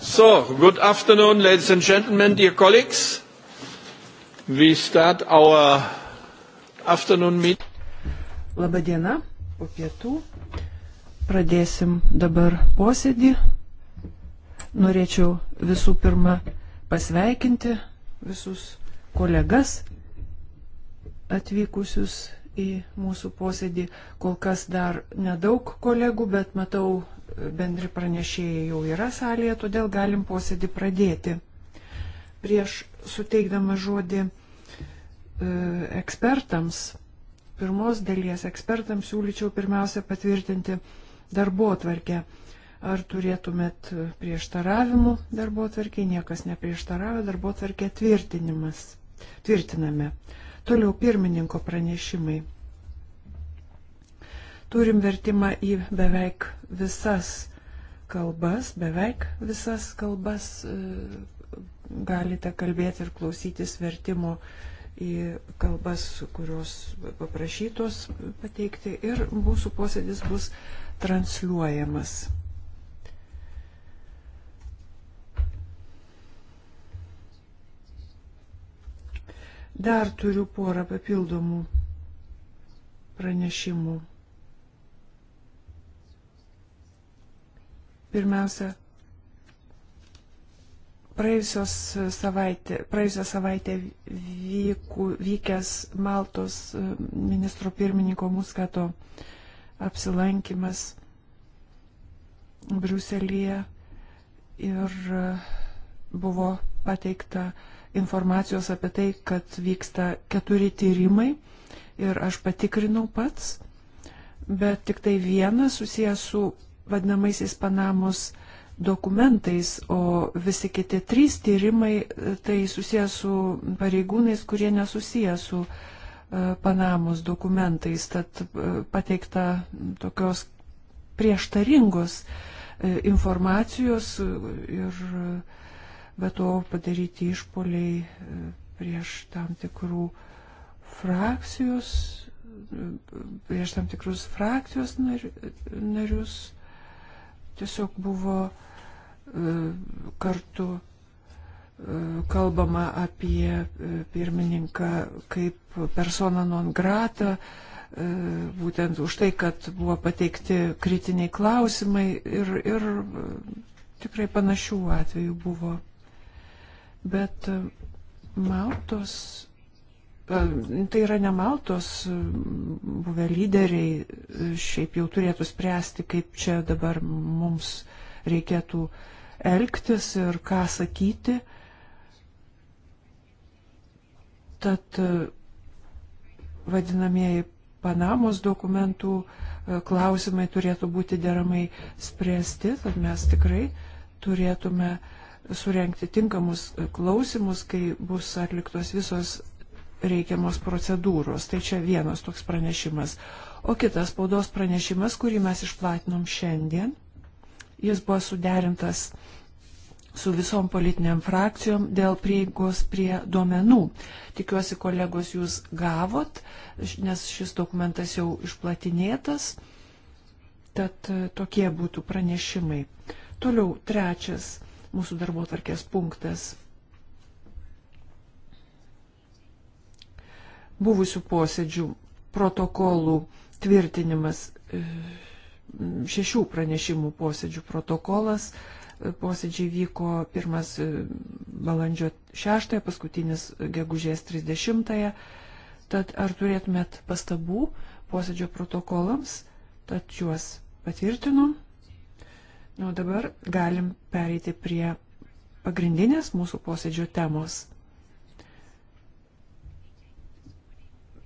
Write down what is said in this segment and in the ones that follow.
So, good afternoon, ladies and gentlemen, dear colleagues. We start our afternoon meet. Labadiena, po pietų. Pradėsim dabar posėdį. Norėčiau visų pirma pasveikinti visus kolegas atvykusius į mūsų posėdį. Kol kas dar nedaug kolegų, bet matau, bendri pranešėjai jau yra salėje, todėl galim posėdį pradėti. Prieš suteikdama žodį e, ekspertams, pirmos dalies ekspertams siūlyčiau pirmiausia patvirtinti darbo atvarkę. Ar turėtumėt prieštaravimų darbo atvarkiai? Niekas neprieštaravo, darbo atvarkė tvirtinimas. Tvirtiname. Uh, Toliau pirmininko pranešimai. Turim vertimą į beveik visas kalbas, beveik visas kalbas e, galite kalbėti ir klausytis vertimo į kalbas, kurios paprašytos pateikti ir mūsų posėdis bus transliuojamas. Dar turiu porą papildomų pranešimų. Pirmiausia, praėjusios savaitė, praėjusią savaitę vyku, vykęs Maltos e, ministro pirmininko Muskato apsilankimas Briuselėje ir e, buvo pateikta uh, informacijos apie tai, kad vyksta keturi tyrimai ir aš patikrinau pats, bet tik tai vienas susijęs su vadinamaisiais Panamos dokumentais, o visi kiti trys tyrimai e, tai susijęs su pareigūnais, kurie nesusijęs su e, Panamos dokumentais. Tad e, pateikta tokios prieštaringos informacijos ir uh, be to padaryti išpoliai e, prieš tam tikrų frakcijos, e, prieš tam tikrus frakcijos narius tiesiog buvo e, kartu kalbama apie pirmininką kaip persona non grata, būtent už tai, kad buvo pateikti kritiniai klausimai ir, ir tikrai panašių atvejų buvo. Bet e, Maltos, e, tai yra ne Maltos e, buvę lyderiai, šiaip jau turėtų spręsti, kaip čia dabar mums reikėtų elgtis ir ką sakyti. Tad vadinamieji Panamos dokumentų klausimai turėtų būti deramai spręsti, tad mes tikrai turėtume uh, surenkti tinkamus klausimus, kai bus atliktos visos reikiamos procedūros. Tai čia vienas toks pranešimas. O kitas spaudos pranešimas, kurį mes išplatinom šiandien, jis buvo suderintas su visom politiniam frakcijom dėl prieigos prie duomenų. Tikiuosi, kolegos, jūs gavot, nes šis dokumentas jau išplatinėtas. Tad tokie būtų pranešimai. Toliau trečias mūsų darbo tarkės punktas. Buvusių posėdžių protokolų tvirtinimas, e, šešių pranešimų posėdžių protokolas. E, posėdžiai vyko pirmas e, balandžio 6, paskutinis gegužės 30. Tad ar turėtumėt pastabų posėdžio protokolams? Tad juos patvirtinu. O dabar galim pereiti prie pagrindinės mūsų posėdžio temos.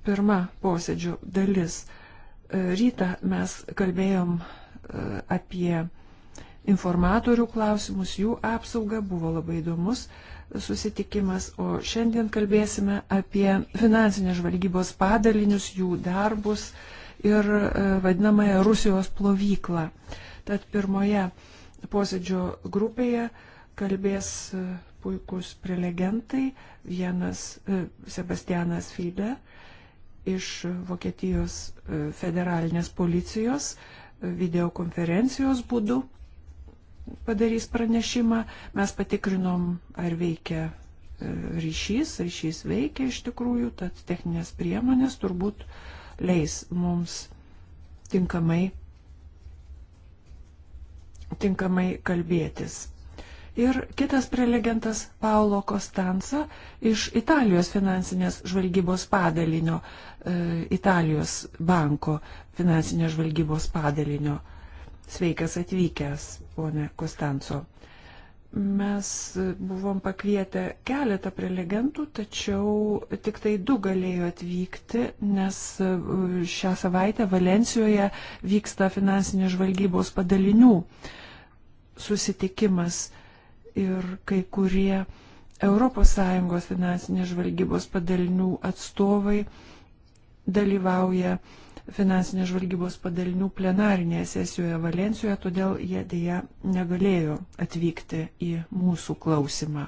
Pirma posėdžio dalis. E, Ryta mes kalbėjom e, apie informatorių klausimus, jų apsaugą, buvo labai įdomus susitikimas, o šiandien kalbėsime apie finansinės žvalgybos padalinius, jų darbus ir e, vadinamąją Rusijos plovyklą. Uh, Tad pirmoje posėdžio grupėje kalbės e, puikūs prelegentai, vienas e, Sebastianas Fide iš Vokietijos e, federalinės policijos videokonferencijos būdu padarys pranešimą. Mes patikrinom, ar veikia ryšys, ryšys veikia iš tikrųjų, tad techninės priemonės turbūt leis mums tinkamai tinkamai kalbėtis. Ir kitas prelegentas Paulo Kostansa iš Italijos finansinės žvalgybos padalinio, e, Italijos banko finansinės žvalgybos padalinio. Sveikas atvykęs, ponė Kostanso mes buvom pakvietę keletą prelegentų, tačiau tik tai du galėjo atvykti, nes e, šią savaitę Valencijoje vyksta finansinės žvalgybos padalinių susitikimas ir kai kurie ES finansinės žvalgybos padalinių atstovai dalyvauja finansinės žvalgybos padalinių plenarinėje sesijoje Valencijoje, todėl jie dėja negalėjo atvykti į mūsų klausimą.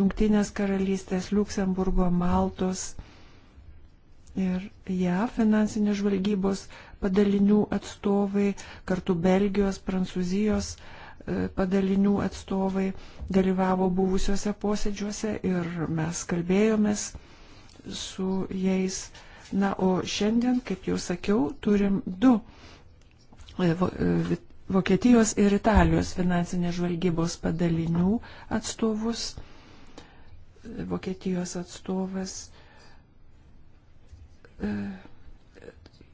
Jungtinės karalystės, Luksemburgo, Maltos ir JAV finansinės žvalgybos padalinių atstovai, kartu Belgijos, Prancūzijos e, padalinių atstovai dalyvavo buvusiuose posėdžiuose ir mes kalbėjomės su jais. Na, o šiandien, kaip jau sakiau, turim du e, e, Vokietijos ir Italijos finansinės žvalgybos padalinių atstovus. Vokietijos atstovas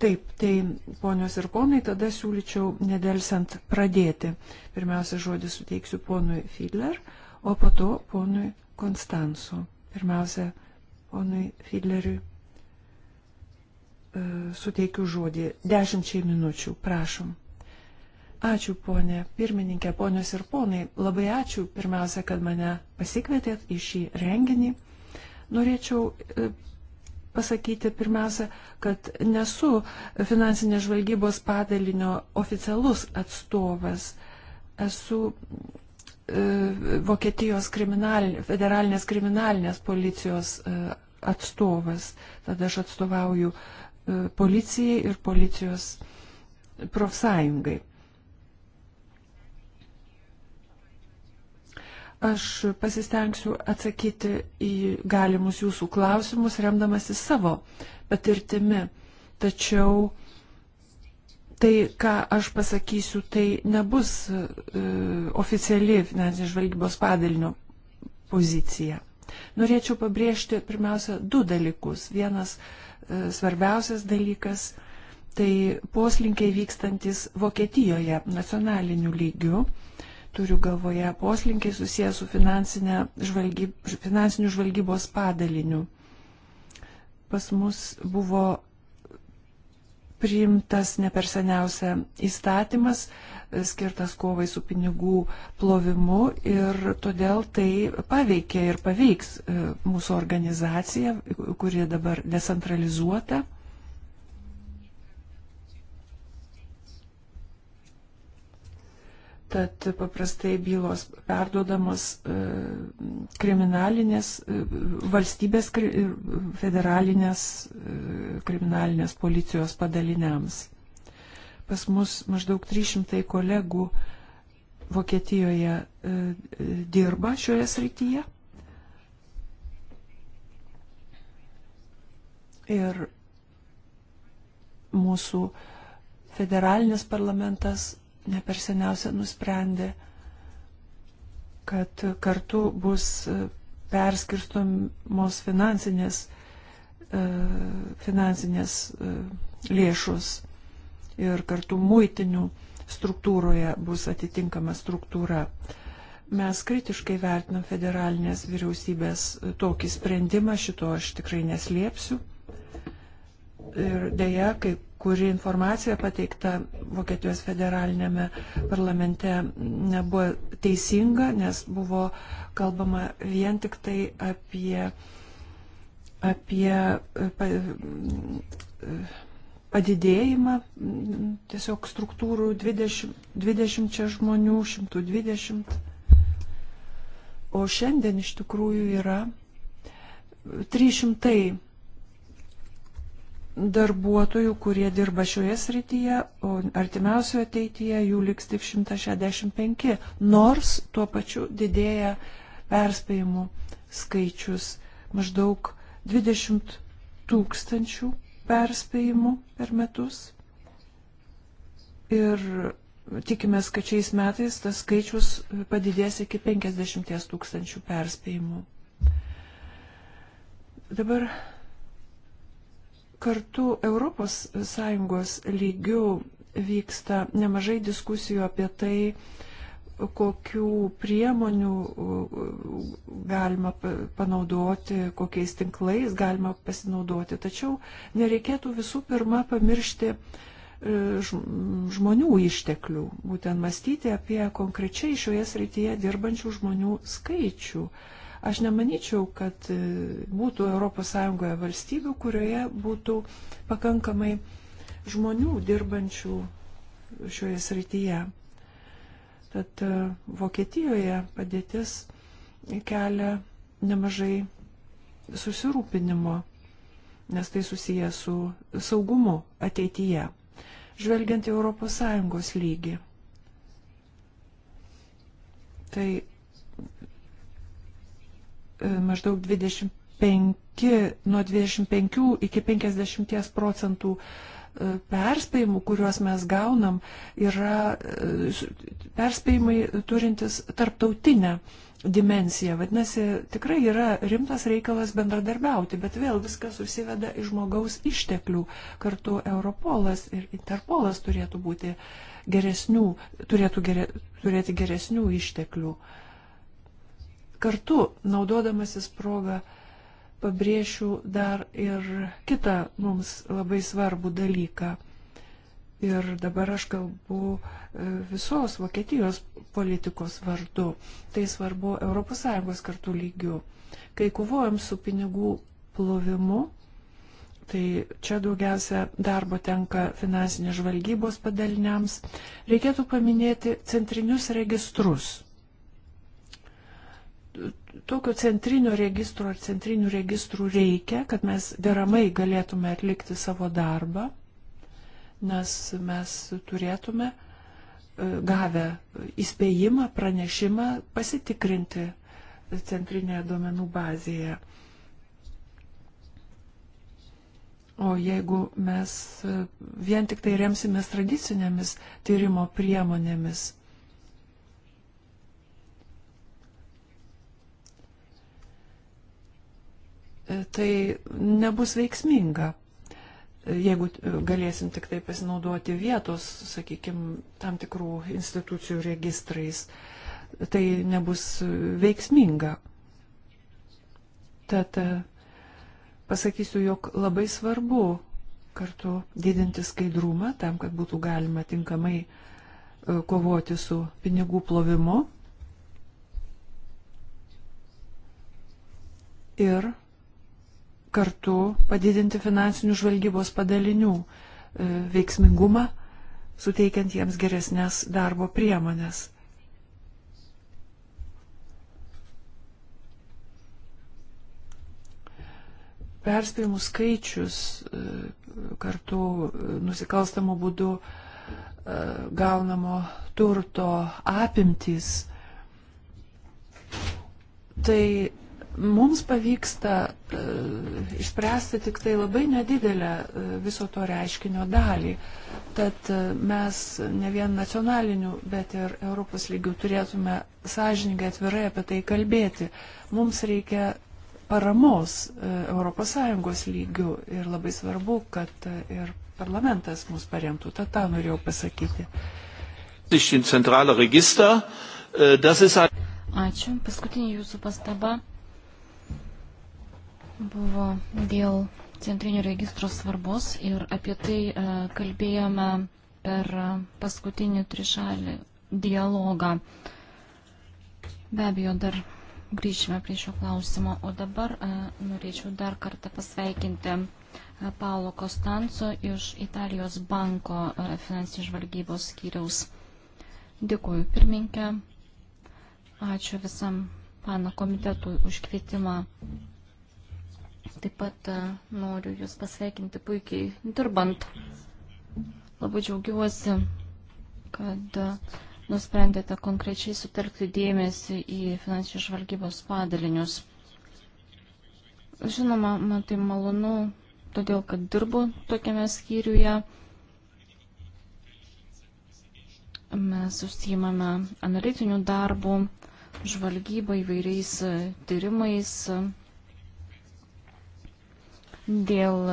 Taip, tai ponios ir ponai, tada siūlyčiau nedelsiant pradėti. Pirmiausia, žodį suteiksiu ponui Fidler, o po to ponui Konstansu. Pirmiausia, ponui Fidleriui e, suteikiu žodį dešimčiai minučių, prašom. Ačiū, ponė pirmininkė, ponios ir ponai, labai ačiū pirmiausia, kad mane pasikvietėt į šį renginį. Norėčiau e, pasakyti pirmiausia, kad nesu finansinės žvalgybos padalinio oficialus atstovas. Esu e, Vokietijos kriminal, federalinės kriminalinės policijos e, atstovas. Tada aš atstovauju e, policijai ir policijos profsąjungai. Aš pasistengsiu atsakyti į galimus jūsų klausimus, remdamasi savo patirtimi. Tačiau tai, ką aš pasakysiu, tai nebus e, oficiali finansinės žvalgybos padalinio pozicija. Norėčiau pabrėžti pirmiausia du dalykus. Vienas e, svarbiausias dalykas tai poslinkiai vykstantis Vokietijoje nacionaliniu lygiu. E, Turiu galvoje poslinkiai susijęs su žvalgyb, finansiniu žvalgybos padaliniu. Pas mus buvo priimtas ne per seniausia įstatymas, e, skirtas kovai su pinigų plovimu ir todėl tai paveikia ir paveiks e, mūsų organizaciją, kuri dabar decentralizuota. Tad paprastai bylos perduodamos e, kriminalinės, e, valstybės federalinės e, kriminalinės policijos padaliniams. Pas mus maždaug 300 kolegų Vokietijoje dirba šioje srityje. Ir mūsų federalinis parlamentas ne per seniausia nusprendė, kad kartu bus e, perskirstomos finansinės, e, finansinės e, lėšos ir kartu muitinių struktūroje bus atitinkama struktūra. Mes kritiškai vertinam federalinės vyriausybės tokį sprendimą, šito aš tikrai neslėpsiu. Ir dėja, kaip kuri informacija pateikta Vokietijos federalinėme parlamente nebuvo teisinga, nes buvo kalbama vien tik tai apie, apie pa, padidėjimą tiesiog struktūrų 20, 20 žmonių, 120. O šiandien iš tikrųjų yra 300 darbuotojų, kurie dirba šioje srityje, o artimiausioje ateityje jų liks tik 165, nors tuo pačiu didėja perspėjimų skaičius maždaug 20 tūkstančių perspėjimų per metus. Ir tikimės, kad šiais metais tas skaičius padidės iki 50 tūkstančių perspėjimų. Dabar Kartu ES lygių vyksta nemažai diskusijų apie tai, kokių priemonių uh, galima panaudoti, kokiais tinklais galima pasinaudoti. Tačiau nereikėtų visų pirma pamiršti uh, žmonių išteklių, būtent mąstyti apie konkrečiai šioje srityje dirbančių žmonių skaičių. Uh, Aš nemanyčiau, kad e, būtų ES valstybių, kurioje būtų pakankamai žmonių dirbančių šioje srityje. Tad e, Vokietijoje padėtis kelia nemažai susirūpinimo, nes tai susiję su saugumu ateityje, žvelgiant į ES lygį. Tai E, maždaug 25, nuo 25 iki 50 procentų e, perspėjimų, kuriuos mes gaunam, yra e, perspėjimai turintis tarptautinę dimensiją. Vadinasi, tikrai yra rimtas reikalas bendradarbiauti, bet vėl viskas susiveda į žmogaus išteklių. Kartu Europolas ir Interpolas turėtų būti geresnių, turėtų gerė, turėti geresnių išteklių. Uh, Kartu, naudodamasis progą, pabrėšiu dar ir kitą mums labai svarbų dalyką. Ir dabar aš kalbu e, visos Vokietijos politikos vardu. Tai svarbu ES kartų lygių. Kai kovojam su pinigų plovimu, tai čia daugiausia darbo tenka finansinės žvalgybos padaliniams, reikėtų paminėti centrinius registrus tokio centrinio registro ar centrinių registrų reikia, kad mes deramai galėtume atlikti savo darbą, nes mes turėtume e, gavę įspėjimą, pranešimą pasitikrinti centrinėje duomenų bazėje. O jeigu mes e, vien tik tai remsimės tradicinėmis tyrimo priemonėmis, tai nebus veiksminga, jeigu e, galėsim tik tai pasinaudoti vietos, sakykime, tam tikrų institucijų registrais, tai nebus e, veiksminga. Tad e, pasakysiu, jog labai svarbu kartu didinti skaidrumą tam, kad būtų galima tinkamai kovoti su pinigų plovimu. Ir kartu padidinti finansinių žvalgybos padalinių e, veiksmingumą, suteikiant jiems geresnės darbo priemonės. Perspėjimų skaičius e, kartu e, nusikalstamų būdų gaunamo turto apimtys, tai Mums pavyksta e, išspręsti tik tai labai nedidelę e, viso to reiškinio dalį. Tad e, mes ne vien nacionaliniu, bet ir Europos lygių turėtume sąžininkai atvirai apie tai kalbėti. Mums reikia paramos ES lygių ir labai svarbu, kad e, ir parlamentas mus paremtų. Tad tą norėjau pasakyti. Äh, Ačiū. Paskutinė jūsų pastaba buvo dėl centrinio registro svarbos ir apie tai e, kalbėjome per paskutinį trišalį dialogą. Be abejo, dar grįšime prie šio klausimo. O dabar e, norėčiau dar kartą pasveikinti e, Paulo Kostanco iš Italijos banko finansinės žvalgybos skyriaus. Dėkuoju pirmininkę. Ačiū visam pana komitetui už kvietimą Taip pat e, noriu Jūs pasveikinti puikiai dirbant. Labai džiaugiuosi, kad e, nusprendėte konkrečiai sutelkti dėmesį į finansinių žvalgybos padalinius. Žinoma, man tai malonu, todėl kad dirbu tokiame skyriuje. Mes užsijimame analitiniu darbu, žvalgybą įvairiais e, tyrimais, dėl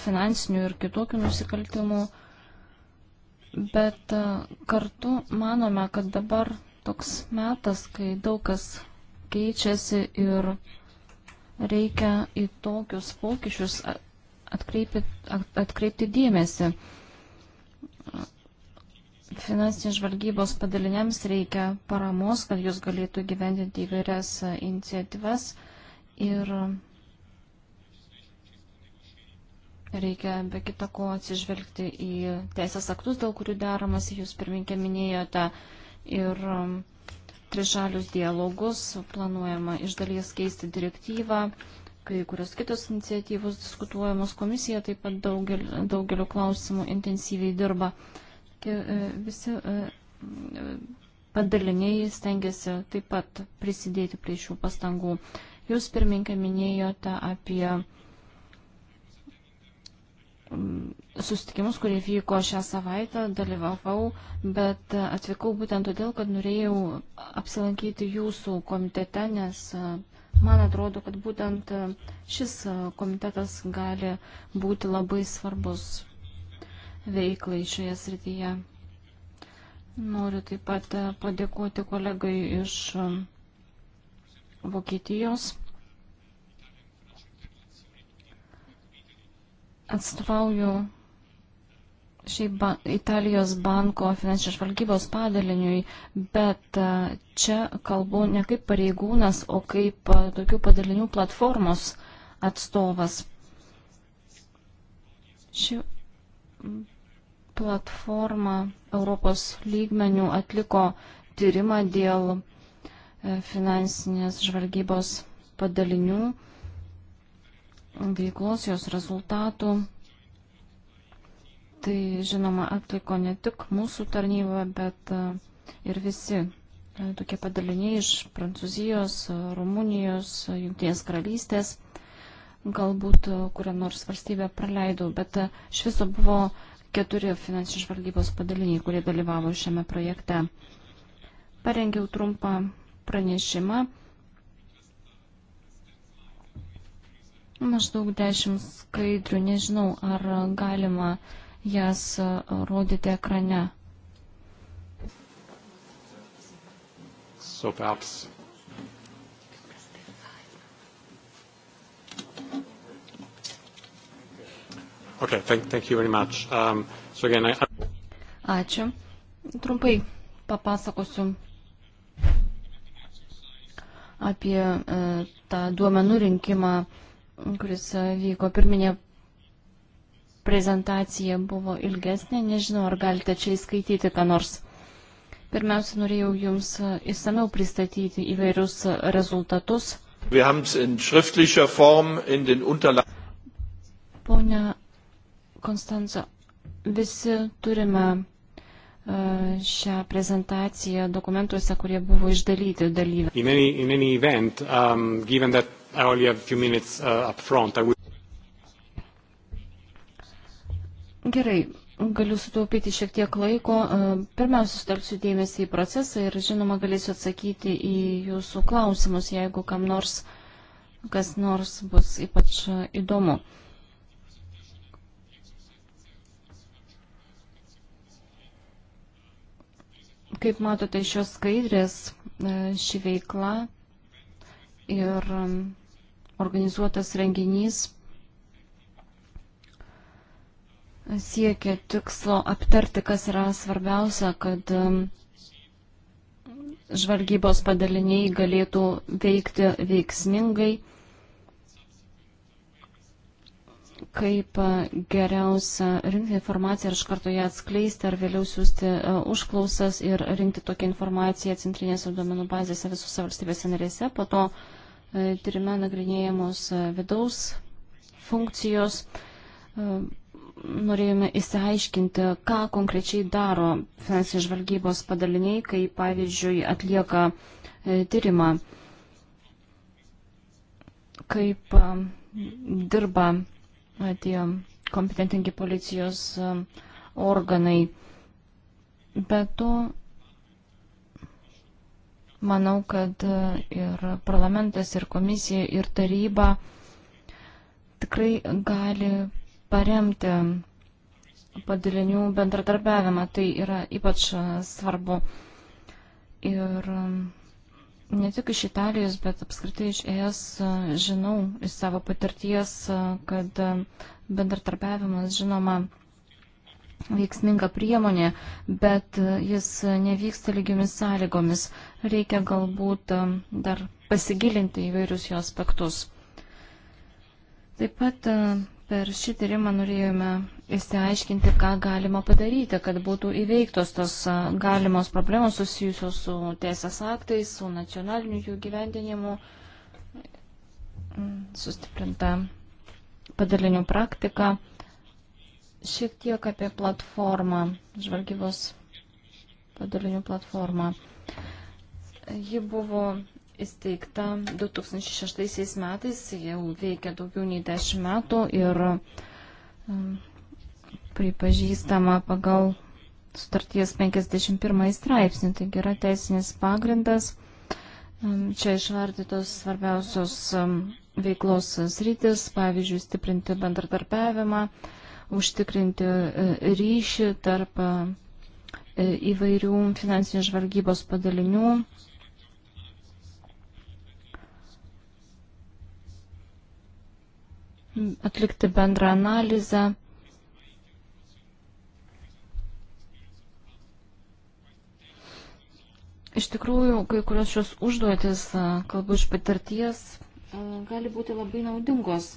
finansinių ir kitokių nusikaltimų, bet e, kartu manome, kad dabar toks metas, kai daug kas keičiasi ir reikia į tokius pokyčius atkreipti, atkreipti dėmesį. Finansinės žvalgybos padaliniams reikia paramos, kad jūs galėtų gyvendinti įvairias e, iniciatyvas ir Reikia be kita ko atsižvelgti į teisės aktus, dėl kurių deramas, jūs pirminkė minėjote, ir um, trišalius dialogus, planuojama iš dalies keisti direktyvą, kai kurios kitos iniciatyvos diskutuojamos, komisija taip pat daugel, daugeliu klausimų intensyviai dirba. E, visi e, padaliniai stengiasi taip pat prisidėti prie šių pastangų. Jūs pirmininkė minėjote apie sustikimus, kurie vyko šią savaitę, dalyvavau, bet atvykau būtent todėl, kad norėjau apsilankyti jūsų komitete, nes man atrodo, kad būtent šis komitetas gali būti labai svarbus veiklai šioje srityje. Noriu taip pat padėkoti kolegai iš Vokietijos atstovauju šiaip ba Italijos banko finansinės žvalgybos padaliniui, bet e, čia kalbu ne kaip pareigūnas, o kaip e, tokių padalinių platformos atstovas. Ši platforma Europos lygmenių atliko tyrimą dėl e, finansinės žvalgybos padalinių veiklos, jos rezultatų. Tai, žinoma, atliko ne tik mūsų tarnyba, bet e, ir visi e, tokie padaliniai iš Prancūzijos, e, Rumunijos, Junktinės karalystės, galbūt kurią nors valstybę praleidau, bet iš viso buvo keturi finansinės žvalgybos padaliniai, kurie dalyvavo šiame projekte. Parengiau trumpą pranešimą Maždaug dešimt skaidrių, nežinau, ar galima jas e, rodyti ekrane. So perhaps Okay, thank, thank you very much. Um, so again, I... Ačiū. Trumpai papasakosiu apie e, tą duomenų rinkimą kuris e, vyko pirminė prezentacija buvo ilgesnė, nežinau, ar galite čia įskaityti, ką nors. Pirmiausia, norėjau Jums įsameu e, pristatyti įvairius e, rezultatus. Pone Konstanco, visi turime šią prezentaciją dokumentuose, kurie buvo išdalyti dalyviai. Um, I only have a few minutes uh, up front. I will... Gerai, galiu sutaupyti šiek tiek laiko. Uh, pirmiausia, sutelksiu dėmesį į procesą ir žinoma galėsiu atsakyti į jūsų klausimus, jeigu kam nors kas nors bus ypač uh, įdomu. Kaip matote iš šios skaidrės, uh, ši veikla ir um, organizuotas renginys siekia tikslo aptarti, kas yra svarbiausia, kad um, žvalgybos padaliniai galėtų veikti veiksmingai, kaip uh, geriausia rinkti informaciją ir iš karto ją atskleisti, ar vėliau siūsti uh, užklausas ir rinkti tokią informaciją centrinėse duomenų bazėse visose valstybėse narėse, po to uh, E, tyrime nagrinėjamos e, vidaus funkcijos. E, norėjome įsiaiškinti, ką konkrečiai daro finansinės žvalgybos padaliniai, kai pavyzdžiui atlieka tyrimą, kaip dirba tie kompetentingi policijos organai. Be to Manau, kad e, ir parlamentas, ir komisija, ir taryba tikrai gali paremti padalinių bendradarbiavimą. Tai yra ypač e, svarbu. Ir e, ne tik iš Italijos, bet apskritai iš ES žinau iš savo patirties, kad bendratarbiavimas, žinoma, veiksminga priemonė, bet e, jis nevyksta lygiomis sąlygomis. Reikia galbūt e, dar pasigilinti įvairius jo aspektus. Taip pat e, per šį tyrimą norėjome įsiaiškinti, ką galima padaryti, kad būtų įveiktos tos galimos problemos susijusios su teisės aktais, su nacionaliniu jų gyvendinimu, mm, sustiprinta padalinių praktika. Šiek tiek apie platformą, žvalgybos padalinių platformą. Ji buvo įsteigta 2006 metais, jau veikia daugiau nei 10 metų ir um, pripažįstama pagal sutarties 51 straipsnį, taigi yra teisinis pagrindas. Um, čia išvardytos svarbiausios um, veiklos sritis, pavyzdžiui, stiprinti bendradarbiavimą, užtikrinti e, ryšį tarp e, įvairių finansinės žvalgybos padalinių. atlikti bendrą analizę. Iš tikrųjų, kai kurios šios užduotis, e, kalbu iš patirties, gali būti labai naudingos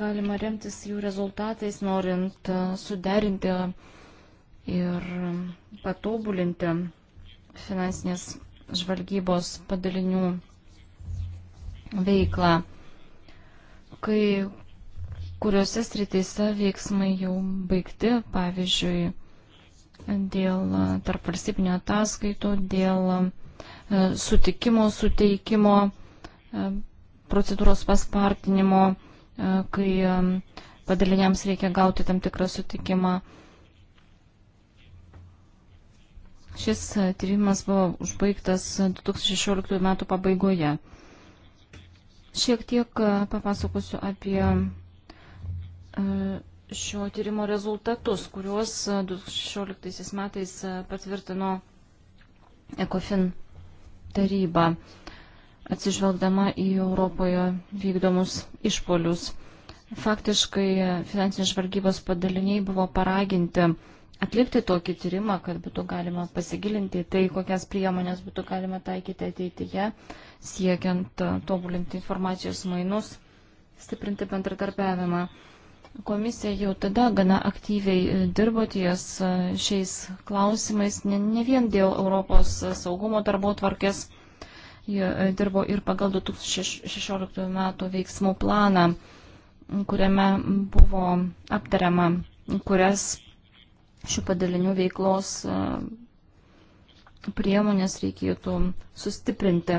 Galima remtis jų rezultatais, norint e, suderinti ir patobulinti finansinės žvalgybos padalinių veiklą, kai kuriuose srityse veiksmai jau baigti, pavyzdžiui, dėl tarp valstybinio ataskaitų, dėl e, sutikimo suteikimo, e, procedūros paspartinimo E, kai padaliniams reikia gauti tam tikrą sutikimą. Šis e, tyrimas buvo užbaigtas 2016 metų pabaigoje. Šiek tiek e, papasakosiu apie šio tyrimo rezultatus, kuriuos 2016 metais patvirtino ECOFIN taryba atsižvelgdama į Europoje vykdomus išpolius. Faktiškai finansinės žvalgybos padaliniai buvo paraginti atlikti tokį tyrimą, kad būtų galima pasigilinti tai, kokias priemonės būtų galima taikyti ateityje, siekiant uh, tobulinti informacijos mainus, stiprinti bendradarbiavimą. Komisija jau tada gana aktyviai uh, dirbo ties uh, šiais klausimais, ne, ne vien dėl Europos saugumo darbo tvarkės Jie e, dirbo ir pagal 2016 metų veiksmų planą, kuriame buvo aptariama, kurias šių padalinių veiklos e, priemonės reikėtų sustiprinti.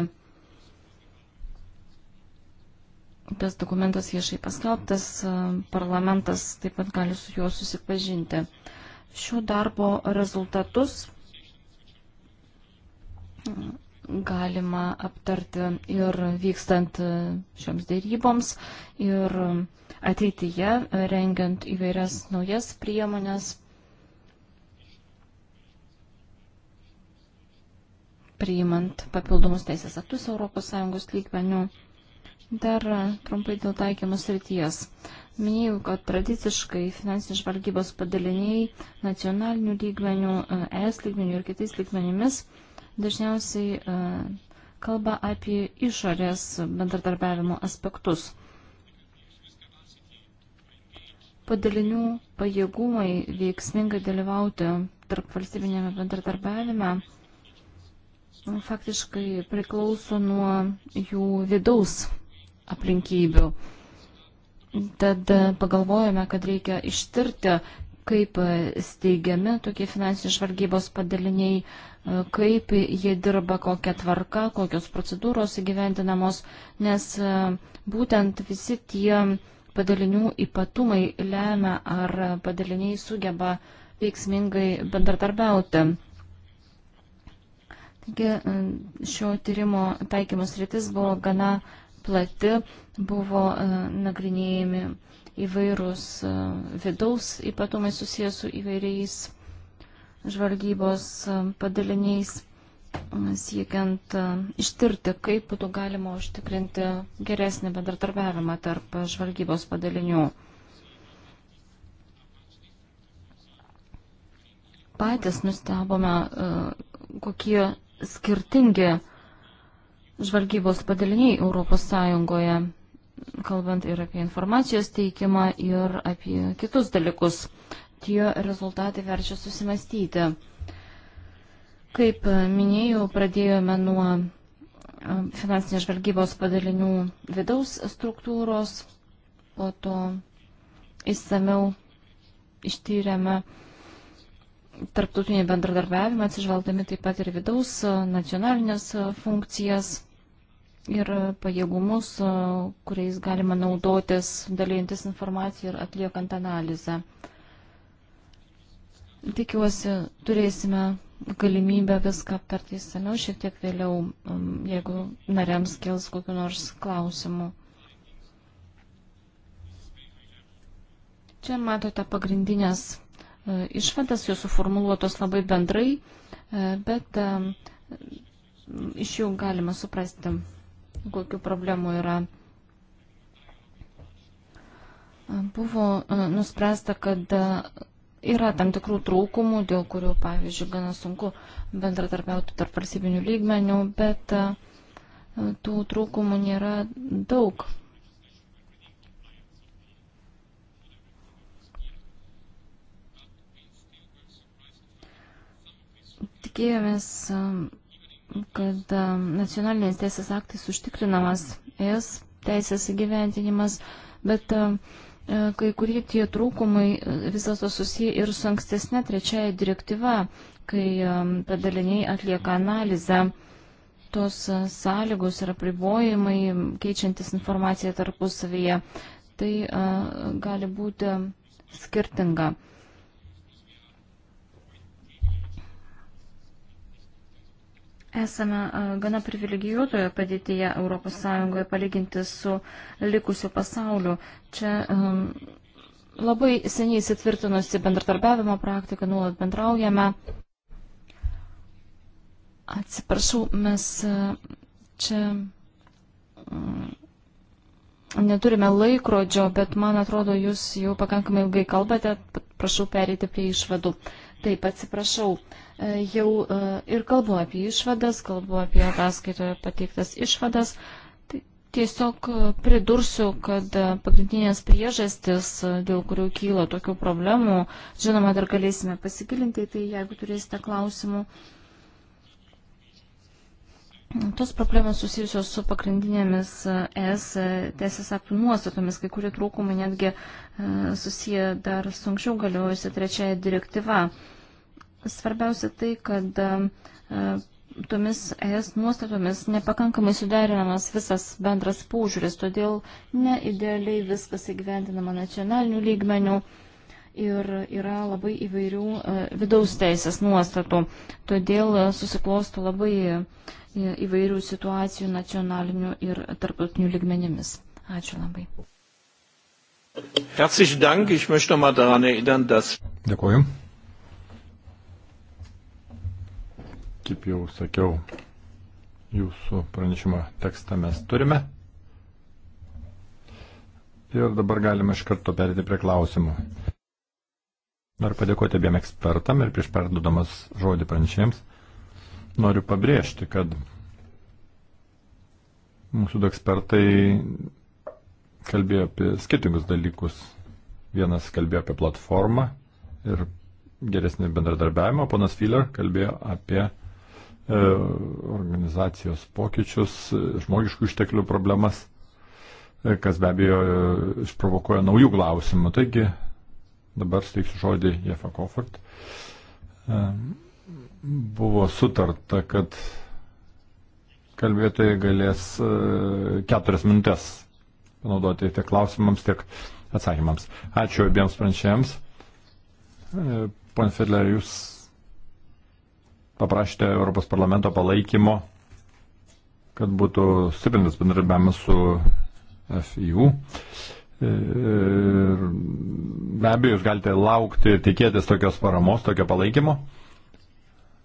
Tas dokumentas viešai paskelbtas, e, parlamentas taip pat gali su juo susipažinti. Šių darbo rezultatus galima aptarti ir vykstant šioms dėryboms ir ateityje, rengiant įvairias naujas priemonės, priimant papildomus teisės aktus ES lygmenių. Dar trumpai dėl taikymus ryties. Minėjau, kad tradiciškai finansinės žvalgybos padaliniai nacionalinių lygmenių, ES lygmenių ir kitais lygmenimis dažniausiai e, kalba apie išorės bendradarbiavimo aspektus. Padalinių pajėgumai veiksmingai dalyvauti tarp valstybinėme bendradarbiavime nu, faktiškai priklauso nuo jų vidaus aplinkybių. Tad e, pagalvojame, kad reikia ištirti, kaip e, steigiami tokie finansinės žvalgybos padaliniai, kaip jie dirba, kokia tvarka, kokios procedūros įgyventinamos, nes e, būtent visi tie padalinių ypatumai lemia, ar padaliniai sugeba veiksmingai bendradarbiauti. Taigi e, šio tyrimo taikymus rytis buvo gana plati, buvo e, nagrinėjami įvairūs vidaus ypatumai susijęs su įvairiais žvalgybos e, padaliniais siekiant e, ištirti, kaip būtų galima užtikrinti geresnį bendradarbiavimą tarp žvalgybos padalinių. Patys nustebome, e, kokie skirtingi žvalgybos padaliniai Europos Sąjungoje, kalbant ir apie informacijos teikimą, ir apie kitus dalykus tie rezultatai verčia susimastyti. Kaip minėjau, pradėjome nuo e, finansinės žvalgybos padalinių vidaus struktūros, po to įsameu ištyrėme tarptautinį bendradarbiavimą, atsižvelgdami taip pat ir vidaus e, nacionalinės e, funkcijas ir pajėgumus, kuriais galima naudotis, dalyjantis informaciją ir atliekant analizę. Tikiuosi, turėsime galimybę viską aptarti įsamiau šiek tiek vėliau, um, jeigu nariams kils kokiu nors klausimu. Čia matote pagrindinės e, išvadas, jos suformuluotos labai bendrai, e, bet e, iš jų galima suprasti, kokiu problemu yra. Buvo nuspręsta, kad Yra tam tikrų trūkumų, dėl kurių, pavyzdžiui, gana sunku bendradarbiauti tarp valstybinių lygmenių, bet e, tų trūkumų nėra daug. tikėjomės, e, kad e, nacionaliniais teisės aktais užtikrinamas es teisės įgyventinimas, bet E, kai kurie tie trūkumai e, vis dėlto susiję ir su ankstesnė trečiaja direktyva, kai e, padaliniai atlieka analizę tos sąlygos ir apribojimai, keičiantis informaciją tarpusavyje, tai a, gali būti skirtinga. Esame gana privilegijuotoje padėtyje ES palyginti su likusiu pasauliu. Čia um, labai seniai įsitvirtinusi bendratarbiavimo praktika, nuolat bendraujame. Atsiprašau, mes čia. Um, neturime laikrodžio, bet man atrodo, jūs jau pakankamai ilgai kalbate, prašau perėti prie išvadų. Taip, atsiprašau, E, jau e, ir kalbu apie išvadas, kalbu apie ataskaitoje pateiktas išvadas. Tai tiesiog e, pridursiu, kad pagrindinės priežastis, dėl kurių kyla tokių problemų, žinoma, dar galėsime pasigilinti, tai jeigu turėsite klausimų. Tos problemos susijusios su pagrindinėmis ES teisės aktų nuostatomis, kai kurie trūkumai netgi susiję dar su anksčiau galiojusi trečiaja direktyva. Svarbiausia tai, kad e, tomis ES nuostatomis nepakankamai suderinamas visas bendras paužiūris, todėl neidealiai viskas įgyvendinama nacionalinių lygmenių ir yra labai įvairių e, vidaus teisės nuostatų. Todėl e, susiklosto labai įvairių situacijų nacionalinių ir tarptautinių lygmenimis. Ačiū labai. Herzlichen Dank, ich möchte mal daran erinnern, dass. Dėkuoju. Kaip jau sakiau, jūsų pranešimo tekstą mes turime. Ir dabar galime iš karto perėti prie klausimų. Noriu padėkoti abiem ekspertam ir prieš perdudamas žodį pranešėjams noriu pabrėžti, kad mūsų du ekspertai kalbėjo apie skirtingus dalykus. Vienas kalbėjo apie platformą ir geresnį bendradarbiavimą, ponas Filler kalbėjo apie E, organizacijos pokyčius, e, žmogiškų išteklių problemas, e, kas be abejo išprovokuoja naujų klausimų. Taigi dabar steiksiu žodį Jefa Kofort. Buvo sutarta, kad kalbėtojai galės keturias minutės panaudoti tiek klausimams, tiek atsakymams. Ačiū abiems pranešėjams. Pone Fedler, jūs paprašėte Europos parlamento palaikymo, kad būtų stiprintas bendradarbiavimas su FIU. Ir be abejo, jūs galite laukti ir tikėtis tokios paramos, tokio palaikymo.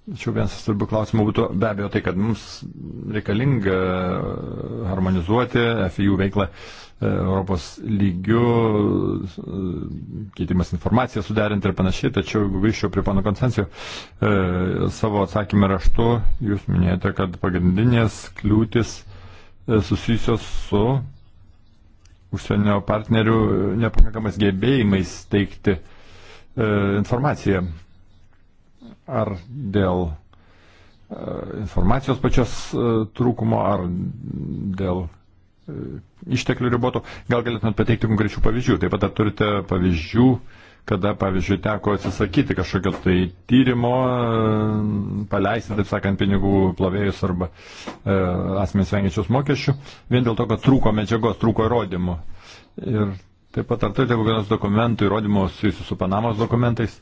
Tačiau vienas svarbių klausimų būtų be abejo tai, kad mums reikalinga harmonizuoti FIU veiklą e, Europos lygių, e, keitimas informaciją suderinti ir panašiai, tačiau jeigu grįžčiau prie pano konsensijo, e, savo atsakymę raštu jūs minėjote, kad pagrindinės kliūtis susijusios su užsienio partnerių nepakankamas gebėjimais teikti informaciją ar dėl e, informacijos pačios e, trūkumo, ar dėl e, išteklių ribotų. Gal galėtumėt pateikti konkrečių pavyzdžių. Taip pat ar turite pavyzdžių, kada, pavyzdžiui, teko atsisakyti kažkokio tai tyrimo, paleisti, taip sakant, pinigų plovėjus arba e, asmenys vengiančius mokesčių, vien dėl to, kad trūko medžiagos, trūko įrodymų. Ir taip pat ar turite kokios dokumentų, įrodymų susijusių su Panamos dokumentais?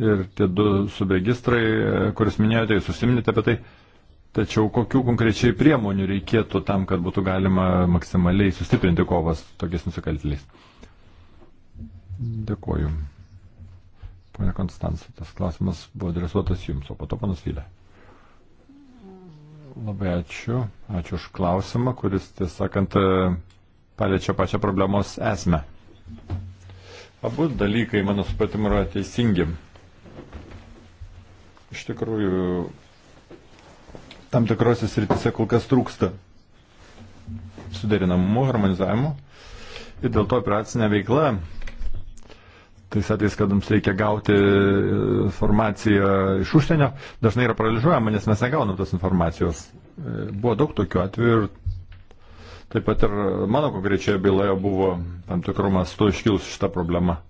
ir tie du subregistrai, kuris minėjote, jūs užsiminėte apie tai. Tačiau kokių konkrečiai priemonių reikėtų tam, kad būtų galima maksimaliai sustiprinti kovas tokiais nusikaltėliais? Dėkuoju. Pone Konstantas, tas klausimas buvo adresuotas jums, o po to panas Vylė. Labai ačiū. Ačiū už klausimą, kuris, tiesąkant, paliečia pačią problemos esmę. Abu dalykai, mano supratimu, yra teisingi iš tikrųjų tam tikrose sritise kol kas trūksta suderinamumo, harmonizavimo ir dėl to operacinė veikla tais atvejais, kad mums reikia gauti e, informaciją iš užsienio, dažnai yra paralyžiuojama, nes mes negaunam tos informacijos. E, buvo daug tokių atvejų ir taip pat ir mano konkrečioje byloje buvo tam tikrų mastų iškilus šitą problemą.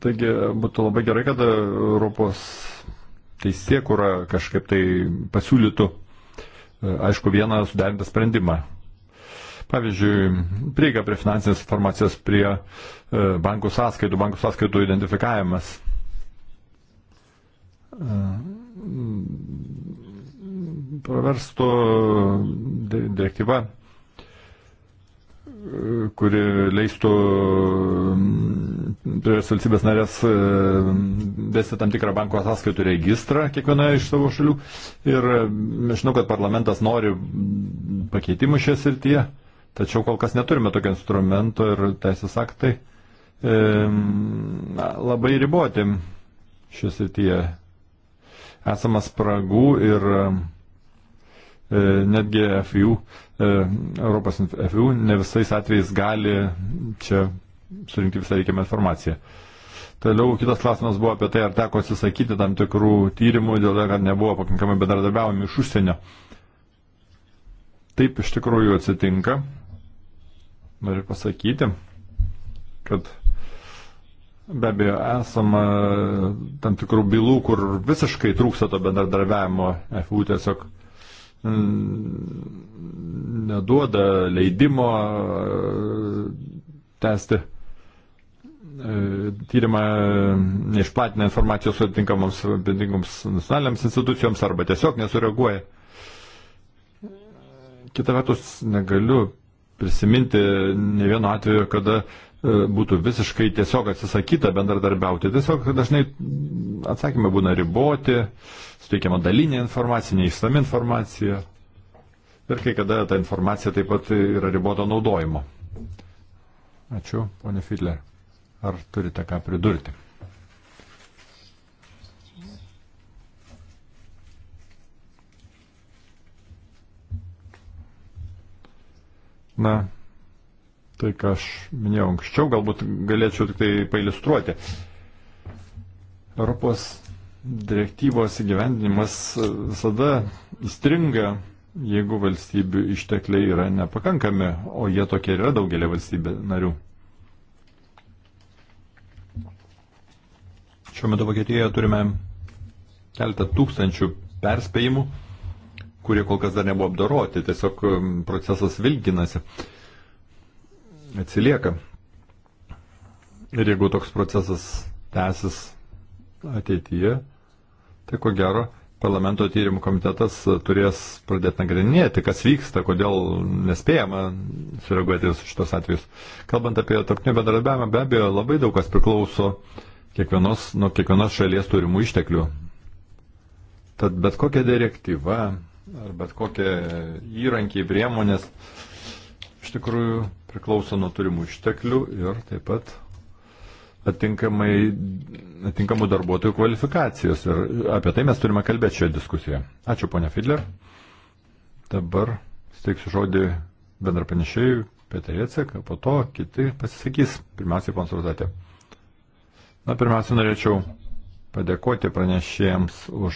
Taigi būtų labai gerai, kad Europos teisėkura kažkaip tai pasiūlytų, e, aišku, vieną suderintą sprendimą. Pavyzdžiui, prieiga prie finansinės informacijos, prie e, bankų sąskaitų, bankų sąskaitų identifikavimas. E, praverstų direktyva kuri leistų mm, prieš valstybės narės e, vesti tam tikrą banko ataskaitų registrą kiekvienoje iš savo šalių. Ir mm, žinau, kad parlamentas nori mm, pakeitimų šioje srityje, tačiau kol kas neturime tokio instrumento ir teisės aktai e, labai riboti šioje srityje. Esama spragų ir E, netgi FIU, e, Europos FIU ne visais atvejais gali čia surinkti visą reikiamą informaciją. Toliau kitas klausimas buvo apie tai, ar teko atsisakyti tam tikrų tyrimų dėl to, kad nebuvo pakankamai bendradarbiavami iš užsienio. Taip iš tikrųjų atsitinka. Noriu pasakyti, kad Be abejo, esama tam tikrų bylų, kur visiškai trūksta to bendradarbiavimo. FU tiesiog Mm, neduoda leidimo e, tęsti e, tyrimą e, neišplatina informacijos atitinkamoms nacionaliniams institucijoms arba tiesiog nesureaguoja. Kita vertus, negaliu prisiminti ne vieno atveju, kada būtų visiškai tiesiog atsisakyta bendradarbiauti. Tiesiog dažnai atsakymai būna riboti, uh, suteikiama dalinė informacija, neįstami informacija. Ir kai kada ta informacija taip pat yra riboto naudojimo. Ačiū, ponė Fidler. Ar turite ką pridurti? na, tai ką aš minėjau anksčiau, galbūt galėčiau tik tai pailustruoti. Europos direktyvos įgyvendinimas visada stringa, jeigu valstybių ištekliai yra nepakankami, o jie tokie yra daugelį valstybių narių. Šiuo metu Vokietijoje turime keletą tūkstančių perspėjimų, kurie kol kas dar nebuvo apdoroti, tiesiog um, procesas vilginasi, atsilieka. Ir jeigu toks procesas tęsis ateityje, tai ko gero parlamento tyrimų komitetas e, turės pradėti nagrinėti, kas vyksta, kodėl nespėjama sureaguoti visus šitos atvejus. Kalbant apie tarptautinio bendradarbiavimą, be abejo, labai daug kas priklauso kiekvienos, nuo kiekvienos šalies turimų išteklių. Tad bet kokia direktyva ar bet kokie įrankiai, priemonės iš tikrųjų priklauso nuo turimų išteklių ir taip pat atinkamų darbuotojų kvalifikacijos. Ir apie tai mes turime kalbėti šioje diskusijoje. Ačiū, ponia Fidler. Dabar steiksiu žodį bendrapanešėjui Peterėcek, po to kiti pasisakys. Pirmiausiai, konsultatė. Na, pirmiausia, norėčiau padėkoti pranešėjams už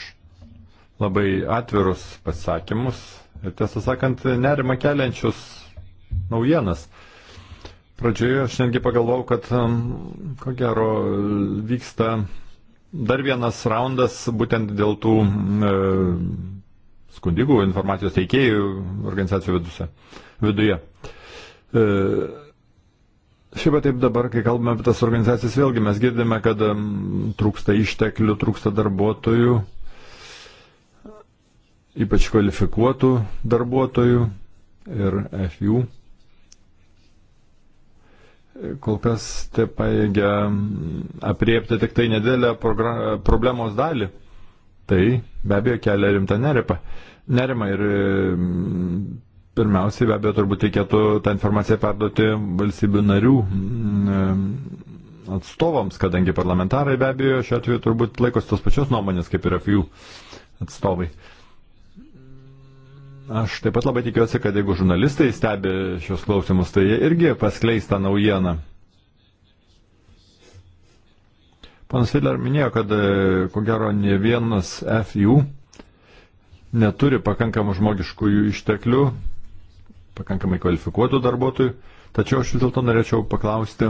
labai atvirus pasakymus ir, tiesą sakant, nerima keliančius naujienas pradžioje aš netgi pagalvojau, kad ko gero vyksta dar vienas raundas būtent dėl tų e, skundigų informacijos teikėjų organizacijų viduse, viduje. E, Šiaip taip dabar, kai kalbame apie tas organizacijas, vėlgi mes girdime, kad trūksta išteklių, trūksta darbuotojų, ypač kvalifikuotų darbuotojų ir FU kol kas tai paėgia apriepti tik tai nedėlę problemos dalį. Tai be abejo kelia rimtą nerimą. Nerimą ir mm, pirmiausiai be abejo turbūt reikėtų tą informaciją perduoti valstybių narių mm, atstovams, kadangi parlamentarai be abejo šiuo atveju turbūt laikosi tos pačios nuomonės kaip ir FIU atstovai. Uh, Aš taip pat labai tikiuosi, kad jeigu žurnalistai stebi šios klausimus, tai jie irgi paskleis tą naujieną. Panas Fidler minėjo, kad e, ko gero ne vienas FU neturi pakankamų žmogiškųjų išteklių, pakankamai kvalifikuotų darbuotojų, tačiau aš vis dėlto norėčiau paklausti,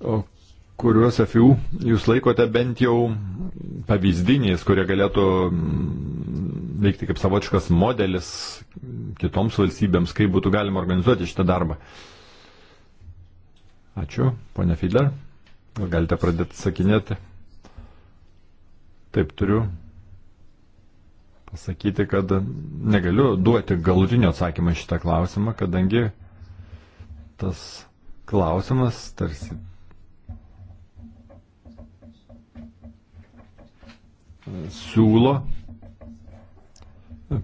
o kuriuos afių jūs laikote bent jau pavyzdiniais, kurie galėtų mm, veikti kaip savotiškas modelis kitoms valstybėms, kaip būtų galima organizuoti šitą darbą. Ačiū, ponia Fidler. Gal galite pradėti sakinėti? Taip turiu pasakyti, kad negaliu duoti galutinio atsakymą šitą klausimą, kadangi tas klausimas tarsi siūlo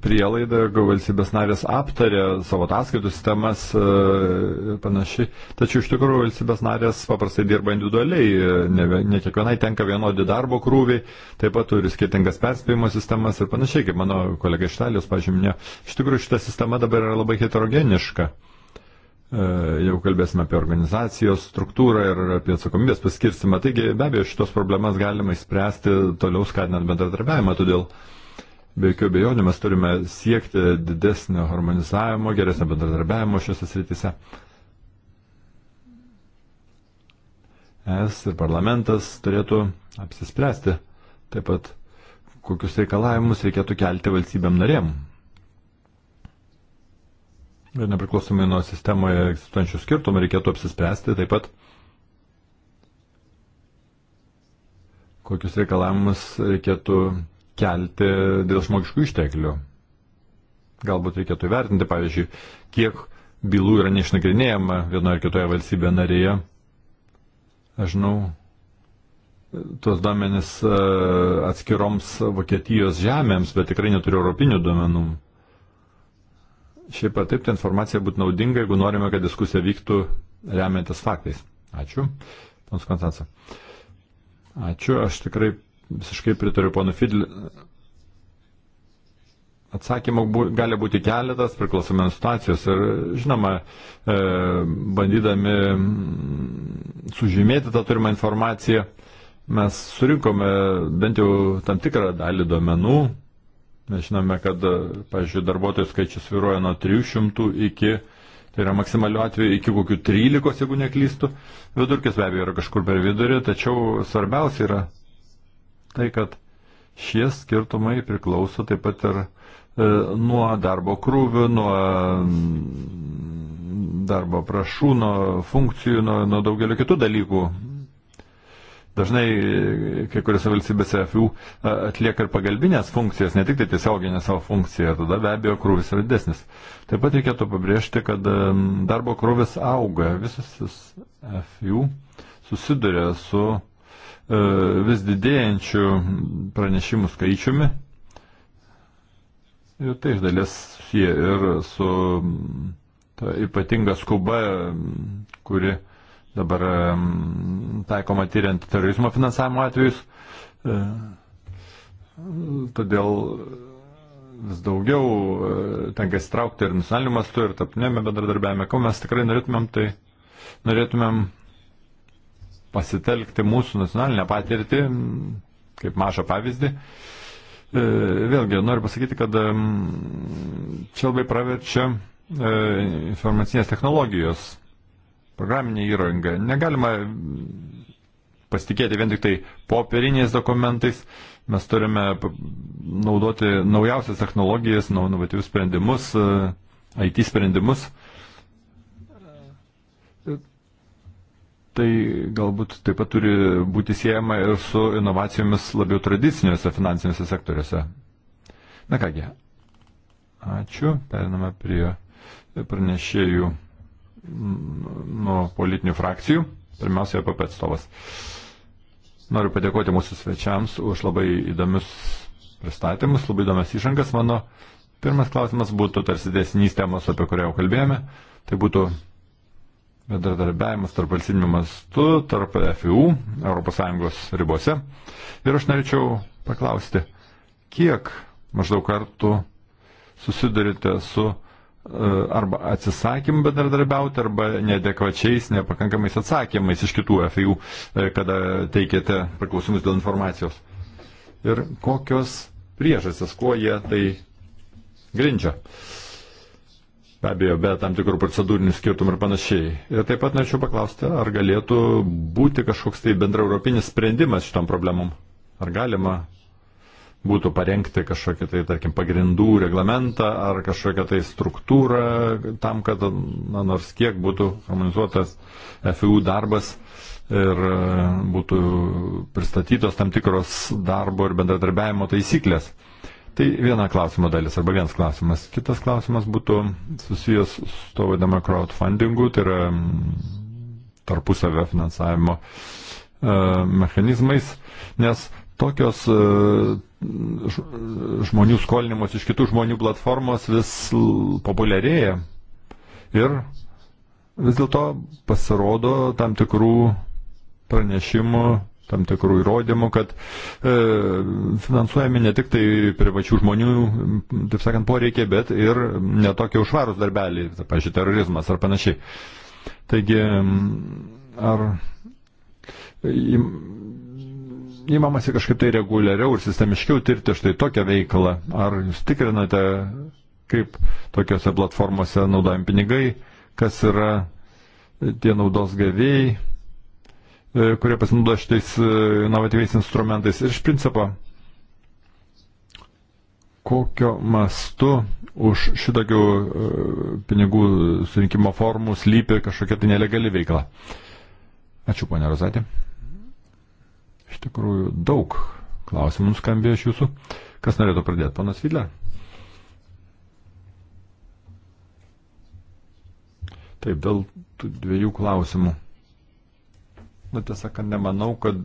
prielaidą, jeigu valstybės narės aptarė savo ataskaitų sistemas e, ir panašiai. Tačiau iš tikrųjų valstybės narės paprastai dirba individualiai, e, ne, ne kiekvienai tenka vienodi darbo krūviai, taip pat turi skirtingas perspėjimo sistemas ir panašiai, kaip mano kolega iš Italijos pažyminėjo. Iš tikrųjų šita sistema dabar yra labai heterogeniška. Uh, E, jau kalbėsime apie organizacijos struktūrą ir apie atsakomybės paskirstimą. Taigi be abejo šitos problemas galima įspręsti toliau skatinant bendradarbiavimą, todėl be jokių abejonių mes turime siekti didesnio harmonizavimo, geresnio bendradarbiavimo šiuose srityse. Es ir parlamentas turėtų apsispręsti taip pat, kokius reikalavimus reikėtų kelti valstybėm narėm Ir nepriklausomai nuo sistemoje egzistuojančių skirtumų reikėtų apsispręsti taip pat, kokius reikalavimus reikėtų kelti dėl žmogiškų išteklių. Galbūt reikėtų įvertinti, pavyzdžiui, kiek bylų yra neišnagrinėjama vienoje ar kitoje valstybėje narėje. Aš žinau, tuos duomenis e, atskiroms Vokietijos žemėms, bet tikrai neturiu europinių duomenų. Šiaip ar taip, ta informacija būtų naudinga, jeigu norime, kad diskusija vyktų remiantis faktais. Ačiū. Pons Konstanca. Ačiū. Aš tikrai visiškai pritariu ponu Fidl. Atsakymų bū, gali būti keletas, priklausomai nuo situacijos. Ir žinoma, e, bandydami mm, sužymėti tą turimą informaciją, mes surinkome bent jau tam tikrą dalį duomenų Mes žinome, kad, e, pažiūrėjau, darbuotojų skaičius viruoja nuo 300 iki, tai yra maksimaliu atveju, iki kokių 13, jeigu neklystų. Vidurkis be abejo yra kažkur per vidurį, tačiau svarbiausia yra tai, kad šie skirtumai priklauso taip pat ir e, nuo darbo krūvių, nuo darbo prašų, nuo funkcijų, nuo, nuo daugelio kitų dalykų dažnai e, kai kuriuose valstybėse FIU e, atlieka ir pagalbinės funkcijas, ne tik tai tiesioginę savo funkciją, tada be abejo krūvis yra didesnis. Taip pat reikėtų pabrėžti, kad e, darbo krūvis auga, visas FIU susiduria su vis didėjančiu pranešimų skaičiumi. Ir tai iš dalies jie ir su ta ypatinga skuba, kuri uh, dabar taikoma tyriant terorizmo finansavimo atvejus. E, todėl vis daugiau e, tenka įsitraukti ir nacionaliniu mastu, ir tapnėme bendradarbiavime. Ko mes tikrai norėtumėm, tai norėtumėm pasitelkti mūsų nacionalinę patirtį, kaip mažą pavyzdį. E, vėlgi, noriu pasakyti, kad čia labai praverčia informacinės technologijos programinė įranga. Negalima pasitikėti vien tik tai popieriniais dokumentais. Mes turime naudoti naujausias technologijas, naujovatyvius sprendimus, e, IT sprendimus. Tai galbūt taip pat turi būti siejama ir su inovacijomis labiau tradiciniuose finansiniuose sektoriuose. Na kągi, ačiū, periname prie pranešėjų nuo politinių frakcijų, pirmiausia, APP atstovas. Noriu padėkoti mūsų svečiams už labai įdomius pristatymus, labai įdomias įžangas. Mano pirmas klausimas būtų tarsi dėsnys temos, apie kurią jau kalbėjome. Tai būtų bendradarbiavimas tarp valstybinių mastų, tarp FIU, ES ribose. Ir aš norėčiau paklausti, kiek maždaug kartų susidurite su E, arba atsisakymu bendradarbiauti, arba nedekvačiais, nepakankamais atsakymais iš kitų FIU, e, kada teikėte priklausimus dėl informacijos. Ir kokios priežastis, kuo jie tai grindžia. Be abejo, be tam tikrų procedūrinių skirtumų ir panašiai. Ir taip pat norėčiau paklausti, ar galėtų būti kažkoks tai bendra europinis sprendimas šitom problemom? Ar galima būtų parengti kažkokį tai, tarkim, pagrindų reglamentą ar kažkokią tai struktūrą tam, kad na, nors kiek būtų harmonizuotas FIU darbas ir e, būtų pristatytos tam tikros darbo ir bendradarbiavimo taisyklės. Tai viena klausimo dalis arba vienas klausimas. Kitas klausimas būtų susijęs su to vadinama crowdfundingu, tai yra tarpusavio finansavimo e, mechanizmais, nes tokios e, žmonių skolinimus iš kitų žmonių platformos vis populiarėja. Ir vis dėlto pasirodo tam tikrų pranešimų, tam tikrų įrodymų, kad e, finansuojami ne tik tai privačių žmonių, taip sakant, poreikiai, bet ir netokie užvarus darbeliai, pažiūrėjau, terorizmas ar panašiai. Taigi, ar įmamasi kažkaip tai reguliariau ir sistemiškiau tirti štai tokią veiklą? Ar jūs tikrinate, kaip tokiuose platformose naudojami pinigai, kas yra e, tie naudos gavėjai, e, kurie pasinaudoja šitais e, inovatyviais instrumentais ir iš principo, kokio mastu už šitokių pinigų surinkimo formų slypi kažkokia tai nelegali veikla. Ačiū, ponia Rozatė. Iš tikrųjų, daug klausimų skambėjo iš jūsų. Kas norėtų pradėti, panas Vidler? Taip, dėl tų dviejų klausimų. Na tiesą sakant, nemanau, kad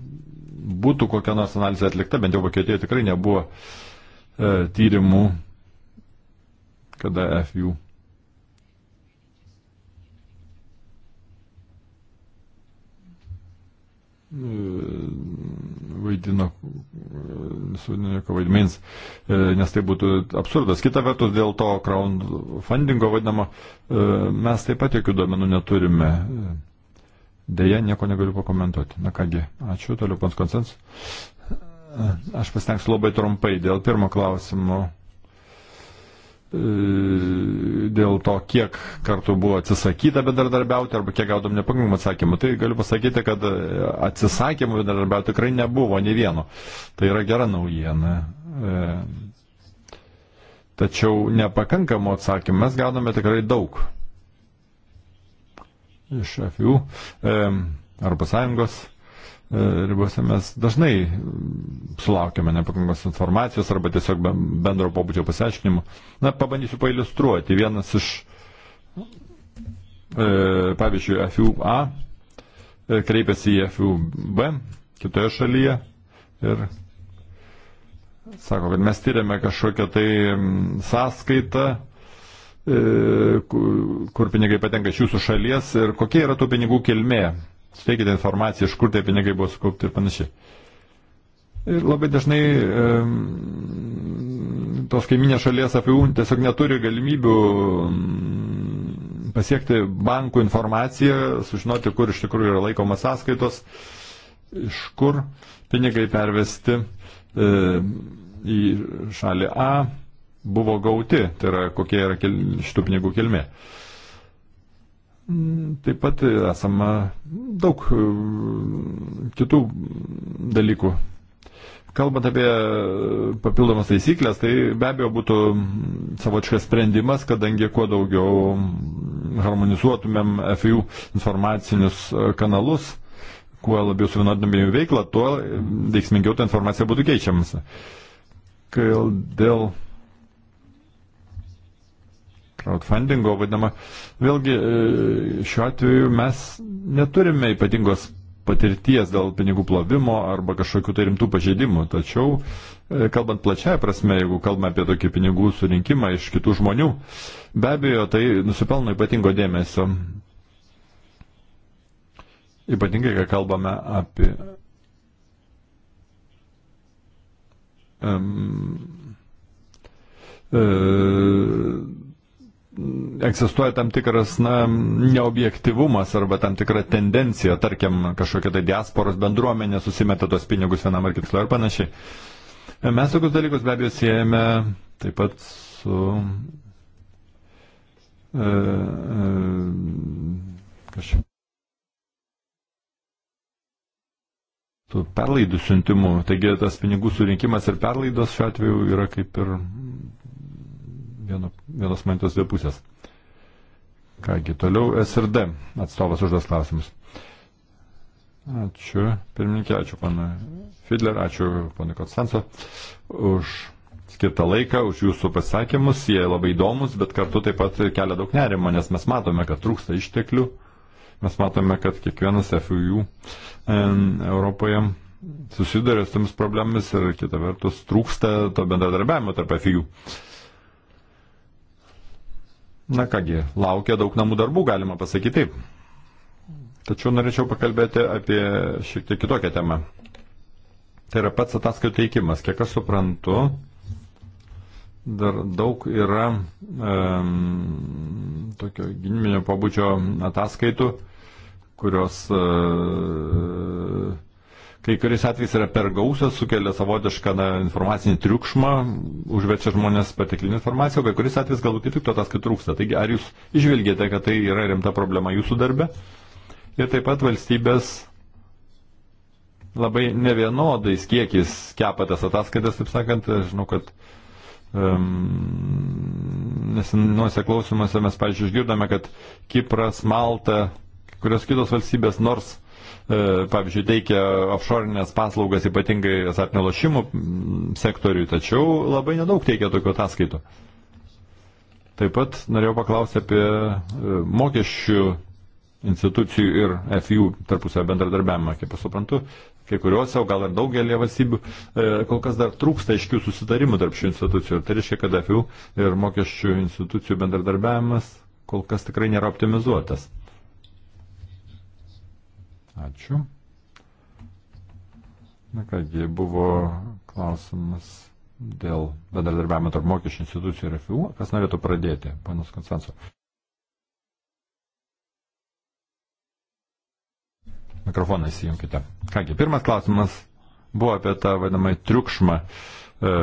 būtų kokia nors analizė atlikta, bent jau Vokietijoje tikrai nebuvo e, tyrimų, kada FU E, vaidino visuomeninio e, vaidmens, e, nes tai būtų absurdas. Kita vertus, dėl to crowdfundingo vadinamo mes taip pat jokių duomenų neturime. Deja, nieko negaliu pakomentuoti. Na kągi, ačiū, toliau pans konsens. Aš pasitengsiu labai trumpai dėl pirmo klausimo E, dėl to, kiek kartų buvo atsisakyta bendradarbiauti arba kiek gaudom nepakankamų atsakymų. Tai galiu pasakyti, kad atsisakymų bendradarbiauti tikrai nebuvo ne vieno. Tai yra gera naujiena. E, tačiau nepakankamų atsakymų mes gauname tikrai daug. Iš FIU arba e, sąjungos E, ribose mes dažnai sulaukime nepakankamos informacijos arba tiesiog bendro pobūdžio pasiaiškinimų. Na, pabandysiu pailustruoti. Vienas iš, e, pavyzdžiui, FUA e, kreipiasi į FUB kitoje šalyje ir sako, kad mes tyriame kažkokią tai sąskaitą e, kur pinigai patenka iš jūsų šalies ir kokia yra tų pinigų kilmė suteikite informaciją, iš kur tie pinigai buvo sukaupti ir panašiai. Ir labai dažnai e, tos kaiminės šalies apių tiesiog neturi galimybių mm, pasiekti bankų informaciją, sužinoti, kur iš tikrųjų yra laikomas sąskaitos, iš kur pinigai pervesti e, į šalį A buvo gauti, tai yra kokia yra kel, šitų pinigų kilmė. E, Taip pat esama daug e, kitų dalykų. Kalbant apie papildomas taisyklės, tai be abejo būtų savočias sprendimas, kadangi kuo daugiau harmonizuotumėm FIU informacinius kanalus, kuo labiau suvienodinami jų veiklą, tuo veiksmingiau ta informacija būtų keičiamas. Dėl crowdfundingo vadinama. Vėlgi e, šiuo atveju mes neturime ypatingos patirties dėl pinigų plovimo arba kažkokių tai rimtų pažeidimų. Tačiau, e, kalbant plačiaja prasme, jeigu kalbame apie tokį pinigų surinkimą iš kitų žmonių, be abejo, tai nusipelno ypatingo dėmesio. Ypatingai, kai kalbame apie. Um, e, egzistuoja tam tikras, na, neobjektivumas arba tam tikra tendencija, tarkim, kažkokia tai diasporos bendruomenė susimeta tos pinigus vienam ar kitam ir panašiai. Mes tokius dalykus be abejo siejame taip pat su. E, e, kažkaip. tų perlaidų siuntimų. Taigi tas pinigų surinkimas ir perlaidos šiuo atveju yra kaip ir vieno, vienos mantos dvi pusės. Kągi, toliau SRD atstovas užduos klausimus. Ačiū, pirmininkė, ačiū pana Fidler, ačiū pana Konstanco už skirtą laiką, už jūsų pasakymus. Jie labai įdomus, bet kartu taip pat kelia daug nerimo, nes mes matome, kad trūksta išteklių. Mes matome, kad kiekvienas FUU e, Europoje susiduria su tomis problemomis ir kita vertus trūksta to bendradarbiavimo tarp FIU. Uh, Na kągi, laukia daug namų darbų, galima pasakyti taip. Tačiau norėčiau pakalbėti apie šiek tiek kitokią temą. Tai yra pats ataskaitų teikimas. Kiek aš suprantu, dar daug yra um, tokio gyniminio pabudžio ataskaitų, kurios uh, kai kuriais atvejais yra per gausios, sukelia savotišką na, informacinį triukšmą, užvečia žmonės patiklinį informaciją, o kai kuriais atvejais galbūt kaip tik to tas, kad trūksta. Taigi ar jūs išvelgėte, kad tai yra rimta problema jūsų darbe? Ir taip pat valstybės labai nevienodais kiekis kepatės ataskaitas, taip sakant, žinau, kad um, nesinuose klausimuose mes, pavyzdžiui, išgirdome, kad Kipras, Malta, kurios kitos valstybės, nors E, pavyzdžiui, teikia offshore'inės paslaugas ypatingai azartinio lošimų mm, sektoriui, tačiau labai nedaug teikia tokių ataskaitų. Taip pat norėjau paklausti apie e, mokesčių institucijų ir FIU tarpusio bendradarbiavimą, kaip aš suprantu, kai kuriuose, o gal ir daugelį valstybių, e, kol kas dar trūksta aiškių susitarimų tarp šių institucijų. Tai reiškia, kad FIU ir mokesčių institucijų bendradarbiavimas kol kas tikrai nėra optimizuotas. Ačiū. Na kągi, buvo klausimas dėl bendradarbiavimo tarp mokesčių institucijų ir FIU. Kas norėtų pradėti, panas Konstanco? Mikrofoną įsijunkite. Kągi, pirmas klausimas buvo apie tą vadinamą triukšmą e,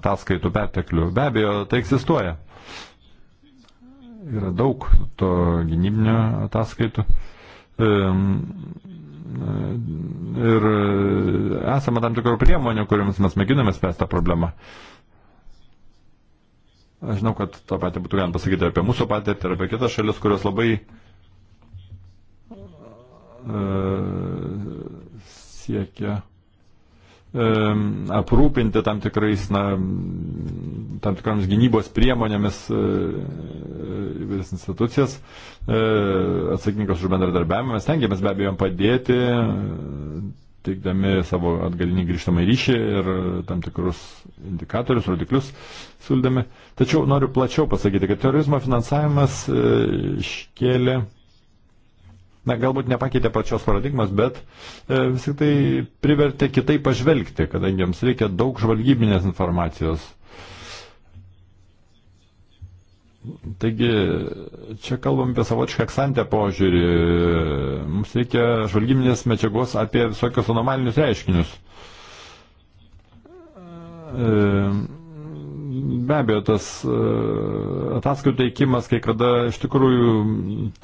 ataskaitų perteklių. Be abejo, tai egzistuoja. Yra daug to gynybinio ataskaitų. E, Ir esame tam tikrų priemonių, kuriamis mes mėginame spręsti tą problemą. Aš žinau, kad tą patį būtų galima pasakyti apie mūsų patirtį ir apie kitas šalis, kurios labai uh, siekia aprūpinti tam tikrais, na, tam tikrams gynybos priemonėmis e, e, įvairias institucijas, e, atsakingas už bendradarbiavimą, mes tengiamės be abejo padėti, teikdami savo atgalinį grįžtamą ryšį ir tam tikrus indikatorius, rodiklius siūlydami. Tačiau noriu plačiau pasakyti, kad terorizmo finansavimas iškėlė e, na, galbūt nepakeitė pačios paradigmas, bet e, vis tik tai privertė kitai pažvelgti, kadangi jiems reikia daug žvalgybinės informacijos. Taigi, čia kalbam apie savotišką eksantę požiūrį. Mums reikia žvalgybinės medžiagos apie visokius anomalinius reiškinius. E, be abejo, tas e, ataskaitų teikimas kai kada iš tikrųjų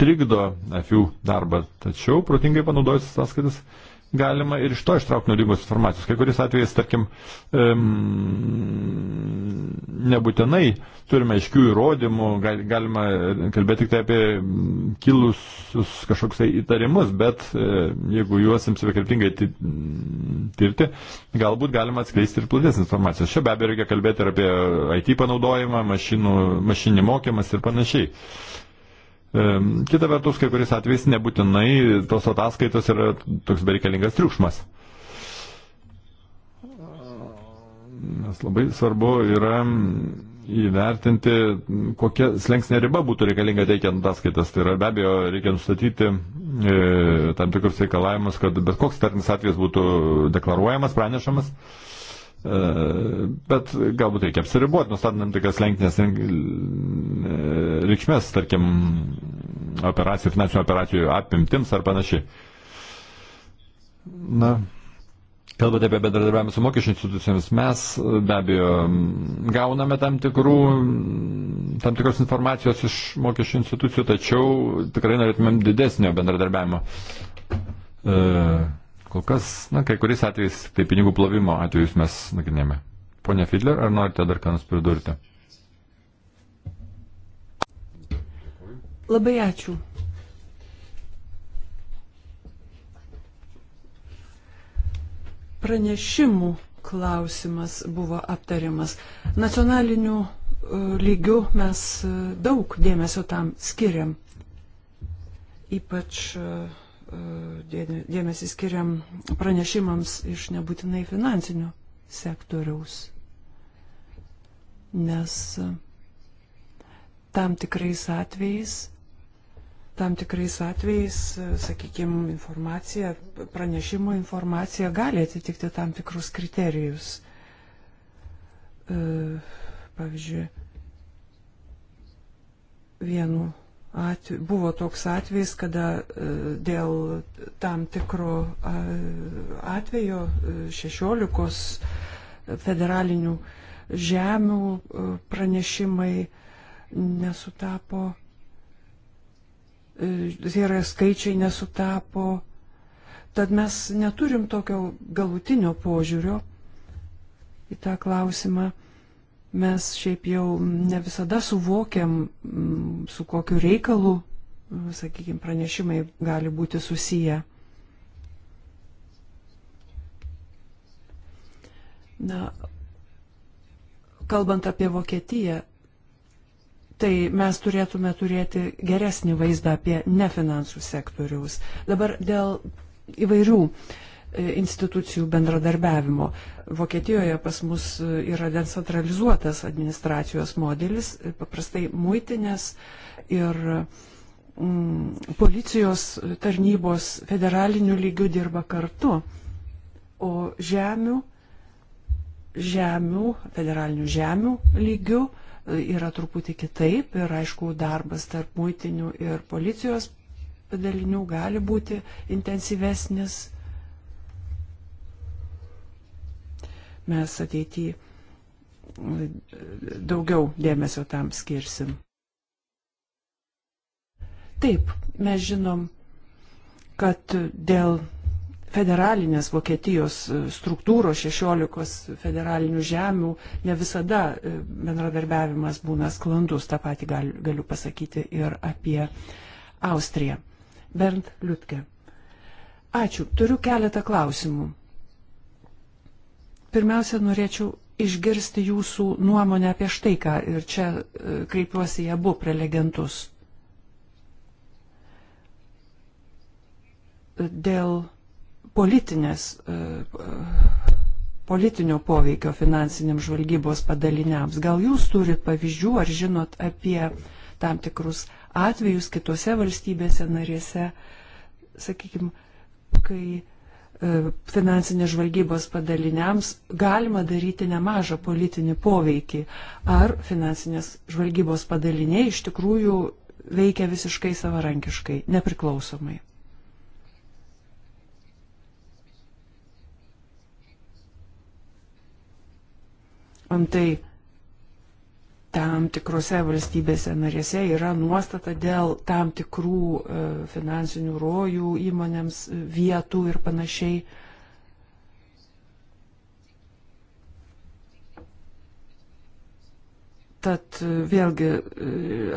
trikdo FIU darbą, tačiau protingai panaudojus ataskaitas galima ir iš to ištraukti naudingos informacijos. Kai kuris atvejais, tarkim, nebūtinai turime aiškių įrodymų, galima kalbėti tik tai apie kilusius kažkoks tai įtarimus, bet e, jeigu juos imsime kryptingai tirti, galbūt galima atskleisti ir platesnės informacijos. Čia be abejo reikia kalbėti ir apie IT panaudojimą, mašinų, mašinį mokymas ir panašiai. E, kita vertus, kai kuris atvejs nebūtinai tos ataskaitos yra toks bereikalingas triukšmas. Nes labai svarbu yra įvertinti, kokia slengsnė riba būtų reikalinga teikiant ataskaitas. Tai yra be abejo, reikia nustatyti e, tam tikrus reikalavimus, kad bet koks tarnis atvejis būtų deklaruojamas, pranešamas. E, Bet galbūt reikia apsiriboti, nustatant tikras lenkinės e, reikšmės, tarkim, operacijų, finansinių operacijų apimtims ar panašiai. Na, Kalbant apie bendradarbiavimą su mokesčių institucijomis, mes e, be abejo gauname tam, tikrų, tam tikros informacijos iš mokesčių institucijų, tačiau tikrai norėtumėm didesnio bendradarbiavimo. E, Kol kas, na, kai kuriais atvejais, tai pinigų plovimo atvejus mes nagrinėjame. Pone Fidler, ar norite dar ką nors pridurti? Labai ačiū. Pranešimų klausimas buvo aptariamas. Nacionaliniu e, lygiu mes e, daug dėmesio tam skiriam. Ypač uh, dėmesį skiriam pranešimams iš nebūtinai finansinių sektoriaus, nes e, tam tikrais atvejais tam tikrais atvejais, e, sakykime, informacija, pranešimo informacija gali atitikti tam tikrus kriterijus. E, pavyzdžiui, vienu atve, buvo toks atvejis, kada e, dėl tam tikro atvejo 16 e, e, federalinių žemių pranešimai nesutapo, tai yra skaičiai nesutapo, tad mes neturim tokio galutinio požiūrio į tą klausimą. Mes šiaip jau ne visada suvokiam, mm, su kokiu reikalu, mm, sakykime, pranešimai gali būti susiję. Na, kalbant apie Vokietiją, tai mes turėtume turėti geresnį vaizdą apie nefinansų sektoriaus. Dabar dėl įvairių uh, E, institucijų bendradarbiavimo. Vokietijoje pas mus e, yra decentralizuotas administracijos modelis, e, paprastai muitinės ir mm, policijos tarnybos federaliniu lygiu dirba kartu, o žemių, žemių, federalinių žemių lygių yra truputį kitaip ir aišku darbas tarp muitinių ir policijos padalinių gali būti intensyvesnis mes ateityje daugiau dėmesio tam skirsim. Taip, mes žinom, kad dėl federalinės Vokietijos struktūros 16 federalinių žemių ne visada e, bendradarbiavimas būna sklandus, tą patį galiu, galiu pasakyti ir apie Austriją. Bernd Liutke. Ačiū, turiu keletą klausimų pirmiausia, norėčiau išgirsti jūsų nuomonę apie štai ką ir čia e, kreipiuosi į abu prelegentus. Dėl politinės, e, politinio poveikio finansiniam žvalgybos padaliniams. Gal jūs turit pavyzdžių ar žinot apie tam tikrus atvejus kitose valstybėse narėse, sakykime, kai E, finansinės žvalgybos padaliniams galima daryti nemažą politinį poveikį. Ar finansinės žvalgybos padaliniai iš tikrųjų veikia visiškai savarankiškai, nepriklausomai. Antai tam tikrose valstybėse narėse yra nuostata dėl tam tikrų e, finansinių rojų įmonėms e, vietų ir panašiai. Tad e, vėlgi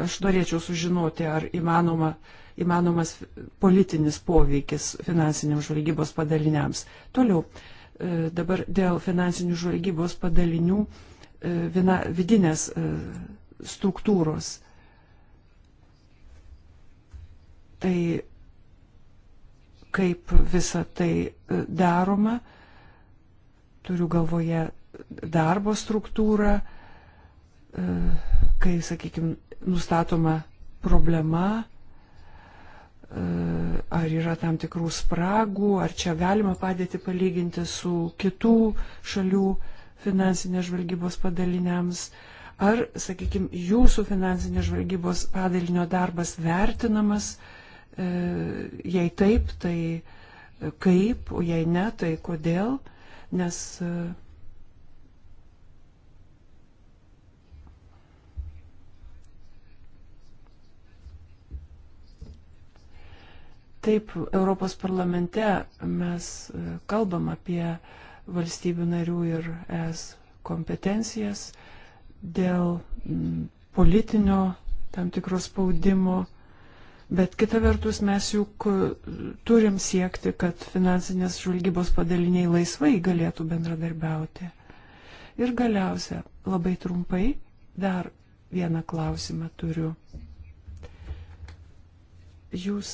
aš norėčiau sužinoti, ar įmanoma, įmanomas politinis poveikis finansiniams žvalgybos padaliniams. Toliau, dabar dėl finansinių žvalgybos padalinių. Uh, E, viena, vidinės e, struktūros. Tai kaip visa tai e, daroma, turiu galvoje darbo struktūrą, kai, sakykime, nustatoma problema, ar yra tam tikrų spragų, ar čia galima padėti palyginti su kitų šalių finansinės žvalgybos padaliniams, ar, sakykime, jūsų finansinės žvalgybos padalinio darbas vertinamas, e, jei taip, tai kaip, o jei ne, tai kodėl, nes e, Taip, Europos parlamente mes e, kalbam apie uh, valstybių narių ir es kompetencijas, dėl politinio tam tikro spaudimo, bet kita vertus mes juk e, turim siekti, kad finansinės žvalgybos padaliniai laisvai galėtų bendradarbiauti. Ir galiausia, labai trumpai, dar vieną klausimą turiu. Jūs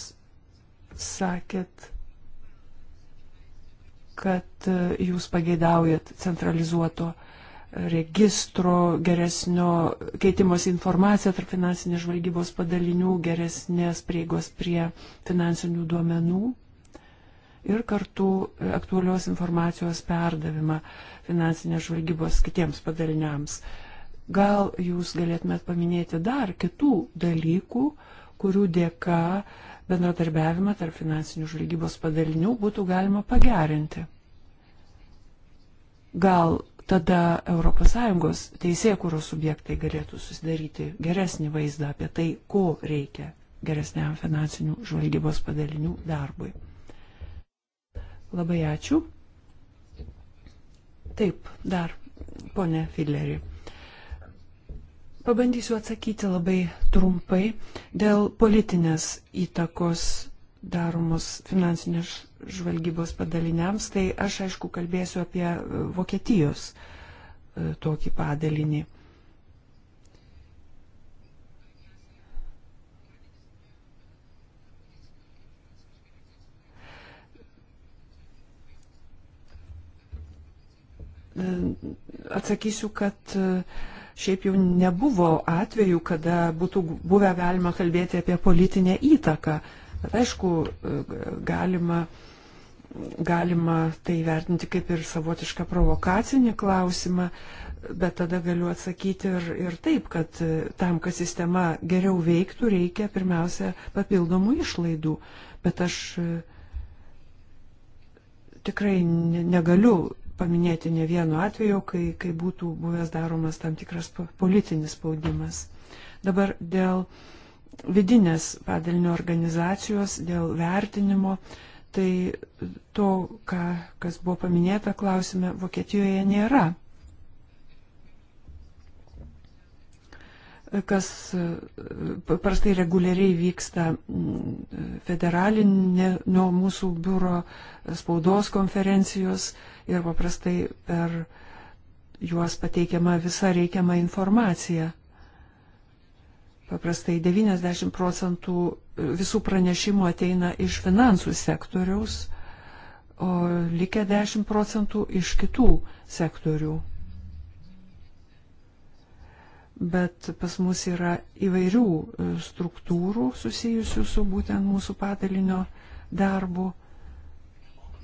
sakėt, kad e, jūs pageidaujat centralizuoto registro, geresnio keitimos informacija tarp finansinės žvalgybos padalinių, geresnės prieigos prie finansinių duomenų ir kartu e, aktualios informacijos perdavimą finansinės žvalgybos kitiems padaliniams. Gal jūs galėtumėt paminėti dar kitų dalykų, kurių dėka uh, bendradarbiavimą tarp finansinių žvalgybos padalinių būtų galima pagerinti. Gal tada ES teisėkūros subjektai galėtų susidaryti geresnį vaizdą apie tai, ko reikia geresniam finansinių žvalgybos padalinių darbui. Labai ačiū. Taip, dar, ponė Fileri. Pabandysiu atsakyti labai trumpai dėl politinės įtakos daromos finansinės žvalgybos padaliniams. Tai aš aišku kalbėsiu apie e, Vokietijos e, tokį padalinį. E, atsakysiu, kad Šiaip jau nebuvo atvejų, kada būtų buvę galima kalbėti apie politinę įtaką. Bet aišku, galima, galima tai vertinti kaip ir savotišką provokacinį klausimą, bet tada galiu atsakyti ir, ir taip, kad tam, kad sistema geriau veiktų, reikia pirmiausia papildomų išlaidų. Bet aš e, tikrai negaliu paminėti ne vienu atveju, kai, kai būtų buvęs daromas tam tikras politinis spaudimas. Dabar dėl vidinės padalinio organizacijos, dėl vertinimo, tai to, ką, kas buvo paminėta klausime, Vokietijoje nėra. kas e, paprastai reguliariai vyksta federalinio mūsų biuro spaudos konferencijos ir paprastai per juos pateikiama visa reikiama informacija. Paprastai 90 procentų e, visų pranešimų ateina iš finansų sektoriaus, o likę 10 procentų iš kitų sektorių bet pas mus yra įvairių e, struktūrų susijusių su būtent mūsų padalinio darbu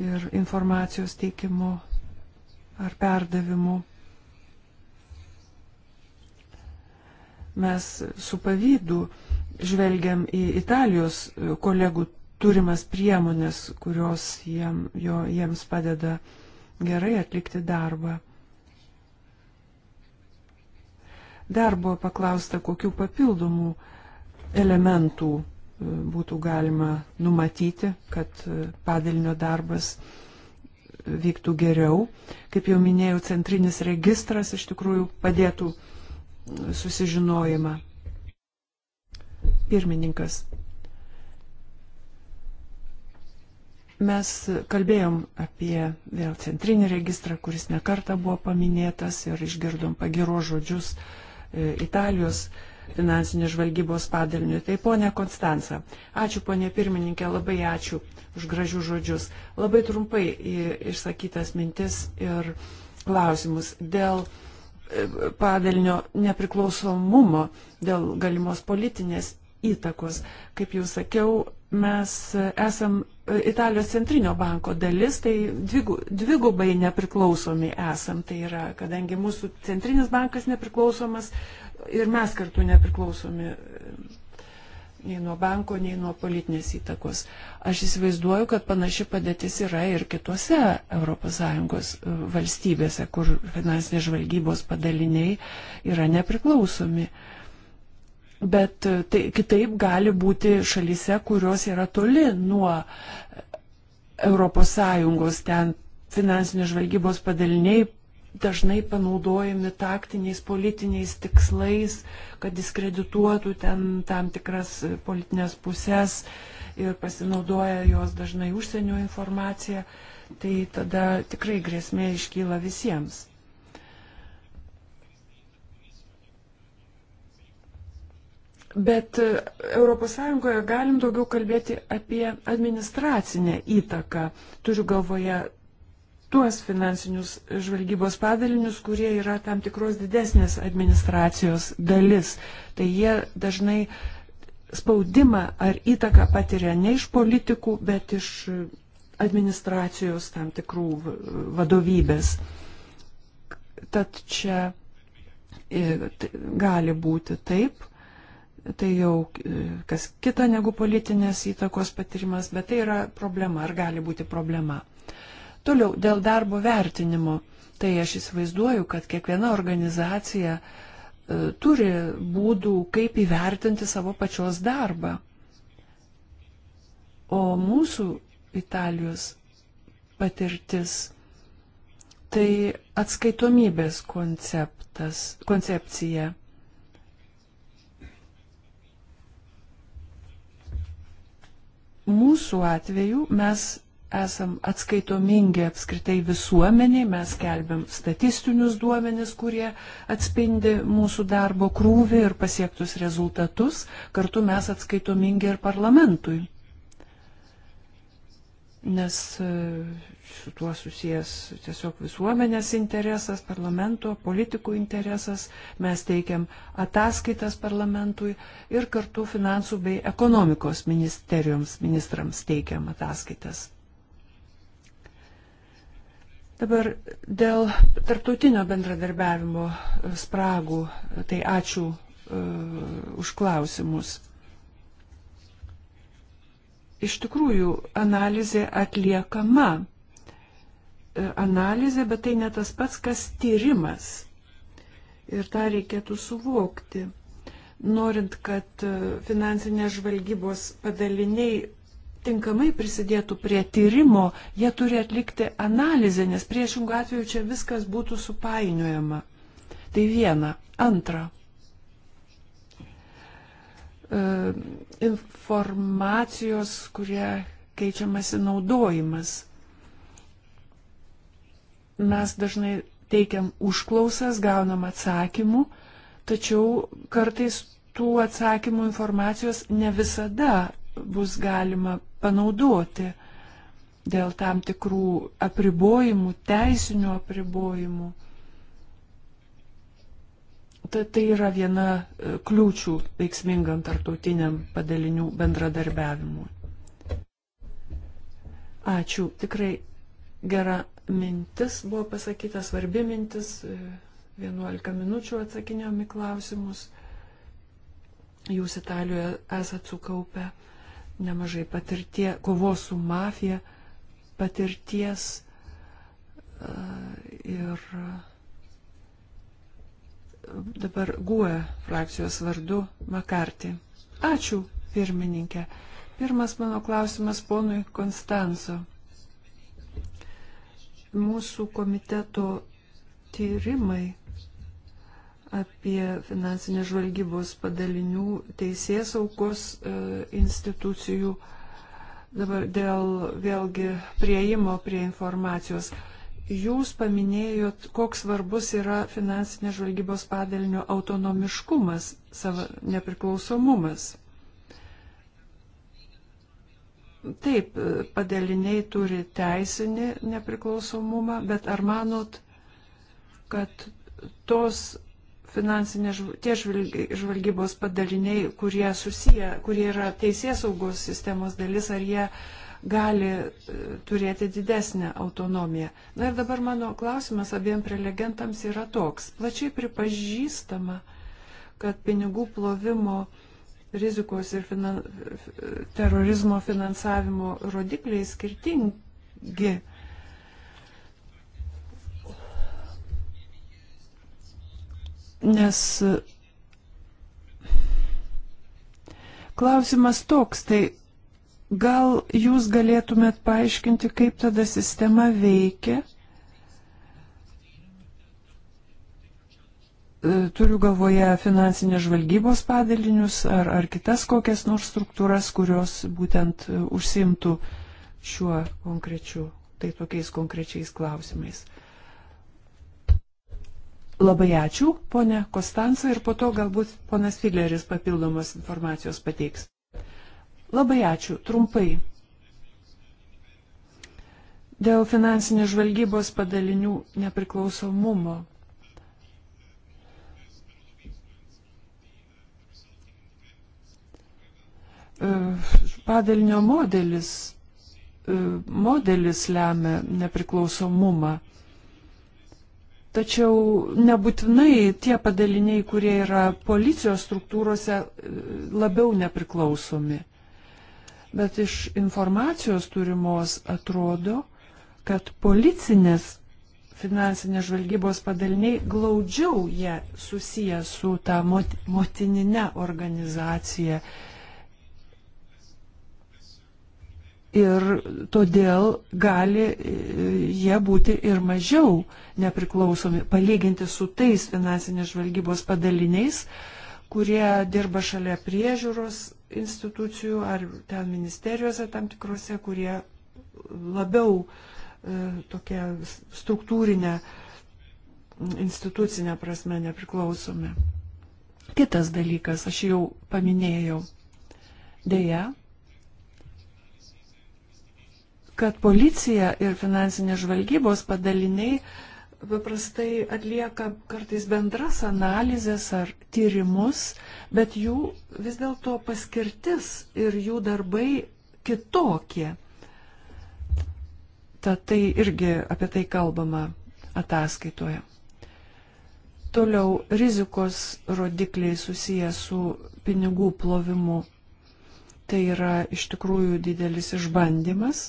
ir informacijos teikimu ar perdavimu. Mes su pavydu žvelgiam į Italijos e, kolegų turimas priemonės, kurios jiem, jo, jiems padeda gerai atlikti darbą. Dar buvo paklausta, kokių papildomų elementų e, būtų galima numatyti, kad e, padalinio darbas e, vyktų geriau. Kaip jau minėjau, centrinis registras iš tikrųjų padėtų susižinojimą. Pirmininkas. Mes kalbėjom apie vėl centrinį registrą, kuris nekarta buvo paminėtas ir išgirdom pagiro žodžius uh, E, Italijos finansinės žvalgybos padaliniu. Tai ponia Konstanca, ačiū ponia pirmininkė, labai ačiū už gražių žodžius. Labai trumpai išsakytas mintis ir klausimus dėl e, padalinio nepriklausomumo, dėl galimos politinės įtakos. Kaip jau sakiau, mes esam Italijos centrinio banko dalis, tai dvigubai nepriklausomi esam. Tai yra, kadangi mūsų centrinis bankas nepriklausomas ir mes kartu nepriklausomi e, nei nuo banko, nei nuo politinės įtakos. Aš įsivaizduoju, kad panaši padėtis yra ir kitose ES e, valstybėse, kur finansinės žvalgybos padaliniai yra nepriklausomi. Uh, Bet e, tai, kitaip gali būti šalyse, kurios yra toli nuo ES, ten finansinės žvalgybos padaliniai dažnai panaudojami taktiniais politiniais tikslais, kad diskredituotų ten tam tikras politinės pusės ir pasinaudoja jos dažnai užsienio informaciją, tai tada tikrai grėsmė iškyla visiems. Bet ES galim daugiau kalbėti apie administracinę įtaką. Turiu galvoje tuos finansinius žvalgybos padalinius, kurie yra tam tikros didesnės administracijos dalis. Tai jie dažnai spaudimą ar įtaką patiria ne iš politikų, bet iš administracijos tam tikrų vadovybės. Tad čia e, gali būti taip, tai jau e, kas kita negu politinės įtakos patirimas, bet tai yra problema ar gali būti problema. Toliau, dėl darbo vertinimo, tai aš įsivaizduoju, kad kiekviena organizacija e, turi būdų, kaip įvertinti savo pačios darbą. O mūsų Italijos patirtis tai atskaitomybės konceptas, koncepcija. Mūsų atveju mes esam atskaitomingi apskritai visuomeniai, mes kelbiam statistinius duomenis, kurie atspindi mūsų darbo krūvį ir pasiektus rezultatus, kartu mes atskaitomingi ir parlamentui nes e, su tuo susijęs tiesiog visuomenės interesas, parlamento, politikų interesas, mes teikiam ataskaitas parlamentui ir kartu finansų bei ekonomikos ministerijoms ministrams teikiam ataskaitas. Dabar dėl tarptautinio bendradarbiavimo spragų, tai ačiū uh, už klausimus iš tikrųjų analizė atliekama. E, analizė, bet tai ne tas pats, kas tyrimas. Ir tą reikėtų suvokti. Norint, kad e, finansinės žvalgybos padaliniai tinkamai prisidėtų prie tyrimo, jie turi atlikti analizę, nes priešingų atveju čia viskas būtų supainiojama. Tai viena. Antra. E, informacijos, kurie keičiamasi naudojimas. Mes dažnai teikiam užklausas, gaunam atsakymų, tačiau kartais tų atsakymų informacijos ne visada bus galima panaudoti dėl tam tikrų apribojimų, teisinių apribojimų tai, tai yra viena e, kliūčių veiksmingam tarptautiniam padalinių bendradarbiavimui. Ačiū, tikrai gera mintis buvo pasakyta, svarbi mintis, 11 e, minučių atsakinėjom į klausimus. Jūs Italijoje esat sukaupę nemažai patirties, kovos su mafija patirties e, ir dabar GUE frakcijos vardu Makartį. Ačiū, pirmininkė. Pirmas mano klausimas ponui Konstanso. Mūsų komiteto tyrimai apie finansinės žvalgybos padalinių teisės aukos e, institucijų dabar dėl vėlgi prieimo prie informacijos. Jūs paminėjot, koks svarbus yra finansinės žvalgybos padalinio autonomiškumas, savo nepriklausomumas. Taip, padaliniai turi teisinį nepriklausomumą, bet ar manot, kad tos finansinės, tie žvalgybos padaliniai, kurie susiję, kurie yra teisės saugos sistemos dalis, ar jie gali e, turėti didesnę autonomiją. Na ir dabar mano klausimas abiem prelegentams yra toks. Plačiai pripažįstama, kad pinigų plovimo rizikos ir finan, terorizmo finansavimo rodikliai skirtingi. Nes e, klausimas toks, tai Gal jūs galėtumėt paaiškinti, kaip tada sistema veikia? E, turiu galvoje finansinės žvalgybos padalinius ar, ar kitas kokias nors struktūras, kurios būtent e, užsimtų šiuo konkrečiu, tai tokiais konkrečiais klausimais. Labai ačiū, ponė Kostanca, ir po to galbūt ponas Fidleris papildomos informacijos pateiks. Labai ačiū, trumpai. Dėl finansinės žvalgybos padalinių nepriklausomumo. E, padalinio modelis, e, modelis lemia nepriklausomumą. Tačiau nebūtinai tie padaliniai, kurie yra policijos struktūrose, e, labiau nepriklausomi bet iš informacijos turimos atrodo, kad policinės finansinės žvalgybos padaliniai glaudžiau jie susiję su tą mot, motininę organizaciją. Ir todėl gali e, jie būti ir mažiau nepriklausomi, palyginti su tais finansinės žvalgybos padaliniais, kurie dirba šalia priežiūros institucijų ar ten ministerijose tam tikrose, kurie labiau e, tokia struktūrinė, institucinė prasme nepriklausomi. Kitas dalykas, aš jau paminėjau, dėja, kad policija ir finansinės žvalgybos padaliniai paprastai atlieka kartais bendras analizės ar tyrimus, bet jų vis dėlto paskirtis ir jų darbai kitokie. Tad tai irgi apie tai kalbama ataskaitoje. Toliau rizikos rodikliai susiję su pinigų plovimu. Tai yra iš tikrųjų didelis išbandymas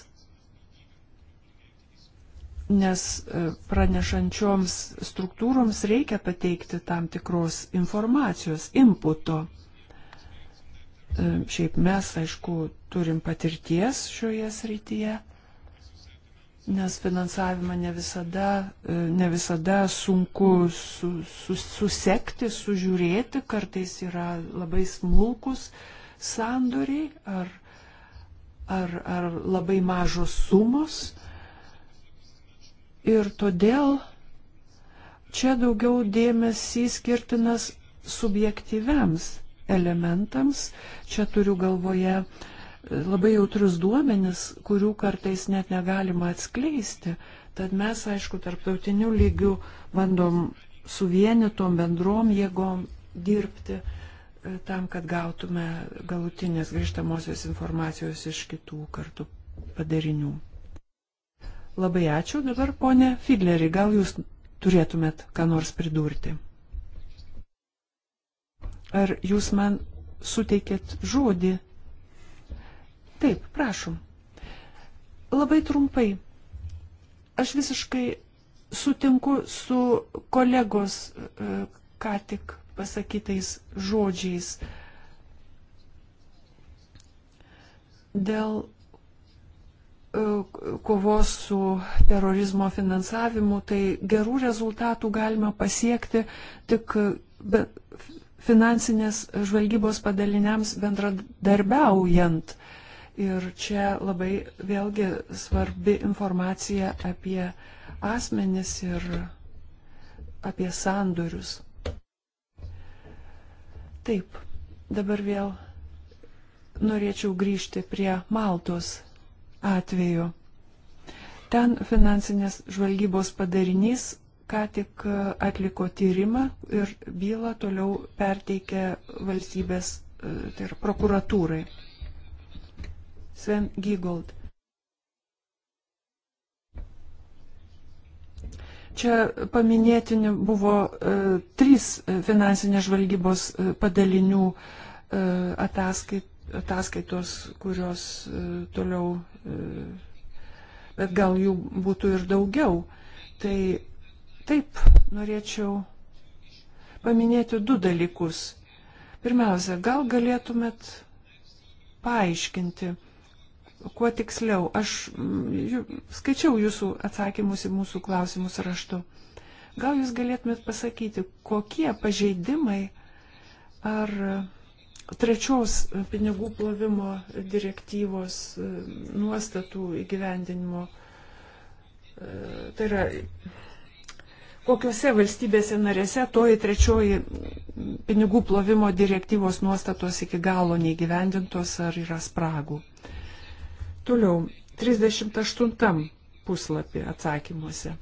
nes e, pranešančioms struktūroms reikia pateikti tam tikros informacijos, inputo. E, šiaip mes, aišku, turim patirties šioje srityje, nes finansavimą ne visada, e, ne visada sunku su, su, susekti, sužiūrėti, kartais yra labai smulkus sandoriai ar, ar, ar labai mažos sumos Ir todėl čia daugiau dėmesį skirtinas subjektyviams elementams. Čia turiu galvoje e, labai jautrus duomenis, kurių kartais net negalima atskleisti. Tad mes, aišku, tarptautiniu lygiu bandom suvienytom bendrom jėgom dirbti e, tam, kad gautume galutinės grįžtamosios informacijos iš kitų kartų padarinių. Labai ačiū. Dabar, ponė Fidleri, gal jūs turėtumėt ką nors pridurti? Ar jūs man suteikėt žodį? Taip, prašom. Labai trumpai. Aš visiškai sutinku su kolegos e, ką tik pasakytais žodžiais dėl kovos su terorizmo finansavimu, tai gerų rezultatų galima pasiekti tik finansinės žvalgybos padaliniams bendradarbiaujant. Ir čia labai vėlgi svarbi informacija apie asmenis ir apie sandorius. Taip, dabar vėl norėčiau grįžti prie Maltos atveju. Ten finansinės žvalgybos padarinys ką tik e, atliko tyrimą ir bylą toliau perteikė valstybės, e, tai yra prokuratūrai. Sven Gygold. Čia paminėtini buvo e, trys finansinės žvalgybos e, padalinių e, ataskait, ataskaitos, kurios e, toliau, e, bet gal jų būtų ir daugiau. Tai taip, norėčiau paminėti du dalykus. Pirmiausia, gal galėtumėt paaiškinti, kuo tiksliau. Aš skaičiau jūsų atsakymus į mūsų klausimus raštu. Gal jūs galėtumėt pasakyti, kokie pažeidimai ar trečios pinigų plovimo direktyvos e, nuostatų įgyvendinimo. E, tai yra, kokiuose valstybėse narėse toji trečioji pinigų plovimo direktyvos nuostatos iki galo neįgyvendintos ar yra spragų. Toliau, 38 puslapį atsakymuose.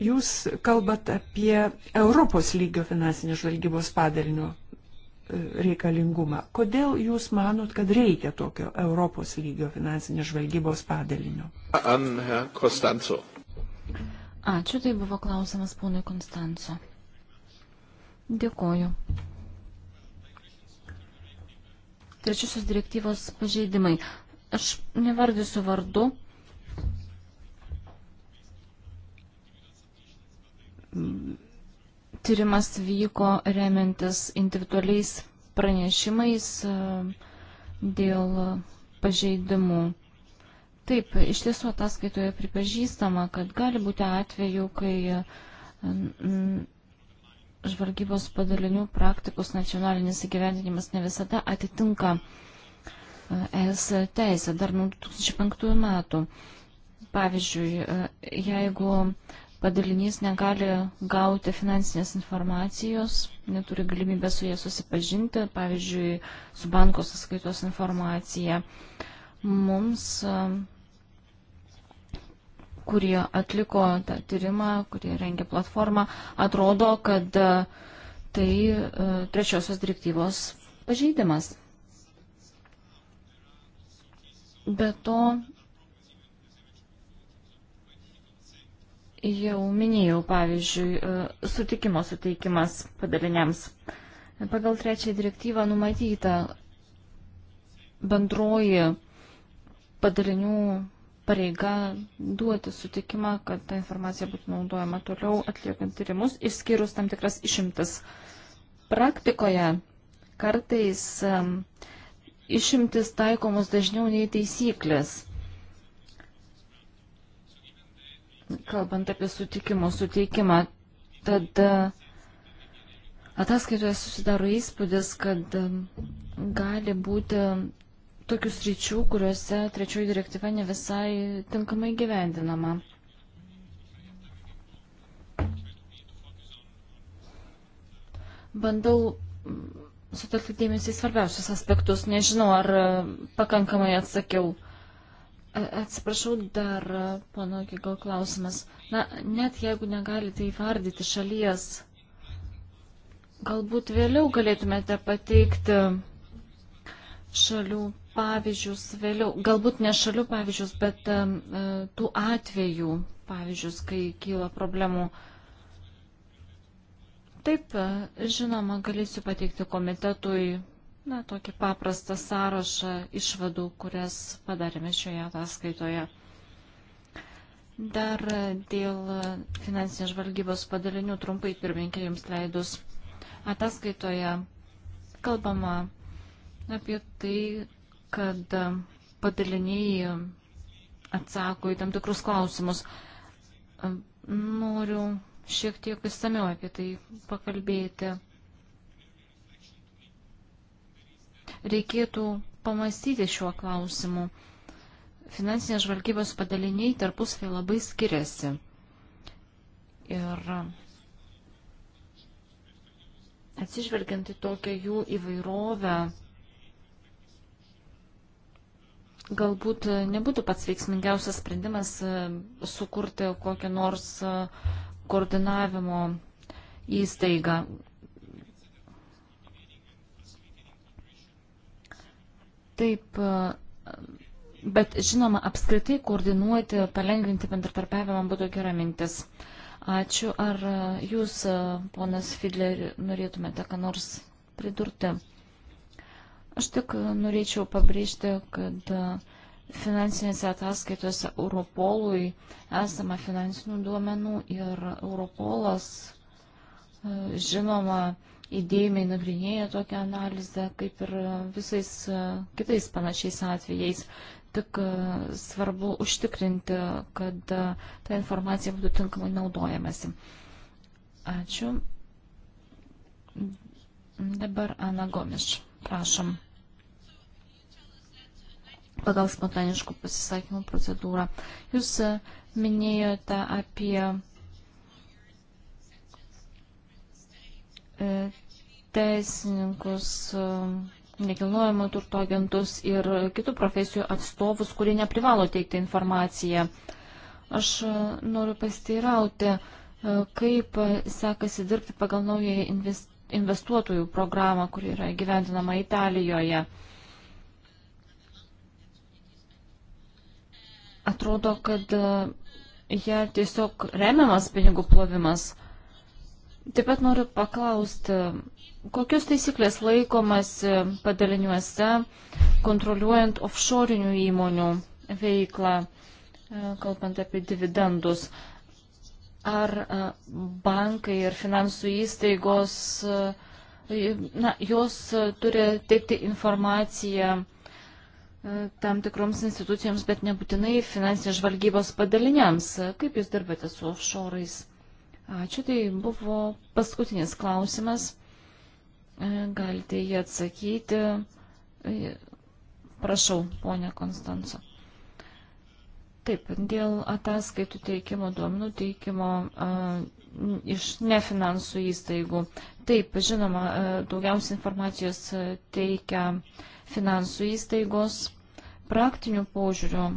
Jūs kalbat apie Europos lygio finansinės žvalgybos padalinio reikalingumą. Kodėl jūs manot, kad reikia tokio Europos lygio finansinės žvalgybos padalinio? Ačiū, tai buvo klausimas ponui Konstanco. Dėkoju. Trečiosios direktyvos pažeidimai. Aš nevardysiu vardu. Mm Tyrimas vyko remiantis individualiais pranešimais e, dėl pažeidimų. Taip, iš tiesų ataskaitoje pripažįstama, kad gali būti atveju, kai e, žvalgybos padalinių praktikos nacionalinis įgyvendinimas ne visada atitinka e, ES teisę dar nuo 2005 metų. Pavyzdžiui, jeigu padalinys negali gauti finansinės informacijos, neturi galimybę su jie susipažinti, pavyzdžiui, su banko sąskaitos informacija. Mums, kurie atliko tą tyrimą, kurie rengė platformą, atrodo, kad tai e, trečiosios direktyvos pažeidimas. Be to jau minėjau, pavyzdžiui, e, sutikimo suteikimas padaliniams. Pagal trečią direktyvą numatyta bendroji padalinių pareiga duoti sutikimą, kad ta informacija būtų naudojama toliau atliekant tyrimus, išskyrus tam tikras išimtis. Praktikoje kartais išimtis taikomus dažniau nei taisyklės. kalbant apie sutikimo suteikimą. Tad e, ataskaitoje susidaro įspūdis, kad e, gali būti tokius ryčių, kuriuose trečioji direktyva ne visai tinkamai gyvendinama. Bandau sutelkti dėmesį į svarbiausius aspektus. Nežinau, ar e, pakankamai atsakiau. Atsiprašau, dar pono Gigal klausimas. Na, net jeigu negalite įvardyti šalies, galbūt vėliau galėtumėte pateikti šalių pavyzdžius, vėliau, galbūt ne šalių pavyzdžius, bet uh, tų atvejų pavyzdžius, kai kyla problemų. Taip, žinoma, galėsiu pateikti komitetui na, tokį paprastą sąrašą išvadų, kurias padarėme šioje ataskaitoje. Dar dėl finansinės žvalgybos padalinių trumpai pirmininkė jums leidus. Ataskaitoje kalbama apie tai, kad padaliniai atsako į tam tikrus klausimus. Noriu šiek tiek įsamiau apie tai pakalbėti. reikėtų pamastyti šiuo klausimu. Finansinės žvalgybos padaliniai tarpusvai labai skiriasi. Ir atsižvelgiant į tokią jų įvairovę, galbūt nebūtų pats veiksmingiausias sprendimas e, sukurti kokią nors e, koordinavimo įstaigą. Taip, bet žinoma, apskritai koordinuoti, palengvinti bendratarpiavimą būtų gera mintis. Ačiū. Ar jūs, ponas Fidler, norėtumėte ką nors pridurti? Aš tik norėčiau pabrėžti, kad finansinėse ataskaitose Europolui esama finansinių duomenų ir Europolas, žinoma, įdėmiai nagrinėja tokią analizę, kaip ir visais e, kitais panašiais atvejais. Tik e, svarbu užtikrinti, kad e, ta informacija būtų tinkamai naudojamasi. Ačiū. Dabar Ana Gomiš, prašom. Pagal spontaniškų pasisakymų procedūrą. Jūs minėjote apie E, teisininkus, e, nekilnojamo turto agentus ir kitų profesijų atstovus, kurie neprivalo teikti informaciją. Aš e, noriu pasteirauti, kaip sekasi dirbti pagal naują investuotojų programą, kuri yra gyventinama Italijoje. Atrodo, kad jie tiesiog remiamas pinigų plovimas. Taip pat noriu paklausti, kokius taisyklės laikomasi padaliniuose kontroliuojant offshore'inių įmonių veiklą, kalbant apie dividendus. Ar bankai ir finansų įstaigos, na, jos turi teikti informaciją tam tikroms institucijoms, bet nebūtinai finansinės žvalgybos padaliniams. Kaip jūs dirbate su offshore'ais? Ačiū, tai buvo paskutinis klausimas. E, galite jį atsakyti. E, prašau, ponia Konstanco. Taip, dėl ataskaitų teikimo, duomenų teikimo a, e, iš nefinansų įstaigų. Taip, žinoma, daugiausiai informacijos teikia finansų įstaigos praktinių požiūrių.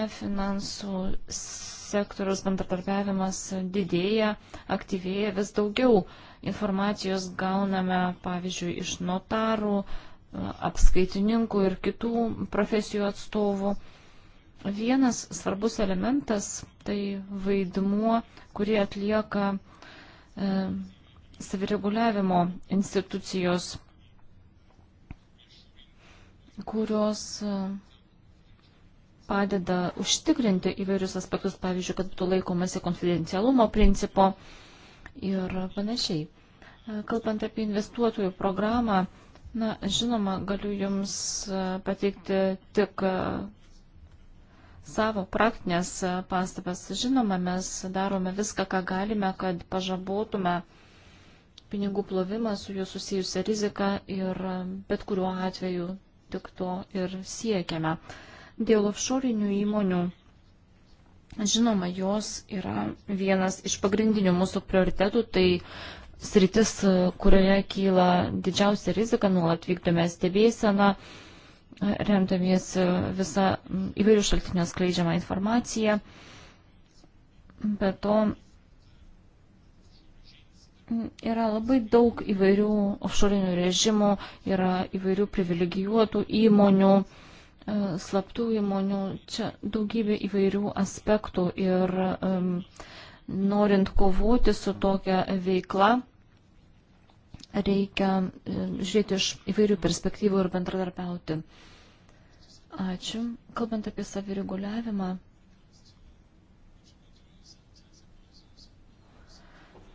Nefinansų sektoriaus bendradarbiavimas didėja, aktyvėja vis daugiau. Informacijos gauname, pavyzdžiui, iš notarų, apskaitininkų ir kitų profesijų atstovų. Vienas svarbus elementas tai vaidmuo, kurį atlieka e, savireguliavimo institucijos, kurios e, padeda užtikrinti įvairius aspektus, pavyzdžiui, kad būtų laikomasi konfidencialumo principo ir panašiai. E, kalbant apie investuotojų programą, na, žinoma, galiu Jums e, pateikti tik e, savo praktinės pastabas. Žinoma, mes darome viską, ką galime, kad pažabotume pinigų plovimą su jų susijusią riziką ir bet kuriuo atveju tik to ir siekiame. Uh, Dėl offshorinių įmonių, žinoma, jos yra vienas iš pagrindinių mūsų prioritetų, tai sritis, kurioje kyla didžiausia rizika, nuolat vykdome stebėseną, remdamiesi visą įvairių šaltinių skleidžiamą informaciją. Be to, yra labai daug įvairių offshore režimų, yra įvairių privilegijuotų įmonių. Mhm E, slaptų įmonių. Čia daugybė įvairių aspektų ir um, norint kovoti su tokia veikla, reikia e, žiūrėti iš įvairių perspektyvų ir bendradarbiauti. Ačiū. Kalbant apie savireguliavimą,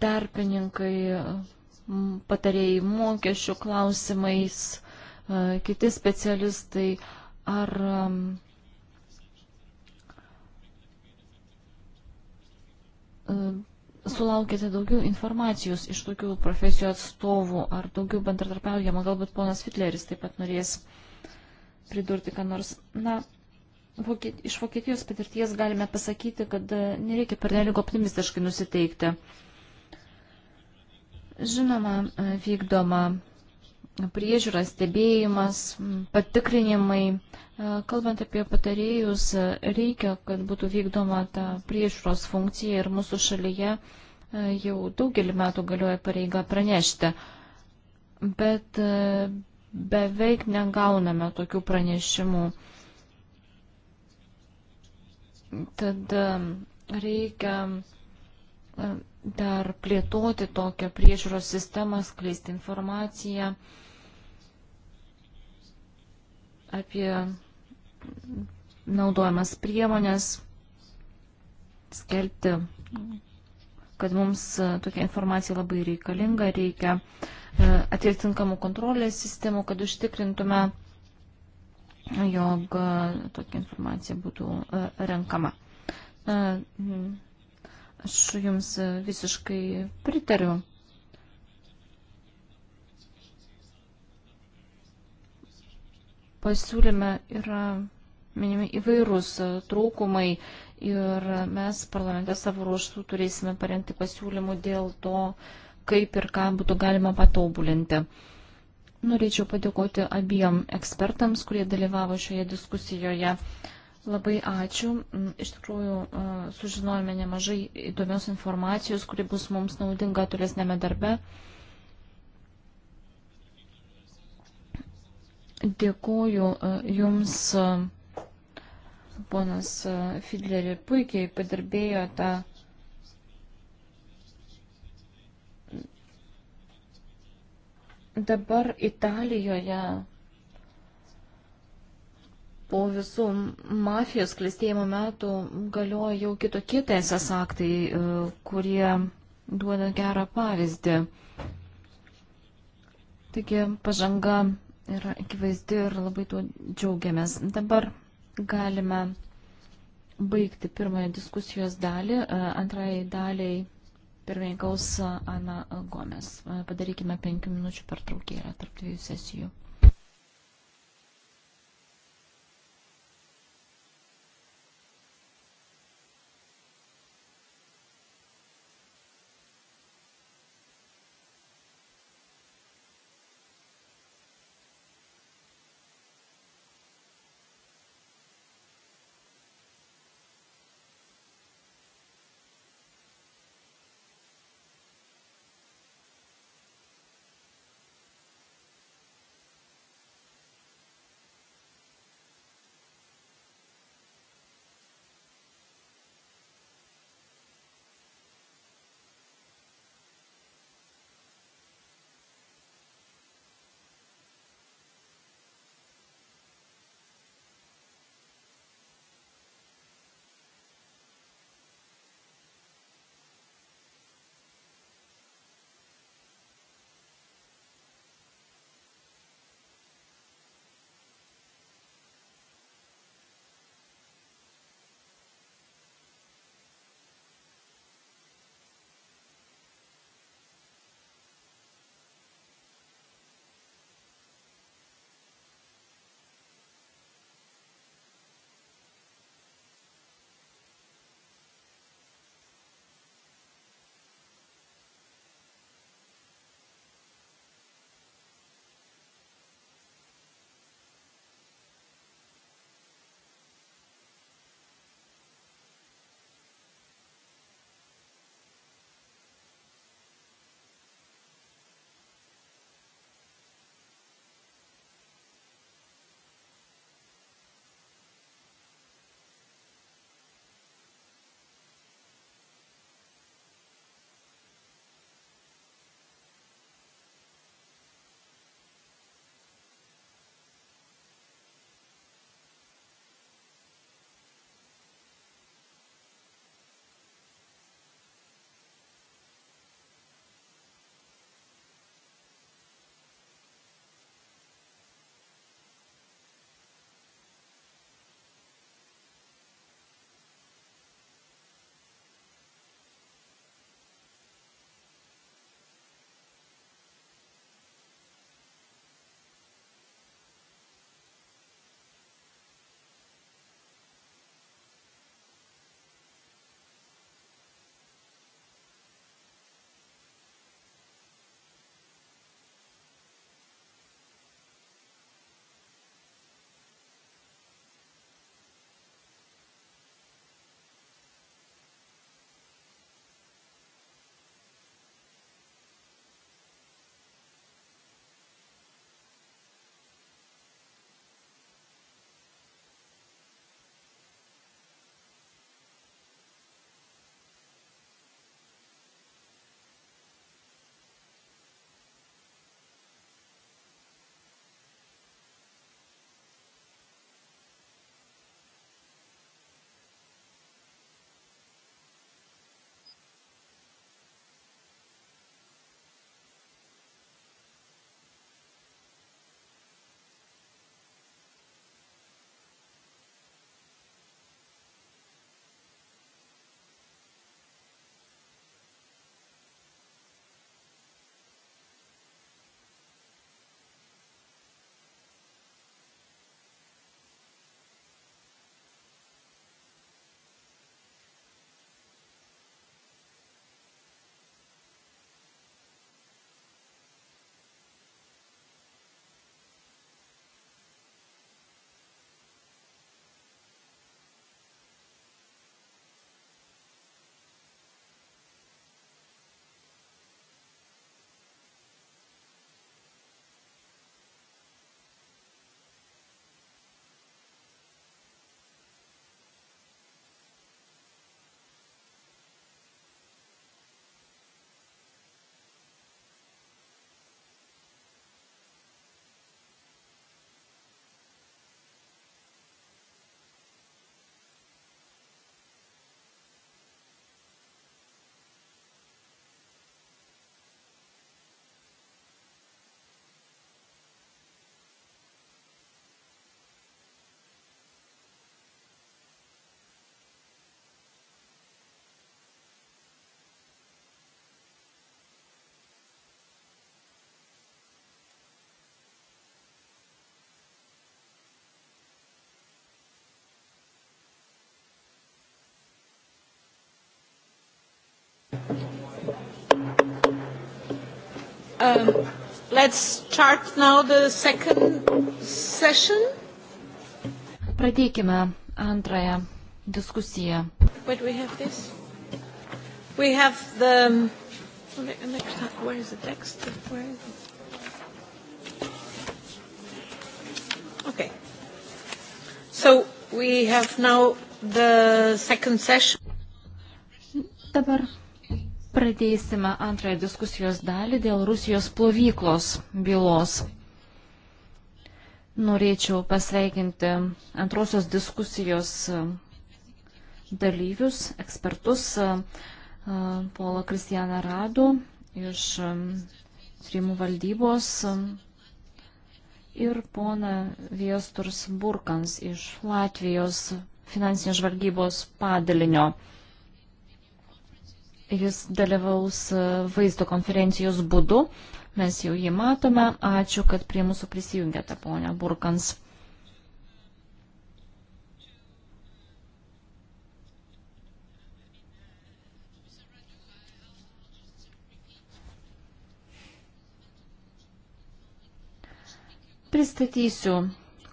tarpininkai, patarėjai mokesčių klausimais, e, kiti specialistai ar um, sulaukėte daugiau informacijos iš tokių profesijų atstovų, ar daugiau bendradarbiaujama, galbūt ponas Fitleris taip pat norės pridurti, ką nors. Na, vokiet, iš Vokietijos patirties galime pasakyti, kad e, nereikia pernelyg optimistiškai nusiteikti. Žinoma, e, vykdoma priežiūra, stebėjimas, patikrinimai E, kalbant apie patarėjus, reikia, kad būtų vykdoma ta priežiūros funkcija ir mūsų šalyje e, jau daugelį metų galioja pareiga pranešti. Bet e, beveik negauname tokių pranešimų. Tad reikia dar plėtoti tokią priežiūros sistemą, skleisti informaciją apie naudojamas priemonės, skelbti, kad mums e, tokia informacija labai reikalinga, reikia e, atitinkamų kontrolės sistemų, kad užtikrintume, jog e, tokia informacija būtų renkama. Aš jums visiškai pritariu pasiūlyme yra minimi įvairūs e, trūkumai ir mes parlamente savo ruoštų turėsime parengti pasiūlymų dėl to, kaip ir ką būtų galima patobulinti. Norėčiau padėkoti abiem ekspertams, kurie dalyvavo šioje diskusijoje. Labai ačiū. Mm, iš tikrųjų, e, sužinojome nemažai įdomios informacijos, kuri bus mums naudinga tolesnėme darbe. Dėkuoju e, Jums, e, ponas e, Fidleri, puikiai padirbėjote. Dabar Italijoje po visų mafijos klistėjimo metų galioja jau kitokie teisės aktai, kurie duoda gerą pavyzdį. Taigi pažanga yra akivaizdi ir labai tuo džiaugiamės. Dabar galime baigti pirmąją diskusijos dalį, antrajai daliai pirmininkaus Ana Gomes. Padarykime penkių minučių pertraukėlę tarp dviejų sesijų. Um, let's start now the second session. Pradėkime antrąją diskusiją. But we have this. We have the next um, time. Where is the text? Where is it? Okay. So we have now the second session. Dabar Pradėsime antrąją diskusijos dalį dėl Rusijos plovyklos bylos. Norėčiau pasveikinti antrosios diskusijos e, dalyvius, ekspertus, e, e, Pola Kristijaną Radų iš Trimų valdybos ir pona Viesturs Burkans iš Latvijos finansinės žvalgybos padalinio. Jis dalyvaus e, vaizdo konferencijos būdu. Mes jau jį matome. Ačiū, kad prie mūsų prisijungėte, ponia Burkans. Pristatysiu,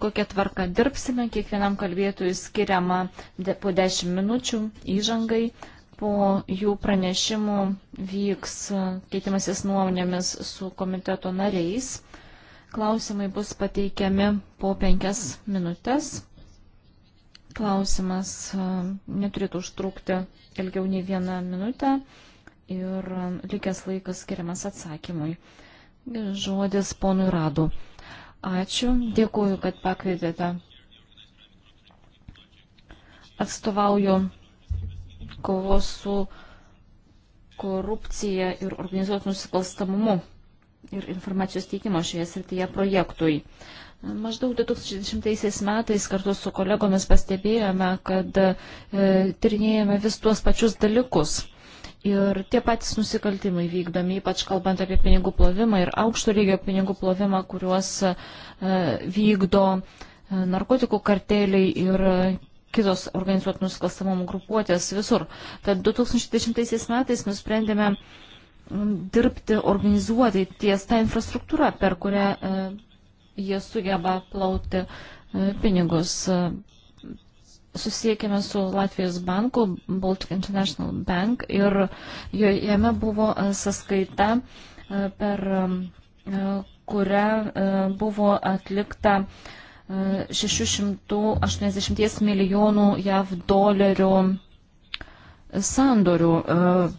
kokią tvarką dirbsime. Kiekvienam kalbėtojui skiriama po 10 minučių įžangai po jų pranešimų vyks keitimasis nuomonėmis su komiteto nariais. Klausimai bus pateikiami po penkias minutės. Klausimas e, neturėtų užtrukti ilgiau nei vieną minutę ir likęs laikas skiriamas atsakymui. Žodis ponui Radu. Ačiū, dėkuoju, kad pakvietėte. Atstovauju kovos su korupcija ir organizuotų nusikalstamumu ir informacijos teikimo šioje srityje projektui. Maždaug 2010 metais kartu su kolegomis pastebėjome, kad e, tirinėjame vis tuos pačius dalykus. Ir tie patys nusikaltimai vykdomi, ypač kalbant apie pinigų plovimą ir aukšto lygio pinigų plovimą, kuriuos e, vykdo e, narkotikų karteliai ir kitos organizuotų nusikalstamumų grupuotės visur. Tad 2010 metais nusprendėme mm, dirbti organizuotai ties tą infrastruktūrą, per kurią e, jie sugeba plauti e, pinigus. E, susiekėme su Latvijos banku, Baltic International Bank, ir jame buvo e, sąskaita, e, per e, kurią e, buvo atlikta e, 680 milijonų JAV dolerių sandorių. E,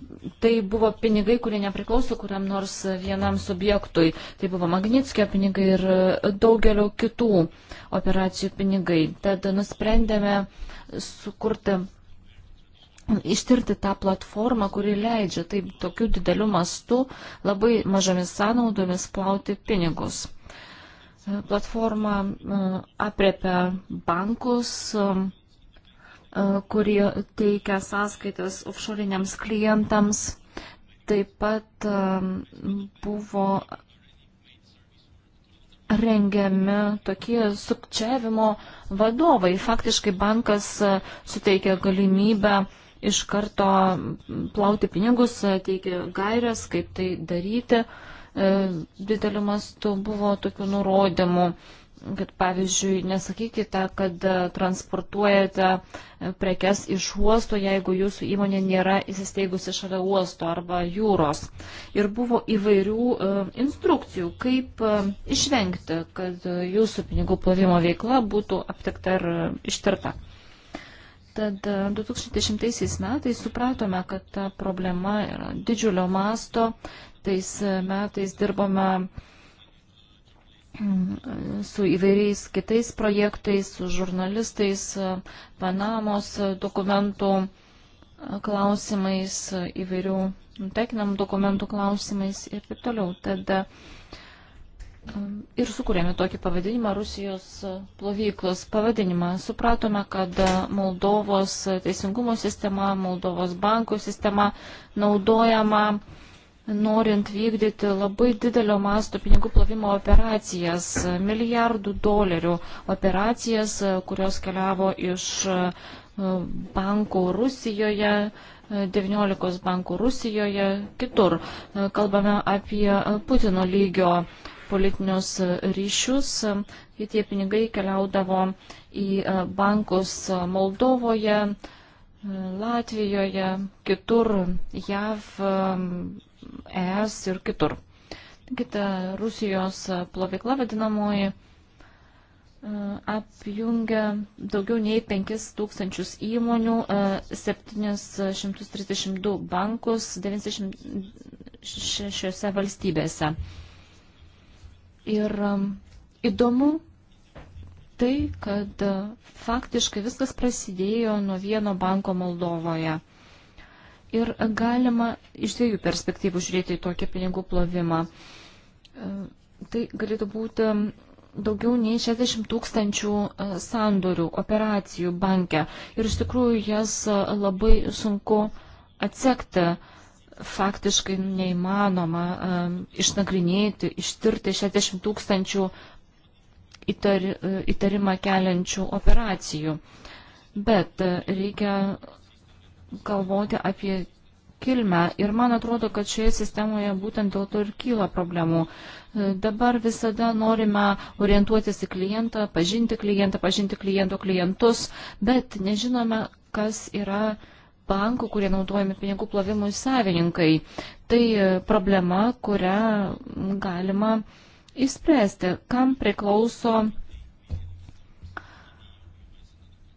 tai buvo pinigai, kurie nepriklauso kuriam nors vienam subjektui. Tai buvo Magnitskio pinigai ir daugelio kitų operacijų pinigai. Tad nusprendėme sukurti, ištirti tą platformą, kuri leidžia taip tokiu dideliu mastu labai mažomis sąnaudomis plauti pinigus. Platforma e, apriepia bankus, e, e, kurie teikia sąskaitas offshoriniams klientams. Taip pat buvo rengiami tokie sukčiavimo vadovai. Faktiškai bankas suteikia galimybę iš karto plauti pinigus, teikia gairias, kaip tai daryti. Uh, E, dideliu mastu buvo tokių nurodymų, kad pavyzdžiui, nesakykite, kad e, transportuojate e, prekes iš uosto, jeigu jūsų įmonė nėra įsisteigusi šalia uosto arba jūros. Ir buvo įvairių instrukcijų, kaip išvengti, kad jūsų pinigų plovimo veikla būtų aptikta ir ištirta. Tad 2010 metais supratome, kad ta problema yra didžiulio masto Tais e, metais dirbome mm, su įvairiais kitais projektais, su žurnalistais, e, Panamos e, dokumentų klausimais, įvairių techniniam dokumentų klausimais ir taip toliau. Tada ir sukūrėme tokį pavadinimą, Rusijos plovyklos pavadinimą. Supratome, kad Moldovos teisingumo sistema, Moldovos bankų sistema naudojama norint vykdyti labai didelio masto pinigų plovimo operacijas, milijardų dolerių operacijas, e, kurios keliavo iš e, bankų Rusijoje, 19 e, bankų Rusijoje, kitur. Kalbame apie Putino lygio politinius ryšius. Tie pinigai keliaudavo į bankus Moldovoje, Latvijoje, kitur, JAV, ES ir kitur. Kita Rusijos plovykla vadinamoji e, apjungia daugiau nei 5000 įmonių, 732 e, bankus 96 valstybėse. Ir e, įdomu tai, kad faktiškai viskas prasidėjo nuo vieno banko Moldovoje. Ir galima iš dviejų perspektyvų žiūrėti į tokį pinigų plovimą. E, tai galėtų būti daugiau nei 60 tūkstančių e, sandorių, operacijų banke. Ir iš tikrųjų jas e, labai sunku atsekti, faktiškai neįmanoma išnagrinėti, ištirti 60 tūkstančių įtari, įtarimą keliančių operacijų. Bet reikia galvoti apie kilmę. Ir man atrodo, kad šioje sistemoje būtent dėl to ir kyla problemų. E, dabar visada norime orientuotis į klientą, pažinti klientą, pažinti kliento klientus, bet nežinome, kas yra bankų, kurie naudojami pinigų plovimui savininkai. Tai e, problema, kurią galima išspręsti. Kam priklauso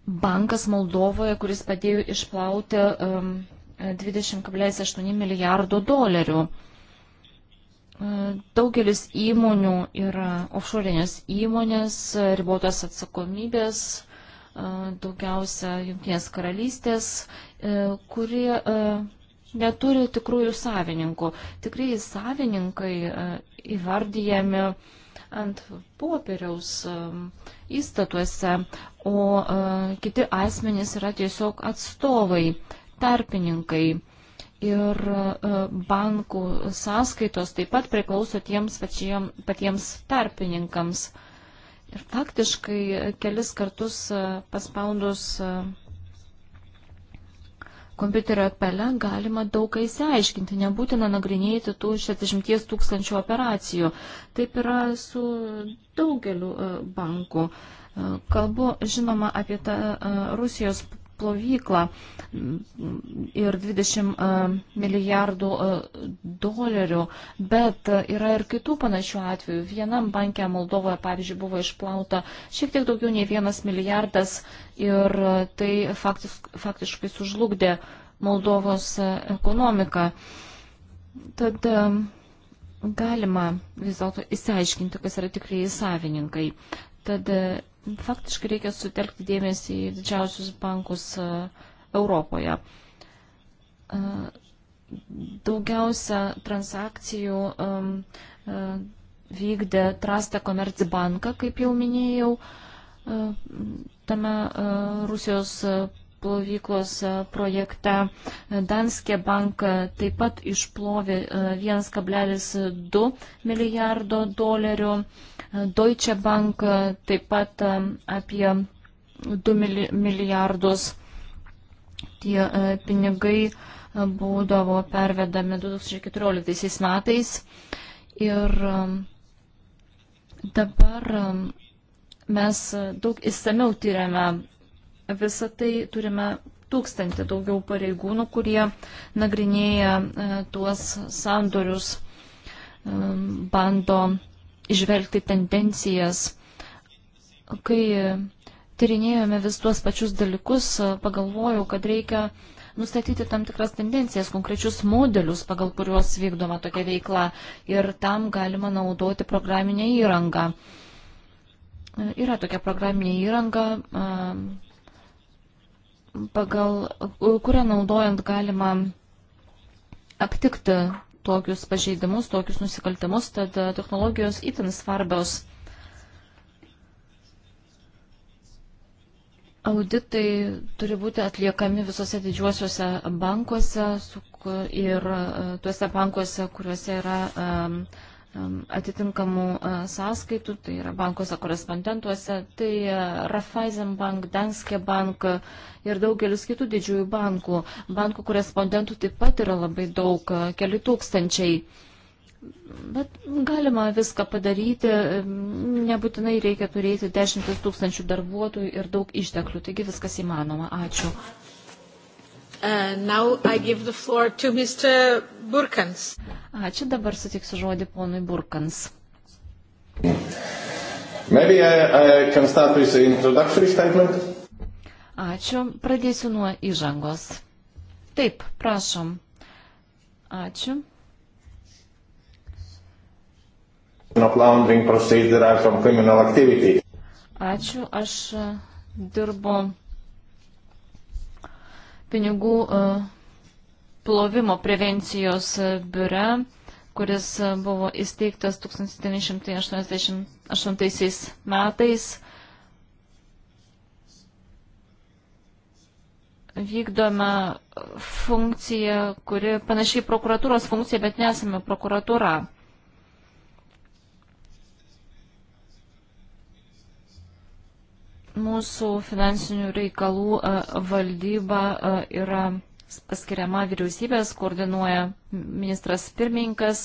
bankas Moldovoje, kuris padėjo išplauti 20,8 um, milijardo dolerių. Uh, daugelis įmonių yra offshore'inės įmonės, ribotos atsakomybės, uh, daugiausia Junktinės karalystės, uh, kurie neturi tikrųjų savininkų. Tikrai savininkai įvardyjami ant popieriaus um, įstatuose, o uh, kiti asmenys yra tiesiog atstovai, tarpininkai. Ir uh, bankų sąskaitos taip pat priklauso tiems pačiems, patiems tarpininkams. Ir faktiškai kelis kartus uh, paspaudus kompiuterio pele galima daugą įsiaiškinti, nebūtina nagrinėti tų 60 tūkstančių operacijų. Taip yra su daugeliu e, bankų. E, kalbu, žinoma, apie tą e, Rusijos plovyklą ir 20 milijardų dolerių, bet yra ir kitų panašių atvejų. Vienam bankė Moldovoje, pavyzdžiui, buvo išplauta šiek tiek daugiau nei vienas milijardas ir tai faktis, faktiškai sužlugdė Moldovos ekonomiką. Tad galima vis dėlto įsiaiškinti, kas yra tikrieji savininkai. Tad faktiškai reikia sutelkti dėmesį į didžiausius bankus e, Europoje. E, daugiausia transakcijų e, vykdė Trasta Komercibanka, kaip jau minėjau. E, tame e, Rusijos e, plovyklos projekte. Danske bank taip pat išplovė 1,2 milijardo dolerių. Deutsche Bank taip pat apie 2 milijardus. Tie pinigai būdavo pervedami 2014 metais. Ir dabar Mes e, daug įsameu tyriame visą tai, turime tūkstantį daugiau pareigūnų, kurie nagrinėja e, tuos sandorius, e, bando išvelgti tendencijas. Kai tyrinėjome vis tuos pačius dalykus, pagalvojau, kad reikia nustatyti tam tikras tendencijas, konkrečius modelius, pagal kuriuos vykdoma tokia veikla ir tam galima naudoti programinę įrangą. Yra tokia programinė įranga, pagal kurią naudojant galima aptikti tokius pažeidimus, tokius nusikaltimus, tad technologijos itin svarbios. Auditai turi būti atliekami visose didžiuosiuose bankuose ir tuose bankuose, kuriuose yra Um, atitinkamų uh, sąskaitų, tai yra bankuose korespondentuose, tai uh, Raiffeisenbank, Danske Bank uh, ir daugelis kitų didžiųjų bankų. Bankų korespondentų taip pat yra labai daug, keli tūkstančiai. Bet galima viską padaryti, um, nebūtinai reikia turėti dešimtis tūkstančių darbuotojų ir daug išteklių, taigi viskas įmanoma. Ačiū. Uh, now I give the floor to Mr. Burkans. Ačiū, dabar sutiksiu žodį ponui Burkans. Maybe I, I can start with the introductory statement. Ačiū, pradėsiu nuo įžangos. Taip, prašom. Ačiū. Ačiū, aš uh, dirbu pinigų e, plovimo prevencijos biure, kuris e, buvo įsteigtas 1988 metais. Vykdome funkciją, kuri panašiai prokuratūros funkcija, bet nesame prokuratūra. Mūsų finansinių reikalų e, valdyba e, yra paskiriama vyriausybės, koordinuoja ministras pirmininkas.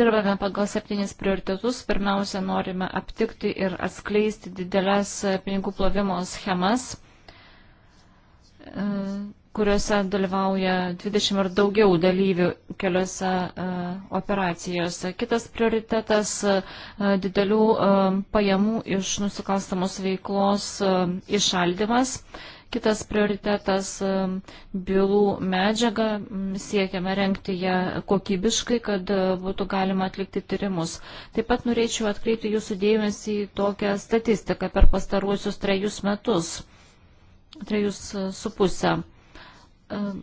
Dirbame pagal septynis prioritetus. Pirmiausia, norime aptikti ir atskleisti didelės pinigų plovimo schemas e, kuriuose dalyvauja 20 ar daugiau dalyvių keliose e, operacijose. Kitas prioritetas e, - didelių e, pajamų iš nusikalstamos veiklos išaldimas. Kitas prioritetas - bylų medžiaga. Siekiame renkti ją kokybiškai, kad būtų galima atlikti tyrimus. Taip pat norėčiau atkreipti jūsų dėmesį į tokią statistiką per pastaruosius trejus metus, trejus su pusę. Um,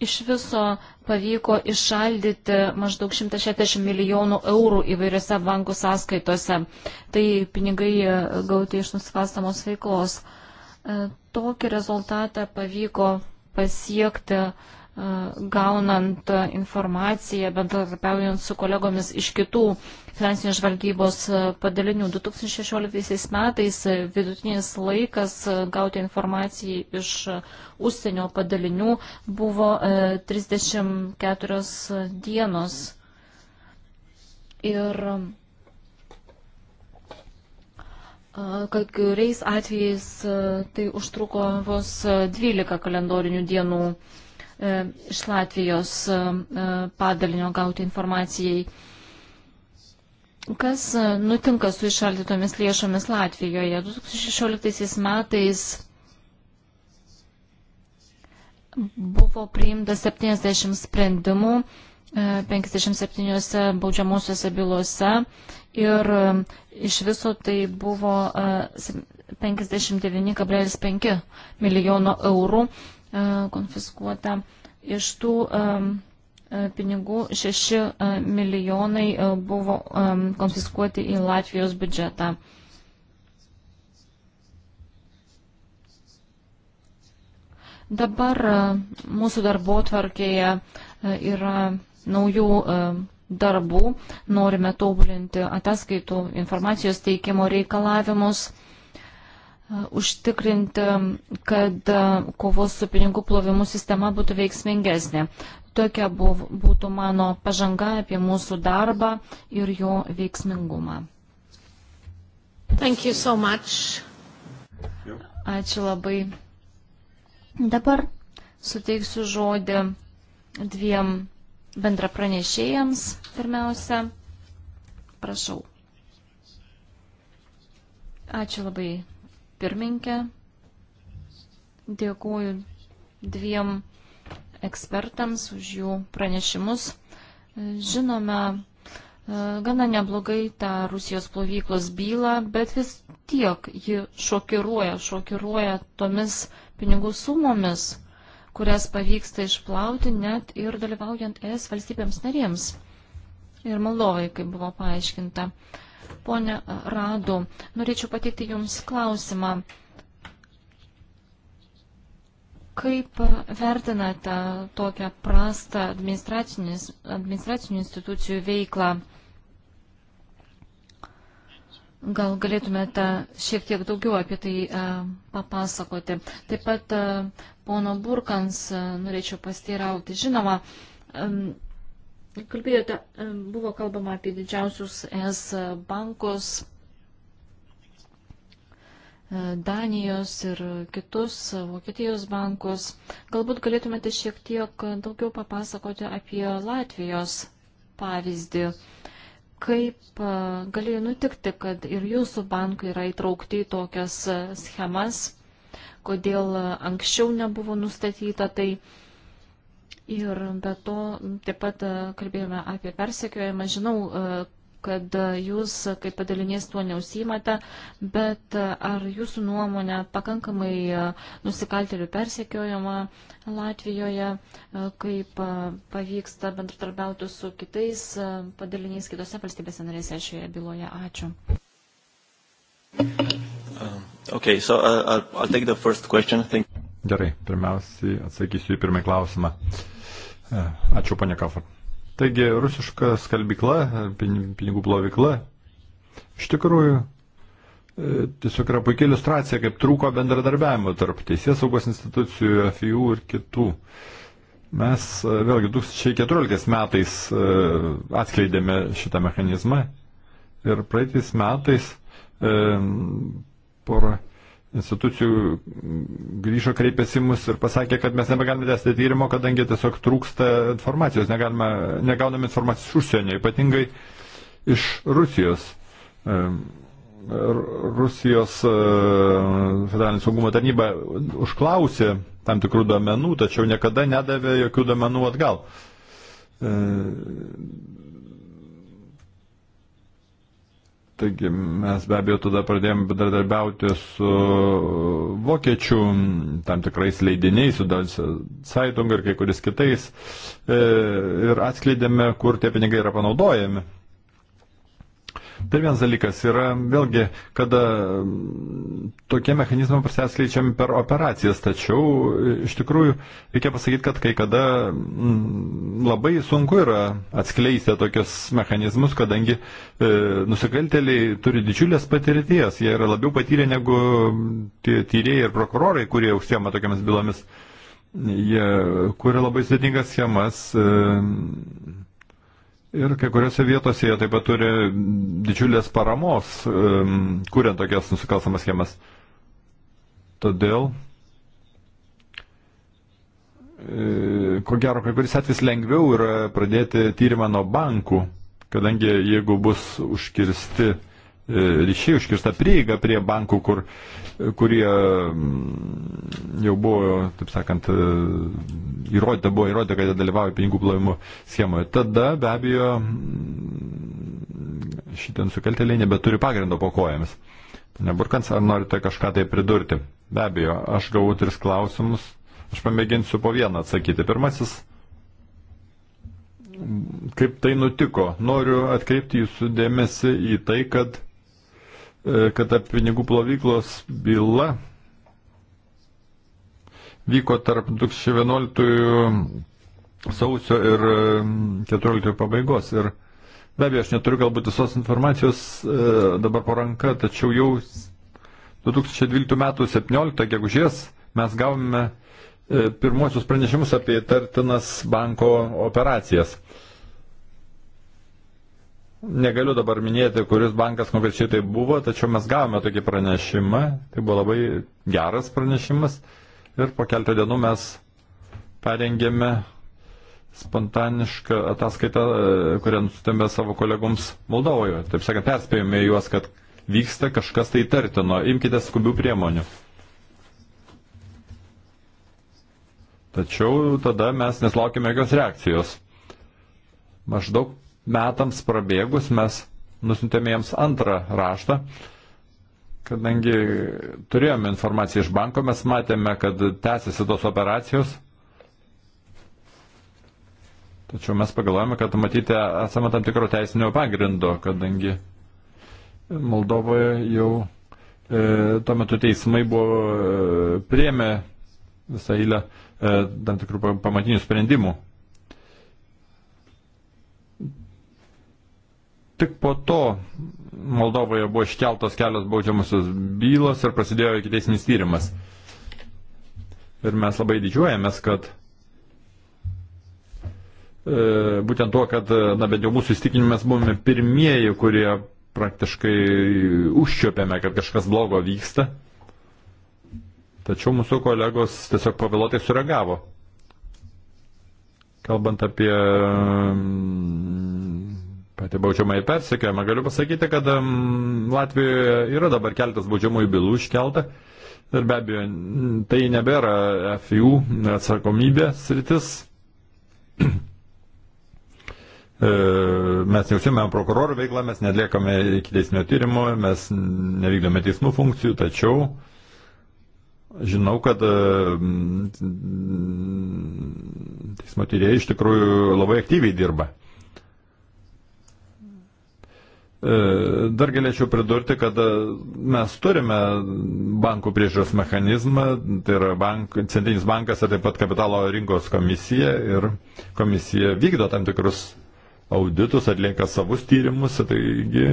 Iš viso pavyko išaldyti maždaug 160 milijonų eurų įvairiose bankų sąskaitose. Tai pinigai e, gauti iš nusikalstamos veiklos. E, tokį rezultatą pavyko pasiekti uh, gaunant informaciją, bendradarbiaujant su kolegomis iš kitų finansinės žvalgybos e, padalinių. 2016 metais vidutinis laikas e, gauti informaciją iš užsienio padalinių buvo 34 e, dienos. Ir Kai kuriais atvejais tai užtruko vos 12 kalendorinių dienų. E, iš Latvijos e, e, padalinio gauti informacijai. Kas nutinka su išaldytomis lėšomis Latvijoje? 2016 metais buvo priimta 70 sprendimų 57 baudžiamusiose bylose ir iš viso tai buvo 59,5 milijono eurų E, konfiskuota. Iš tų e, e, pinigų 6 milijonai buvo konfiskuoti į Latvijos biudžetą. Dabar mūsų darbo tvarkėje yra naujų darbų, norime tobulinti ataskaitų informacijos teikimo reikalavimus, užtikrinti, kad e, kovos su pinigų plovimu sistema būtų veiksmingesnė. Tokia buvo, būtų mano pažanga apie mūsų darbą ir jo veiksmingumą. So much. Ačiū labai. Dabar suteiksiu žodį dviem bendrapranešėjams pirmiausia. Prašau. Ačiū labai pirmininkė. Dėkuoju dviem ekspertams už jų pranešimus. Žinome, e, gana neblogai tą Rusijos plovyklos bylą, bet vis tiek ji šokiruoja, šokiruoja tomis pinigų sumomis, kurias pavyksta išplauti net ir dalyvaujant ES valstybėms narėms. Ir Moldovai, kaip buvo paaiškinta. Uh, Pone Radu, norėčiau pateikti Jums klausimą. Kaip vertinate tokią prastą administracinių institucijų veiklą? Gal galėtumėte šiek tiek daugiau apie tai a, e, papasakoti. Taip pat a, e, pono Burkans a, e, norėčiau pasteirauti. Žinoma, a, Kalbėjote, e, buvo kalbama apie didžiausius ES bankus, e, Danijos ir kitus Vokietijos bankus. Galbūt galėtumėte šiek tiek daugiau papasakoti apie Latvijos pavyzdį. Kaip e, galėjo nutikti, kad ir jūsų bankai yra įtraukti į tokias schemas, kodėl anksčiau nebuvo nustatyta tai Ir be to taip pat e, kalbėjome apie persekiojimą. Žinau, e, kad jūs kaip padalinės tuo neusimate, bet e, ar jūsų nuomonė pakankamai nusikaltelių persekiojama Latvijoje, kaip pavyksta bendratarbiauti su kitais padaliniais kitose valstybėse narėse šioje byloje? Ačiū. Um, okay, so uh, I'll, I'll take the first question. Thank Gerai, pirmiausiai atsakysiu į pirmąjį klausimą. Uh, E, ačiū, ponė Kafar. Taigi, rusiška skalbykla, pinigų plovykla, iš tikrųjų, e, tiesiog yra puikia iliustracija, kaip trūko bendradarbiavimo tarp teisės saugos institucijų, FIU ir kitų. Mes e, vėlgi 2014 metais atskleidėme šitą mechanizmą ir praeitais metais e, porą institucijų grįžo, kreipėsi mus ir pasakė, kad mes nebegalime tęsti tyrimo, kadangi tiesiog trūksta informacijos, negalime, negauname informacijos iš užsienio, ypatingai iš Rusijos. Rusijos e, federalinė saugumo tarnyba užklausė tam tikrų duomenų, tačiau niekada nedavė jokių duomenų atgal. E, Taigi mes be abejo tada pradėjome bendradarbiauti su vokiečių tam tikrais leidiniais, su Dalsio Zeitung ir kai kuris kitais e, ir atskleidėme, kur tie pinigai yra panaudojami. Dar vienas dalykas yra vėlgi, kada tokie mechanizmai prasiskleidžiami per operacijas, tačiau e, iš tikrųjų reikia pasakyti, kad kai kada labai sunku yra atskleisti tokius mechanizmus, kadangi e, nusikalteliai turi didžiulės patirties, jie yra labiau patyrę negu tie tyrėjai ir prokurorai, kurie užsiema tokiamis bylomis. Jie kuria labai sudėtingas schemas. E, Ir kai kuriuose vietose jie taip pat turi didžiulės paramos, um, kuriant tokias nusikalstamas schemas. Todėl, e, ko gero, kai kuris atvejs lengviau yra pradėti tyrimą nuo bankų, kadangi jeigu bus užkirsti e, ryšiai, užkirsta prieiga prie bankų, kur kurie mm, jau buvo, taip sakant, e, įrodyta, buvo įrodyta, kad jie dalyvauja pinigų plovimo schemoje. Tada be abejo mm, šitie nusikaltėliai nebeturi pagrindo po kojomis. Neburkans, ar norite kažką tai pridurti? Be abejo, aš gavau tris klausimus, aš pamėginsiu po vieną atsakyti. Pirmasis, mm, kaip tai nutiko, noriu atkreipti jūsų dėmesį į tai, kad kad ta pinigų plovyklos byla vyko tarp 2011 sausio ir 2014 pabaigos. Ir be abejo, aš neturiu galbūt visos informacijos e, dabar po ranka, tačiau jau 2012 m. 17 gegužės mes gavome e, pirmosius pranešimus apie tartinas banko operacijas. Negaliu dabar minėti, kuris bankas konkrečiai tai buvo, tačiau mes gavome tokį pranešimą. Tai buvo labai geras pranešimas. Ir po keletą dienų mes parengėme spontanišką ataskaitą, e, kurią nusitėmė savo kolegoms Moldovoje. Taip sakant, perspėjome juos, kad vyksta kažkas tai tartino. Imkite skubių priemonių. Tačiau tada mes neslaukime jokios reakcijos. Maždaug metams prabėgus mes nusintėme jiems antrą raštą, kadangi turėjome informaciją iš banko, mes matėme, kad tęsiasi tos operacijos. Tačiau mes pagalvojame, kad matyti esame tam tikro teisinio pagrindo, kadangi Moldovoje jau e, tuo metu teismai buvo e, priemę visą eilę e, tam tikrų pamatinių sprendimų Tik po to Moldovoje buvo iškeltos kelios baudžiamusios bylos ir prasidėjo ikiteisminis tyrimas. Ir mes labai didžiuojamės, kad e, būtent tuo, kad, e, na, bent jau mūsų įstikinimu mes buvome pirmieji, kurie praktiškai užčiopėme, kad kažkas blogo vyksta. Tačiau mūsų kolegos tiesiog pavėlotai sureagavo. Kalbant apie mm, patį baudžiamąjį persekiojimą. Galiu pasakyti, kad Latvijoje yra dabar keltas baudžiamųjų bylų iškelta. Ir be abejo, tai nebėra FIU atsakomybė sritis. E, mes neusimėm prokurorų veiklą, mes netliekame iki teisminio tyrimo, mes nevykdome teismų funkcijų, tačiau žinau, kad e, teismo tyrėjai iš tikrųjų labai aktyviai dirba. E, dar galėčiau pridurti, kad e, mes turime bankų priežiūros mechanizmą, tai yra bank, Centrinis bankas ir taip pat kapitalo rinkos komisija ir komisija vykdo tam tikrus auditus, atlieka savus tyrimus, taigi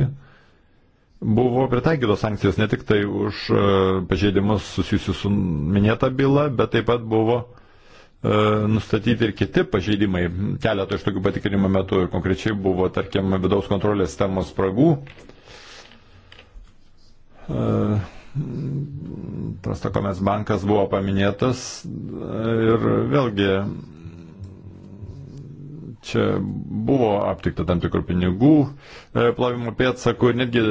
buvo pritaikytos sankcijos ne tik tai už e, pažeidimus susijusius su minėta byla, bet taip pat buvo uh, E, nustatyti ir kiti pažeidimai. Keletą iš tokių patikrinimo metų konkrečiai buvo, tarkim, vidaus kontrolės sistemos spragų, Prastakomės e, bankas buvo paminėtas ir vėlgi čia buvo aptikta tam tikrų pinigų e, plovimo pėdsakų, netgi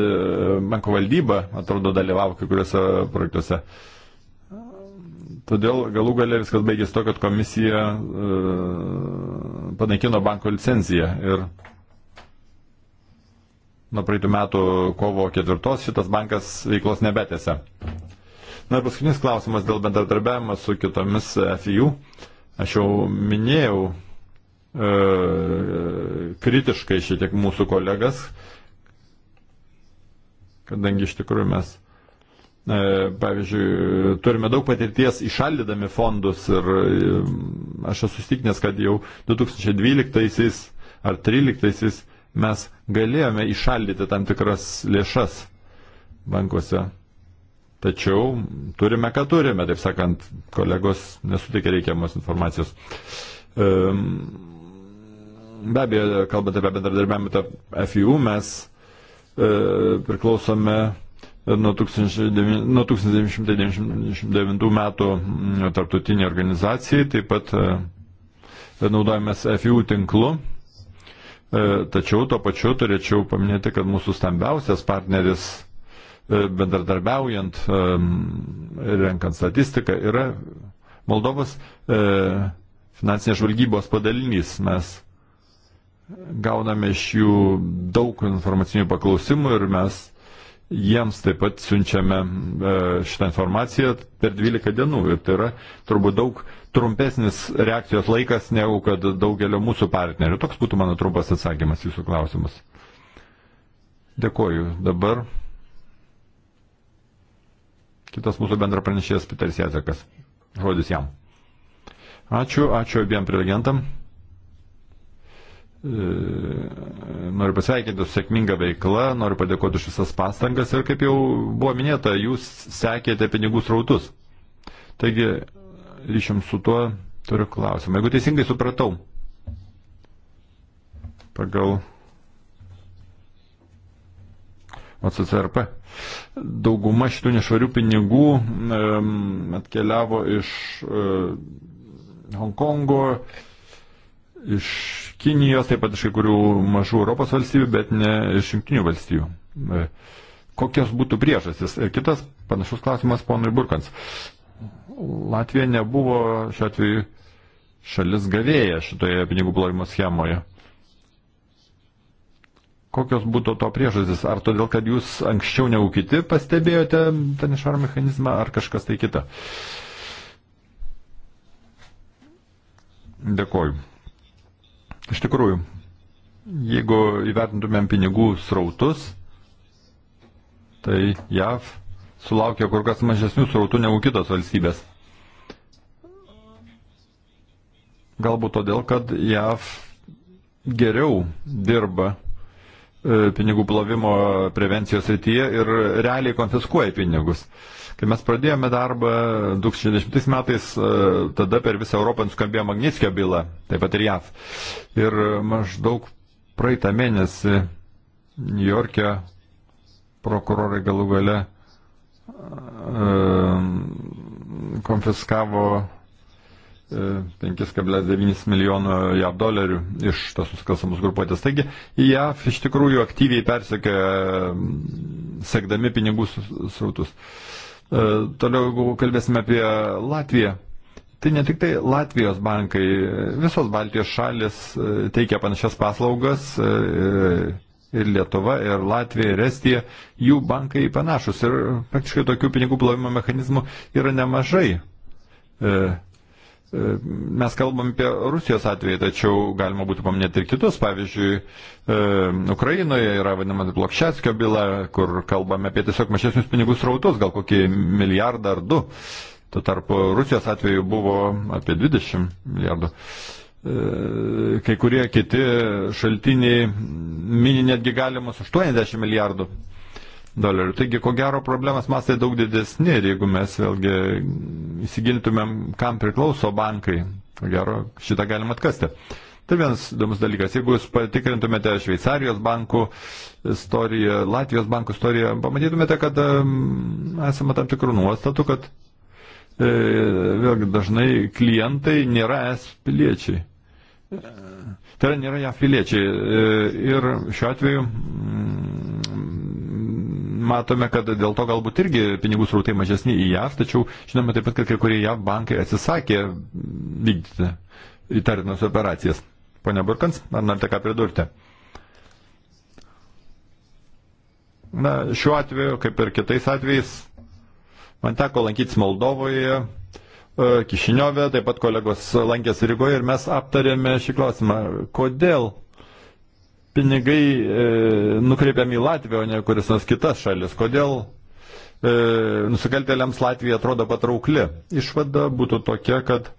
banko valdyba, atrodo, dalyvavo kai kuriuose projektuose. Uh, Todėl galų galę viskas baigėsi to, kad komisija e, panaikino banko licenciją. Ir nuo praeitų metų kovo ketvirtos šitas bankas veiklos nebetėse. Na ir paskutinis klausimas dėl bendradarbiavimo su kitomis e, FIU. Aš jau minėjau e, kritiškai šitiek mūsų kolegas, kadangi iš tikrųjų mes E, pavyzdžiui, turime daug patirties išaldydami fondus ir e, aš esu stiknęs, kad jau 2012 ar 2013 mes galėjome išaldyti tam tikras lėšas bankuose. Tačiau turime, ką turime, taip sakant, kolegos nesutikė reikiamos informacijos. E, be abejo, kalbant apie bendradarbiavimą tarp FIU, mes priklausome nuo 1999 metų mm, tarptautinė organizacija, taip pat e, naudojamės FIU tinklu. E, tačiau to pačiu turėčiau paminėti, kad mūsų stambiausias partneris e, bendradarbiaujant, renkant statistiką, yra Moldovos finansinės žvalgybos padalinys. Mes gauname iš jų daug informacinių paklausimų ir mes Jiems taip pat siunčiame e, šitą informaciją per 12 dienų ir tai yra turbūt daug trumpesnis reakcijos laikas negu kad daugelio mūsų partnerių. Toks būtų mano trumpas atsakymas jūsų klausimus. Dėkoju. Dabar kitas mūsų bendra pranešėjas Piteris Jazekas. Žodis jam. Ačiū, ačiū abiem prelegentam. Noriu pasveikinti su sėkminga veikla, noriu padėkoti už visas pastangas ir kaip jau buvo minėta, jūs sekėte pinigų srautus. Taigi, ryšiam su tuo turiu klausimą. Jeigu teisingai supratau, pagal OCCRP. Dauguma šitų nešvarių pinigų um, atkeliavo iš uh, Hongkongo, iš Kinijos, taip pat iš kai kurių mažų Europos valstybių, bet ne iš jungtinių valstybių. E, kokios būtų priežastis? Ir e, kitas panašus klausimas ponui Burkans. Latvija nebuvo šiuo atveju šalis gavėja šitoje pinigų plovimo schemoje. Kokios būtų to priežastis? Ar todėl, kad jūs anksčiau negu kiti pastebėjote tą nešvarų mechanizmą, ar kažkas tai kita? Dėkoju. Iš tikrųjų, jeigu įvertintumėm pinigų srautus, tai JAV sulaukia kur kas mažesnių srautų negu kitos valstybės. Galbūt todėl, kad JAV geriau dirba e, pinigų plovimo prevencijos rytyje ir realiai konfiskuoja pinigus. Uh, Kai mes pradėjome darbą 2010 metais, e, tada per visą Europą nuskambėjo Magnitskio byla, taip pat ir JAV. Ir maždaug praeitą mėnesį New York'e prokurorai galų gale e, konfiskavo 5,9 e, milijonų JAV dolerių iš tos nusikalstamos grupuotės. Taigi JAV iš tikrųjų aktyviai persekė, sekdami pinigų srautus. Su, E, toliau, jeigu kalbėsime apie Latviją, tai ne tik tai Latvijos bankai, visos Baltijos šalis e, teikia panašias paslaugas e, ir Lietuva, ir Latvija, ir Estija, jų bankai panašus ir praktiškai tokių pinigų plovimo mechanizmų yra nemažai. Ehm, mes kalbam apie Rusijos atvejį, tačiau galima būtų paminėti ir kitus. Pavyzdžiui, ehm, Ukrainoje yra vadinamas Blokščetskio byla, kur kalbame apie tiesiog mažesnius pinigų srautus, gal kokį milijardą ar du. Tuo tarpu Rusijos atveju buvo apie 20 milijardų. Ehm, kai kurie kiti šaltiniai mini netgi galimus 80 milijardų dolerių. Taigi, ko gero, problemas mastai daug didesni ir jeigu mes vėlgi įsigilintumėm, kam priklauso bankai, ko gero, šitą galim atkasti. Tai vienas įdomus dalykas. Jeigu jūs patikrintumėte Šveicarijos bankų istoriją, Latvijos bankų istoriją, pamatytumėte, kad esame tam tikrų nuostatų, kad e, vėlgi dažnai klientai nėra es piliečiai. E, tai yra nėra jav piliečiai. E, ir šiuo atveju. Mm, matome, kad dėl to galbūt irgi pinigų srautai mažesni į JAV, tačiau žinome taip pat, kad kai kurie JAV bankai atsisakė vykdyti įtartinas operacijas. Pone Burkans, ar norite ką pridurti? Na, šiuo atveju, kaip ir kitais atvejais, man teko lankytis Moldovoje, e, Kišiniove, taip pat kolegos lankėsi Rygoje ir mes aptarėme šį klausimą, kodėl pinigai e, nukreipiami į Latviją, o ne kuris nors kitas šalis. Kodėl e, nusikaltėliams Latvija atrodo patraukli? Išvada būtų tokia, kad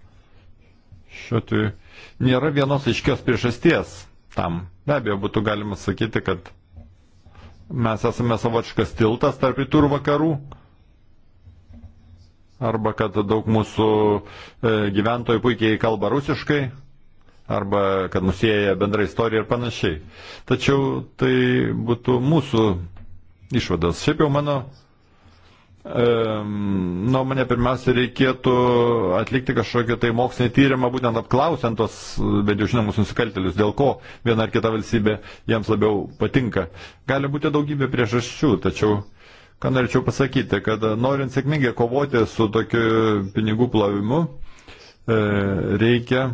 šiuo atveju nėra vienos aiškios priežasties tam. Be abejo, būtų galima sakyti, kad mes esame savočkas tiltas tarp rytų ir vakarų arba kad daug mūsų e, gyventojų puikiai kalba rusiškai, arba kad nusėja bendra istorija ir panašiai. Tačiau tai būtų mūsų išvadas. Šiaip jau mano e, nuomonė pirmiausia reikėtų atlikti kažkokį tai mokslinį tyrimą, būtent apklausiant tos, bent jau žinomus nusikaltelius, dėl ko viena ar kita valstybė jiems labiau patinka. Gali būti daugybė priežasčių, tačiau ką norėčiau pasakyti, kad norint sėkmingai kovoti su tokiu pinigų plovimu, e, reikia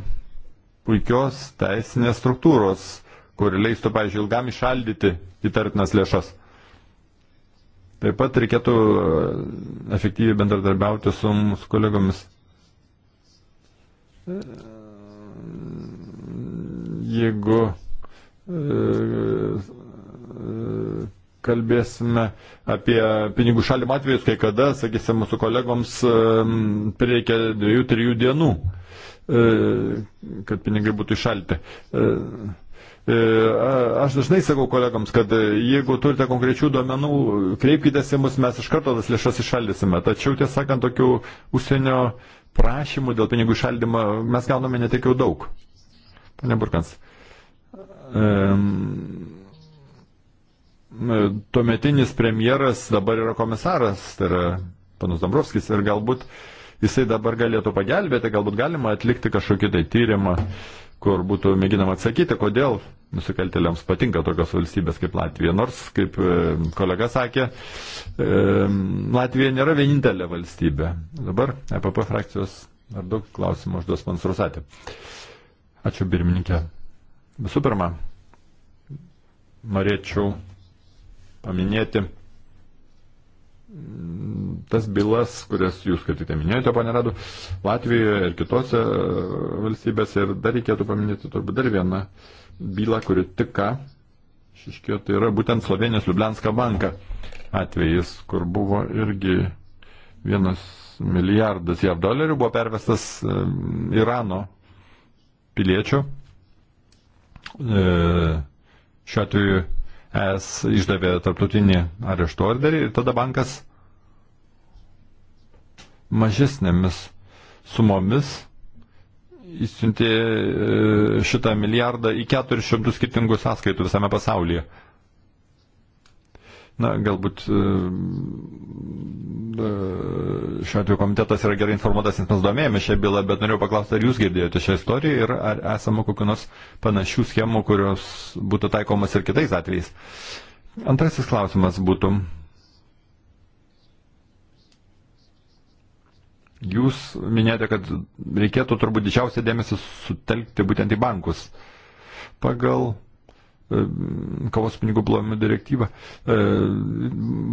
puikios teisinės struktūros, kuri leistų, pavyzdžiui, ilgam išaldyti įtartinas lėšas. Taip pat reikėtų e, efektyviai bendradarbiauti su mūsų kolegomis. E, jeigu e, kalbėsime apie pinigų šalimą atvejus, kai kada, sakysim, mūsų kolegoms prireikia dviejų, trijų dienų. E, kad pinigai būtų išalti. E, e, aš dažnai sakau kolegams, kad jeigu turite konkrečių duomenų, kreipkite į mus, mes iš karto tas lėšas išaldysime. Tačiau, tiesą sakant, tokių užsienio prašymų dėl pinigų išaldymo mes gauname netiek jau daug. Pane Burkans. Tuometinis premjeras dabar yra komisaras, tai yra panus Dombrovskis, ir galbūt uh, jisai dabar galėtų pagelbėti, galbūt galima atlikti kažkokį tai tyrimą, kur būtų mėginama atsakyti, kodėl nusikaltėliams patinka tokios valstybės kaip Latvija. Nors, kaip e, kolega sakė, e, Latvija nėra vienintelė valstybė. Dabar EPP frakcijos ar daug klausimų užduos man surusatė. Ačiū, birmininkė. Visų pirma, norėčiau paminėti tas bylas, kurias jūs kaip tik minėjote, ponė Radu, Latvijoje ir kitose e, valstybėse. Ir dar reikėtų paminėti turbūt dar vieną bylą, kuri tik ką išiškėjo, tai yra būtent Slovenijos Liublenska banka atvejis, kur buvo irgi vienas milijardas jav dolerių buvo pervestas e, Irano piliečių. E, šiuo atveju es išdavė tarptautinį arešto orderį ir tada bankas mažesnėmis sumomis įsiuntė e, šitą milijardą į 400 skirtingų sąskaitų visame pasaulyje. Na, galbūt e, e, šiuo atveju komitetas yra gerai informuotas, nes mes domėjome šią bylą, bet norėjau paklausti, ar jūs girdėjote šią istoriją ir ar esama kokiu nors panašių schemų, kurios būtų taikomas ir kitais atvejais. Antrasis klausimas būtų. Jūs minėjote, kad reikėtų turbūt didžiausią dėmesį sutelkti būtent į bankus. Pagal E, kovos pinigų plovimo direktyvą, e,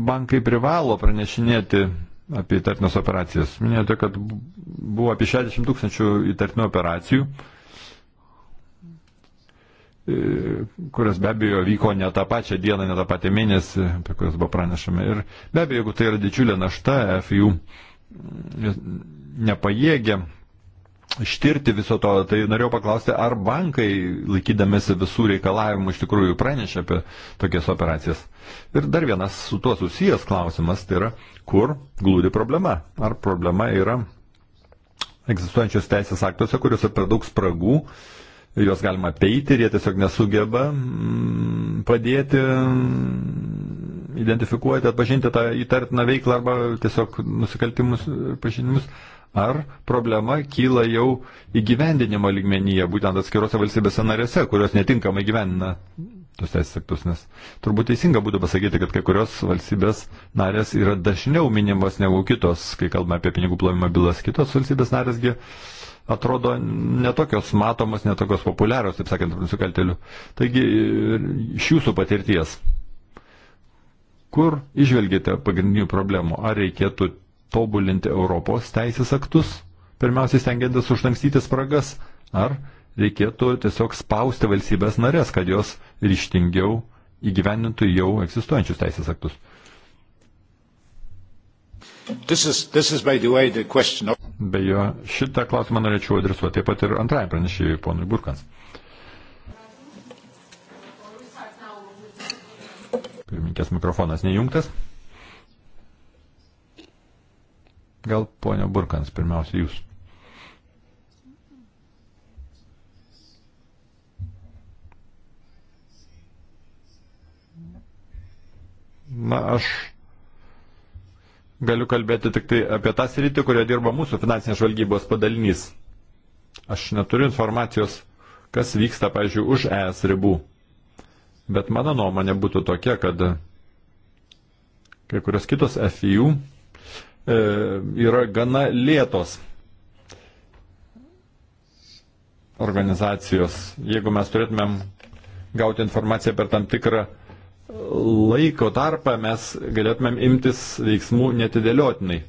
bankai privalo pranešinėti apie įtartinas operacijas. Minėjote, kad buvo apie 60 tūkstančių įtartinų operacijų, e, kurias be abejo vyko ne tą pačią dieną, ne tą patį mėnesį, apie kurias buvo pranešama. Ir be abejo, jeigu tai yra didžiulė našta, FIU nepajėgia ištirti viso to, tai norėjau paklausti, ar bankai, laikydamėsi visų reikalavimų, iš tikrųjų pranešė apie tokias operacijas. Ir dar vienas su tuo susijęs klausimas, tai yra, kur glūdi problema. Ar problema yra egzistuojančios teisės aktuose, kuriuose per daug spragų, juos galima peiti ir jie tiesiog nesugeba mm, padėti mm, identifikuoti, atpažinti tą įtartiną veiklą arba tiesiog nusikaltimus pažinimus. pažinimus Ar problema kyla jau įgyvendinimo lygmenyje, būtent atskiruose valstybėse narėse, kurios netinkamai gyvenina tos teisės aktus, nes turbūt teisinga būtų pasakyti, kad kai kurios valstybės narės yra dažniau minimos negu kitos, kai kalbame apie pinigų plovimo bylas. Kitos valstybės narėsgi atrodo netokios matomos, netokios populiarios, taip sakant, nusikaltelių. Taigi, iš jūsų patirties, kur išvelgėte pagrindinių problemų? Ar reikėtų tobulinti Europos teisės aktus, pirmiausiai stengiantis užtankstyti spragas, ar reikėtų tiesiog spausti valstybės narės, kad jos ryštingiau įgyvendintų jau egzistuojančius teisės aktus. This is, this is question... Bejo, šitą klausimą norėčiau adresuoti taip pat ir antrajam pranešėjui, ponui Burkans. Pirminkės mikrofonas nejungtas. Gal ponia Burkans, pirmiausia jūs. Na, aš galiu kalbėti tik tai apie tą sritį, kurioje dirba mūsų finansinės žvalgybos padalinys. Aš neturiu informacijos, kas vyksta, pažiūrėjau, už ES ribų. Bet mano nuomonė būtų tokia, kad kai kurios kitos FIU E, yra gana lėtos organizacijos. Jeigu mes turėtumėm gauti informaciją per tam tikrą laiko tarpą, mes galėtumėm imtis veiksmų netidėliotinai.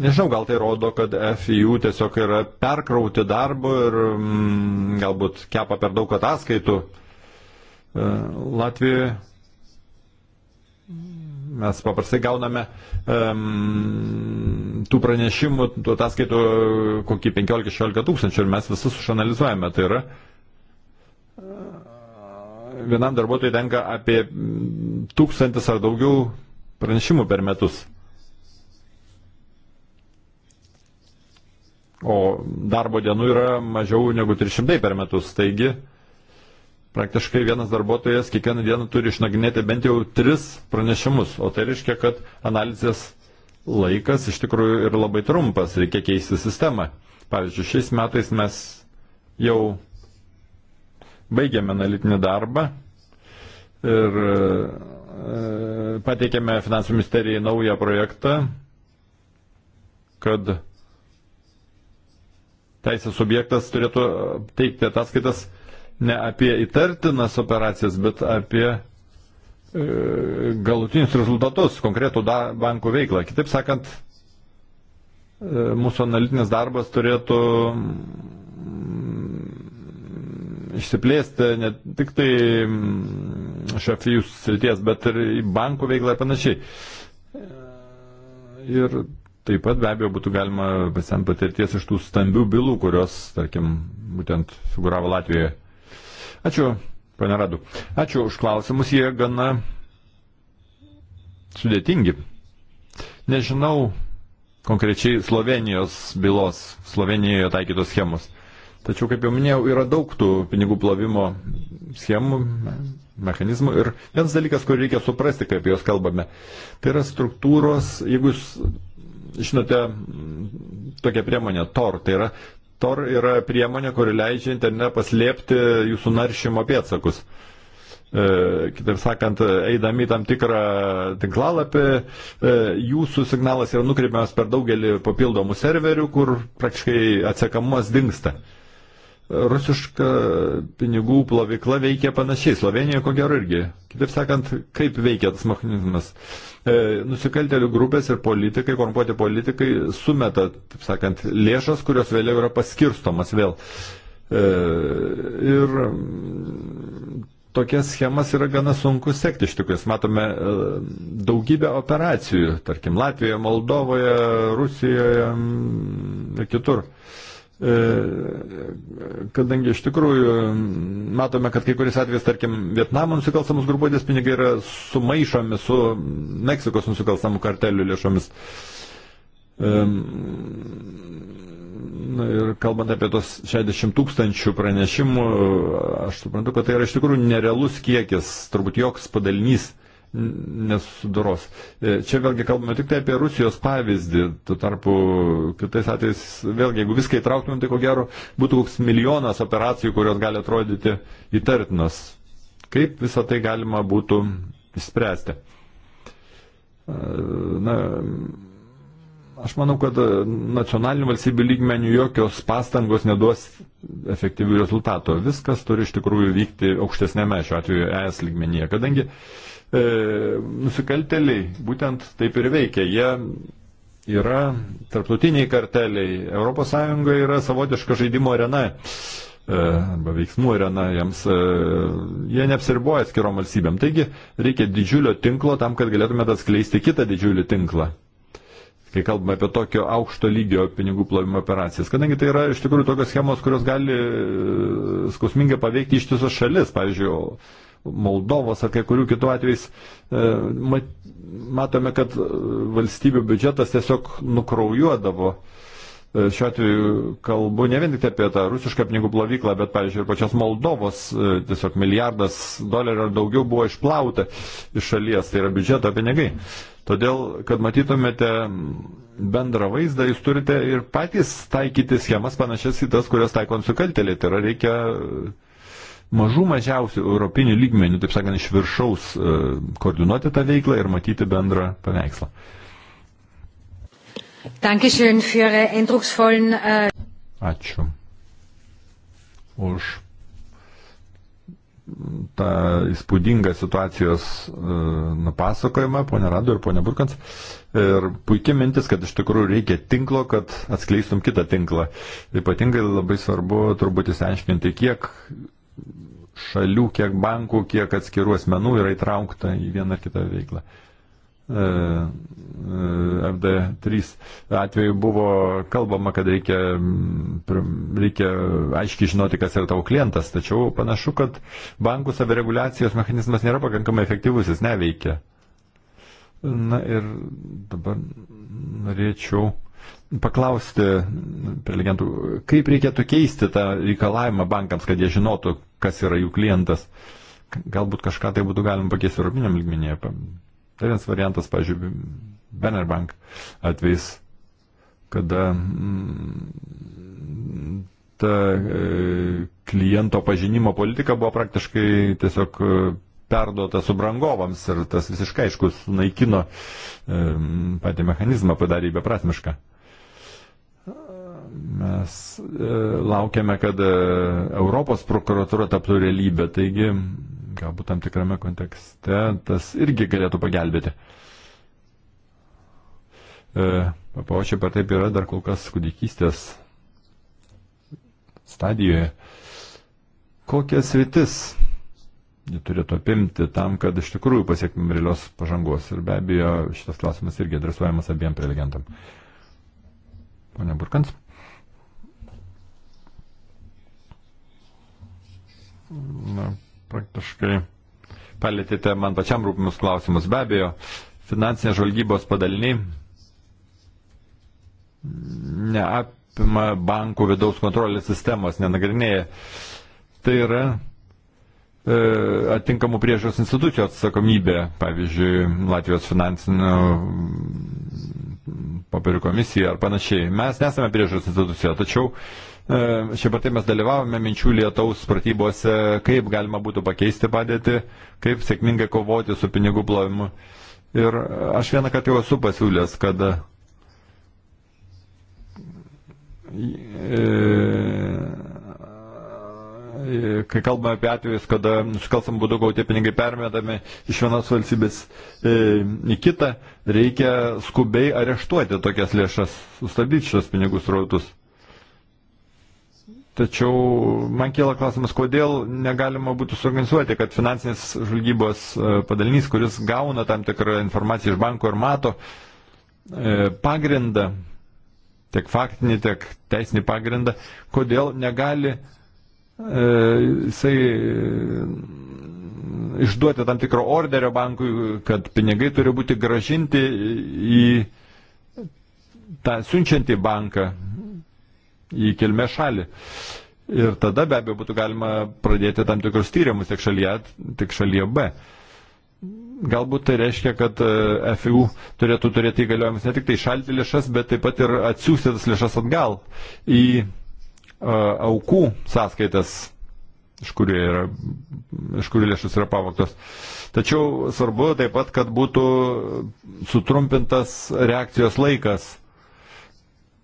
Nežinau, gal tai rodo, kad FIU tiesiog yra perkrauti darbu ir mm, galbūt kepa per daug ataskaitų. E, Latvijoje Mes paprastai gauname um, tų pranešimų, tų ataskaitų kokį 15-16 tūkstančių ir mes visus išanalizuojame. Tai yra, e, vienam darbuotojui tenka apie tūkstantis ar daugiau pranešimų per metus. O darbo dienų yra mažiau negu 300 per metus. Taigi, praktiškai vienas darbuotojas kiekvieną dieną turi išnagrinėti bent jau tris pranešimus, o tai reiškia, kad analizės laikas iš tikrųjų yra labai trumpas, reikia keisti sistemą. Pavyzdžiui, šiais metais mes jau baigėme analitinį darbą ir e, pateikėme finansų ministerijai naują projektą, kad teisės subjektas turėtų teikti ataskaitas ne apie įtartinas operacijas, bet apie e, galutinius rezultatus, konkretų da, bankų veiklą. Kitaip sakant, e, mūsų analitinis darbas turėtų mm, išsiplėsti ne tik tai mm, šafijų srities, bet ir bankų veiklą ir panašiai. E, ir taip pat be abejo būtų galima pasiemti patirties iš tų stambių bylų, kurios, tarkim, būtent figuravo Latvijoje. Ačiū, pane Radu. Ačiū už klausimus, jie gana sudėtingi. Nežinau konkrečiai Slovenijos bylos, Slovenijoje taikytos schemos. Tačiau, kaip jau minėjau, yra daug tų pinigų plovimo schemų, mechanizmų ir vienas dalykas, kurį reikia suprasti, kaip jos kalbame, tai yra struktūros, jeigu jūs žinote tokią priemonę TOR, tai yra Tor yra priemonė, kuri leidžia internete paslėpti jūsų naršymo pėtsakus. E, kitaip sakant, eidami tam tikrą tinklalapį, e, jūsų signalas yra nukreipiamas per daugelį papildomų serverių, kur praktiškai atsekamumas dinksta. Rusiška pinigų plovykla veikia panašiai, Slovenijoje ko gero irgi. Kitaip sakant, kaip veikia tas mechanizmas? E, E, nusikaltelių grupės ir politikai, korumpuoti politikai sumeta, taip sakant, lėšas, kurios vėliau yra paskirstomas vėl. E, ir mm, tokias schemas yra gana sunku sekti iš tikrųjų. Matome e, daugybę operacijų, tarkim, Latvijoje, Moldovoje, Rusijoje mm, ir kitur. E, kadangi iš tikrųjų matome, kad kai kuris atvejs, tarkim, Vietnamo nusikalstamos grupuotės pinigai yra sumaišomi su Meksikos nusikalstamų kartelių lėšomis. E, na, ir kalbant apie tos 60 tūkstančių pranešimų, aš suprantu, kad tai yra iš tikrųjų nerealus kiekis, turbūt joks padalinys nesudoros. E, čia vėlgi kalbame tik tai apie Rusijos pavyzdį, tu tarpu kitais atvejais, vėlgi, jeigu viską įtrauktumėm, tai ko gero būtų koks milijonas operacijų, kurios gali atrodyti įtartinas. Kaip visą tai galima būtų spręsti? E, na, aš manau, kad nacionalinių valstybių lygmenių jokios pastangos neduos efektyvių rezultatų. Viskas turi iš tikrųjų vykti aukštesnėme šiuo atveju ES lygmenyje, kadangi uh, e, nusikalteliai būtent taip ir veikia. Jie yra tarptautiniai karteliai. ES yra savotiška žaidimo arena e, arba veiksmų arena, jiems e, jie neapsiriboja atskirom valstybėm. Taigi reikia didžiulio tinklo tam, kad galėtumėte atskleisti kitą didžiulį tinklą. Kai kalbame apie tokio aukšto lygio pinigų plovimo operacijas, kadangi tai yra iš tikrųjų tokios schemos, kurios gali e, skausmingai paveikti ištisas šalis, pavyzdžiui, Moldovos ar kai kurių kitų atvejais, e, matome, kad valstybių biudžetas tiesiog nukraujuodavo. E, šiuo atveju kalbu ne vien tik apie tą rusišką pinigų plovyklą, bet, pavyzdžiui, ir pačios Moldovos e, tiesiog milijardas dolerių ar daugiau buvo išplauta iš šalies, tai yra biudžeto pinigai. Todėl, kad matytumėte bendrą vaizdą, jūs turite ir patys taikyti schemas panašias į tas, kurias taiko nusikaltėliai. Tai yra reikia mažų mažiausių europinių lygmenių, taip sakant, iš viršaus e, koordinuoti tą veiklą ir matyti bendrą paveikslą. Äh, Ačiū už tą įspūdingą situacijos e, nupasakojimą, ponia Radu ir ponia Burkans. Ir puikia mintis, kad iš tikrųjų reikia tinklo, kad atskleistum kitą tinklą. Ypatingai labai svarbu turbūt įsiaiškinti, kiek šalių, kiek bankų, kiek atskirų asmenų yra įtraukta į vieną ar kitą veiklą. E, e, FD3 atveju buvo kalbama, kad reikia, reikia aiškiai žinoti, kas yra tavo klientas, tačiau panašu, kad bankų savireguliacijos mechanizmas nėra pakankamai efektyvus, jis neveikia. Na ir dabar norėčiau paklausti prelegentų, kaip reikėtų keisti tą reikalavimą bankams, kad jie žinotų, kas yra jų klientas. Galbūt kažką tai būtų galima pakeisti europiniam lygmenyje. Tai vienas variantas, pavyzdžiui, Bannerbank atvejs, kada mm, ta e, kliento pažinimo politika buvo praktiškai tiesiog e, perduota subrangovams ir tas visiškai aišku sunaikino e, patį mechanizmą, padarė beprasmišką. Mes e, laukiame, kad e, Europos prokuratūra taptų realybė, taigi galbūt tam tikrame kontekste tas irgi galėtų pagelbėti. E, Papaučiai per taip yra dar kol kas kūdikystės stadijoje. Kokias rytis ji turėtų apimti tam, kad iš tikrųjų pasiektum realios pažangos. Ir be abejo, šitas klausimas irgi adresuojamas abiem prelegentam. Pone Burkans. na, praktiškai palėtėte man pačiam rūpimus klausimus. Be abejo, finansinės žvalgybos padaliniai neapima bankų vidaus kontrolės sistemos, nenagrinėja. Tai yra E, atinkamų priežiūros institucijų atsakomybė, pavyzdžiui, Latvijos finansinių mm, papirų komisija ar panašiai. Mes nesame priežiūros institucija, tačiau e, šiaip ar tai mes dalyvavome minčių lietaus pratybose, kaip galima būtų pakeisti padėtį, kaip sėkmingai kovoti su pinigų plovimu. Ir aš vieną kartą jau esu pasiūlęs, kad e, kai kalbame apie atvejus, kada nusikalstam būdu gauti pinigai permetami iš vienos valstybės e, į kitą, reikia skubiai areštuoti tokias lėšas, sustabdyti šios pinigų srautus. Tačiau man kėla klausimas, kodėl negalima būtų suorganizuoti, kad finansinės žvalgybos e, padalinys, kuris gauna tam tikrą informaciją iš banko ir mato e, pagrindą, tiek faktinį, tiek teisinį pagrindą, kodėl negali E, jisai e, išduoti tam tikro orderio bankui, kad pinigai turi būti gražinti į tą siunčiantį banką, į kilmę šalį. Ir tada be abejo būtų galima pradėti tam tikrus tyrimus tiek šalyje A, tiek šalyje B. Galbūt tai reiškia, kad e, FIU turėtų turėti įgaliojimus ne tik tai šalti lėšas, bet taip pat ir atsiųsti tas lėšas atgal į aukų sąskaitas, iš kurių, yra, iš kurių lėšus yra pavoktos. Tačiau svarbu taip pat, kad būtų sutrumpintas reakcijos laikas.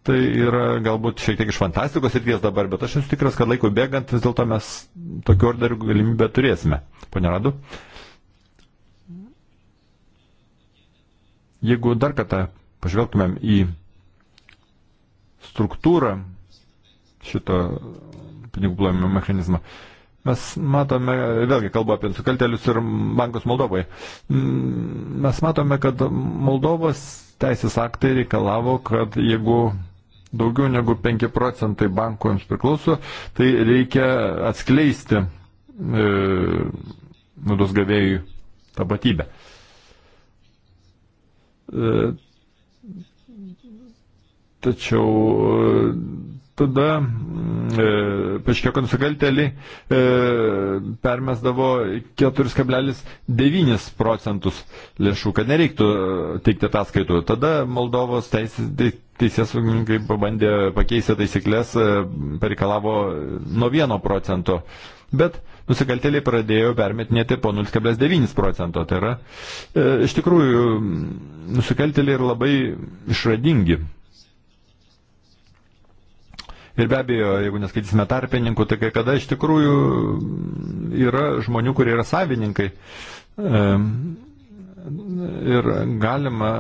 Tai yra galbūt šiek tiek iš fantastikos irties dabar, bet aš esu tikras, kad laikui bėgant vis dėlto mes tokių orderių galimybę turėsime. Pone Radu. Jeigu dar kartą pažvelgtumėm į struktūrą šito pinigų plovimo mechanizmą. Mes matome, vėlgi kalbu apie nusikaltelius ir bankus Moldovai, mm, mes matome, kad Moldovos teisės aktai reikalavo, kad jeigu daugiau negu 5 procentai bankų jums priklauso, tai reikia atskleisti e, naudos gavėjų tapatybę. E, tačiau e, tada mm, e, paaiškėjo, kad nusikaltėlį e, permesdavo 4,9 procentus lėšų, kad nereiktų e, teikti ataskaitų. Tada Moldovos teisės, teisėsaugininkai pabandė pakeisti taisyklės, e, pareikalavo nuo 1 procento. Bet nusikaltėliai pradėjo permetinėti po 0,9 procento. Tai yra, e, iš tikrųjų, mm, nusikaltėliai yra labai išradingi. Ir be abejo, jeigu neskaitysime tarpininkų, tai kai kada iš tikrųjų yra žmonių, kurie yra savininkai. Ir galima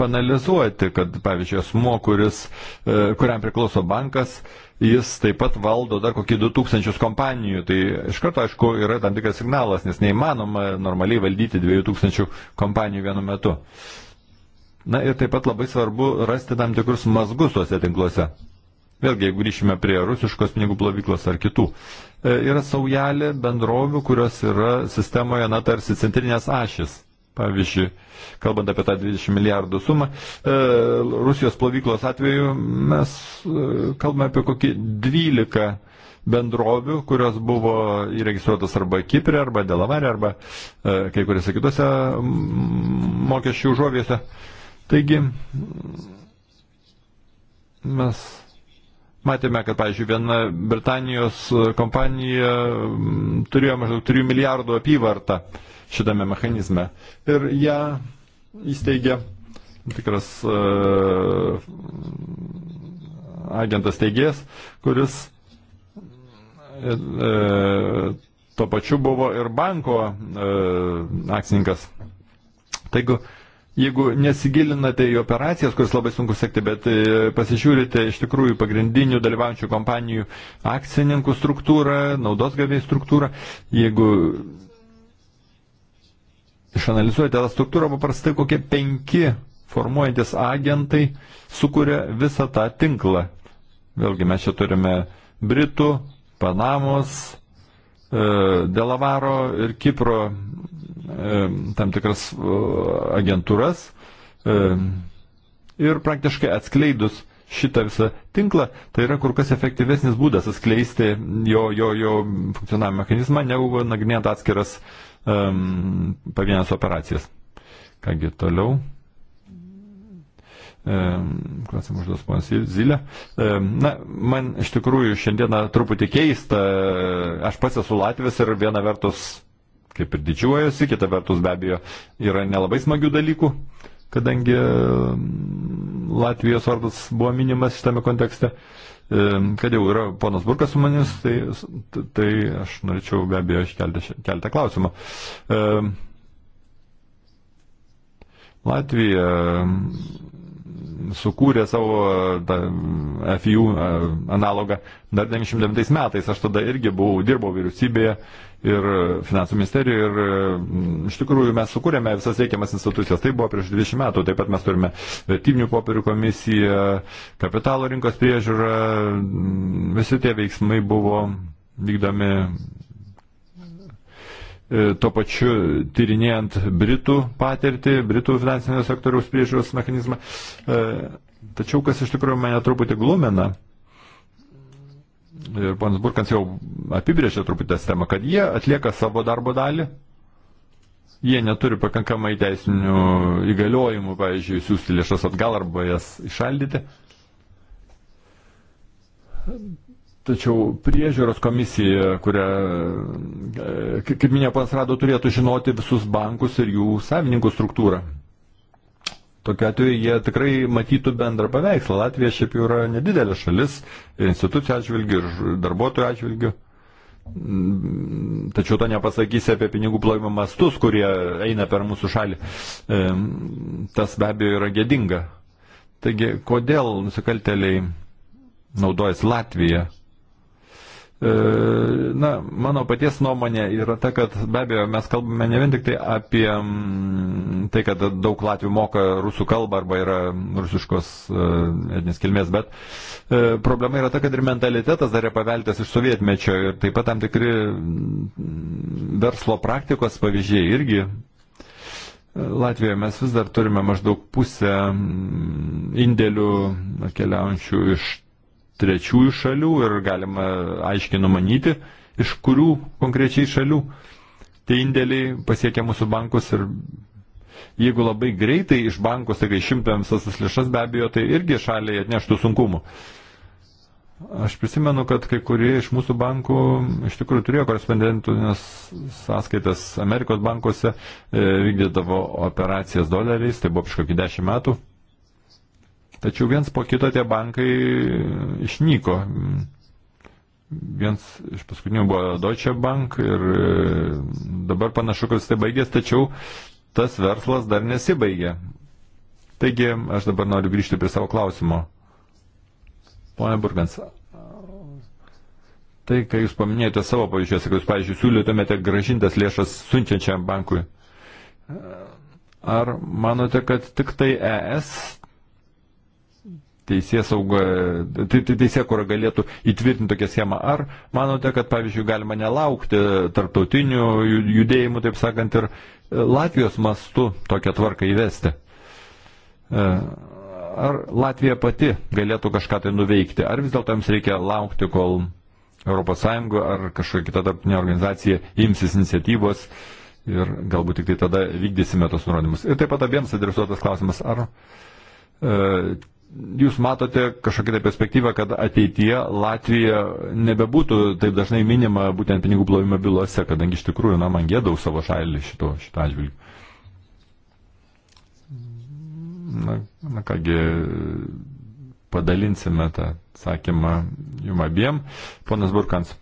panalizuoti, kad, pavyzdžiui, asmo, kuris, e, kuriam priklauso bankas, jis taip pat valdo dar kokį 2000 kompanijų. Tai iš karto, aišku, yra tam tikras signalas, nes neįmanoma normaliai valdyti 2000 kompanijų vienu metu. Na ir taip pat labai svarbu rasti tam tikrus mazgus tuose tinkluose. Vėlgi, jeigu grįšime prie rusiškos pinigų plovyklos ar kitų, e, yra saujelė bendrovių, kurios yra sistemoje, na, tarsi centrinės ašis. Pavyzdžiui, kalbant apie tą 20 milijardų sumą, e, Rusijos plovyklos atveju mes e, kalbame apie kokį 12 bendrovių, kurios buvo įregistruotos arba Kiprė, arba Delavarė, arba e, kai kuriuose kitose mokesčių užuovėse. Taigi mes Matėme, kad, pavyzdžiui, viena Britanijos kompanija mm, turėjo maždaug 3 milijardų apyvartą šitame mechanizme. Ir ją įsteigė tikras uh, agentas teigėjas, kuris uh, tuo pačiu buvo ir banko uh, akcininkas. Taigi, uh, jeigu nesigilinate į operacijas, kuris labai sunku sekti, bet e, pasižiūrite iš tikrųjų pagrindinių dalyvaujančių kompanijų akcininkų struktūrą, naudos gavėjų struktūrą, jeigu išanalizuojate tą struktūrą, paprastai kokie penki formuojantis agentai sukuria visą tą tinklą. Vėlgi mes čia turime Britų, Panamos, E, Delavaro ir Kipro e, tam tikras e, agentūras ir praktiškai atskleidus šitą visą tinklą, tai yra kur kas efektyvesnis būdas atskleisti jo, jo, jo funkcionavimo mechanizmą, negu nagrinėjant atskiras um, pavienės operacijas. Kągi toliau klausimą užduos ponas Zilė. Na, man iš tikrųjų šiandieną truputį keista. Aš pats esu Latvijas ir viena vertus kaip ir didžiuojasi, kita vertus be abejo yra nelabai smagių dalykų, kadangi Latvijos vardas buvo minimas šitame kontekste. Kad jau yra ponas Burkas su manis, tai, tai aš norėčiau be abejo iškelti keletą klausimų. Latvija sukūrė savo da, FIU analogą dar 99 metais. Aš tada irgi buvau, dirbau vyriausybėje ir finansų ministerijoje ir mm, iš tikrųjų mes sukūrėme visas reikiamas institucijas. Tai buvo prieš 20 metų. Taip pat mes turime vertybinių popierių komisiją, kapitalo rinkos priežiūrą. Mm, visi tie veiksmai buvo vykdomi E, tuo pačiu tyrinėjant Britų patirtį, Britų finansinio sektoriaus priežiūros mechanizmą. E, tačiau kas iš tikrųjų mane truputį glumina, ir ponas Burkans jau apibrėžė truputį tą temą, kad jie atlieka savo darbo dalį, jie neturi pakankamai teisinių įgaliojimų, pavyzdžiui, siūsti lėšas atgal arba jas išaldyti Tačiau priežiūros komisija, kurią, e, kaip minėjo pans Rado, turėtų žinoti visus bankus ir jų savininkų struktūrą. Tokiu atveju jie tikrai matytų bendrą paveikslą. Latvija šiaip jau yra nedidelė šalis ir institucijų atžvilgių, ir darbuotojų atžvilgių. Tačiau to nepasakysi apie pinigų plovimo mastus, kurie eina per mūsų šalį. E, tas be abejo yra gėdinga. Taigi, kodėl nusikalteliai naudojasi Latvija E, na, mano paties nuomonė yra ta, kad be abejo mes kalbame ne vien tik tai apie mm, tai, kad daug latvių moka rusų kalbą arba yra rusiškos e, etinės kilmės, bet e, problema yra ta, kad ir mentalitetas dar yra paveldęs iš sovietmečio ir taip pat tam tikri mm, verslo praktikos pavyzdžiai irgi Latvijoje mes vis dar turime maždaug pusę mm, indėlių keliaujančių iš trečiųjų šalių ir galima aiškiai numanyti, iš kurių konkrečiai šalių tie indėliai pasiekia mūsų bankus ir jeigu labai greitai iš banko staiga išimtam visas tas lėšas, be abejo, tai irgi šaliai atneštų sunkumų. Aš prisimenu, kad kai kurie iš mūsų bankų iš tikrųjų turėjo korespondentų, nes sąskaitas Amerikos bankuose e, vykdydavo operacijas doleriais, tai buvo prieš kokį dešimt metų. Tačiau viens po kito tie bankai išnyko. Vienas iš paskutinių buvo Deutsche Bank ir e, dabar panašu, kad jis tai baigės, tačiau tas verslas dar nesibaigė. Taigi aš dabar noriu grįžti prie savo klausimo. Pone Burgans, tai, kai jūs paminėjote savo pavyzdžiuose, kad jūs, pavyzdžiui, siūlytumėte gražintas lėšas sunčiančiam bankui, ar manote, kad tik tai ES teisė sauga, te, te, teisė, kur galėtų įtvirtinti tokią schemą. Ar manote, kad, pavyzdžiui, galima nelaukti tarptautinių judėjimų, taip sakant, ir e, Latvijos mastu tokią tvarką įvesti? E, ar Latvija pati galėtų kažką tai nuveikti? Ar vis dėlto jums reikia laukti, kol ES ar kažkokia kita tarptautinė organizacija imsis iniciatyvos ir galbūt tik tai tada vykdysime tos nurodymus. Ir taip pat abiems adresuotas klausimas, ar e, jūs matote kažkokią tai perspektyvą, kad ateityje Latvija nebebūtų taip dažnai minima būtent pinigų plovimo bylose, kadangi iš tikrųjų, na, man gėdau savo šalį šito, šito atžvilgiu. Na, na kągi, padalinsime tą atsakymą jum abiem. Ponas Burkans.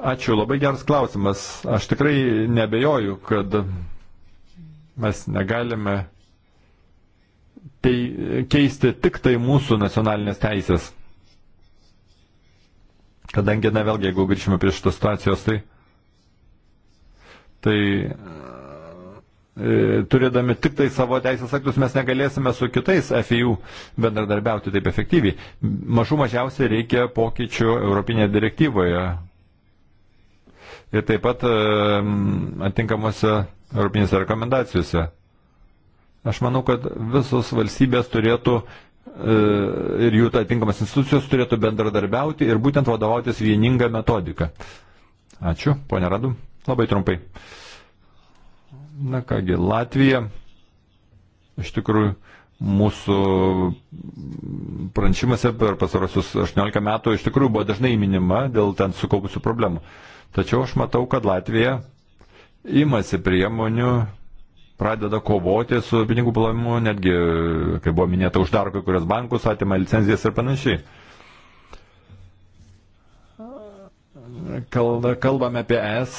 Ačiū, labai geras klausimas. Aš tikrai nebejoju, kad mes negalime tai keisti tik tai mūsų nacionalinės teisės. Kadangi, na vėlgi, jeigu grįžtume prie šitos situacijos, tai, tai e, turėdami tik tai savo teisės aktus mes negalėsime su kitais FIU bendradarbiauti taip efektyviai. Mažų mažiausiai reikia pokyčių Europinėje direktyvoje. Ir taip pat e, atinkamuose Europinėse rekomendacijose. Aš manau, kad visos valstybės turėtų e, ir jų atitinkamas institucijos turėtų bendradarbiauti ir būtent vadovautis vieningą metodiką. Ačiū, ponė Radu. Labai trumpai. Na kągi, Latvija iš tikrųjų mūsų pranešimuose per pasarosius 18 metų iš tikrųjų buvo dažnai minima dėl ten sukaupusių problemų. Tačiau aš matau, kad Latvija imasi priemonių pradeda kovoti su pinigų plovimu, netgi, kaip buvo minėta, uždaro kai kurios bankus, atima licenzijas ir panašiai. Kalbame apie es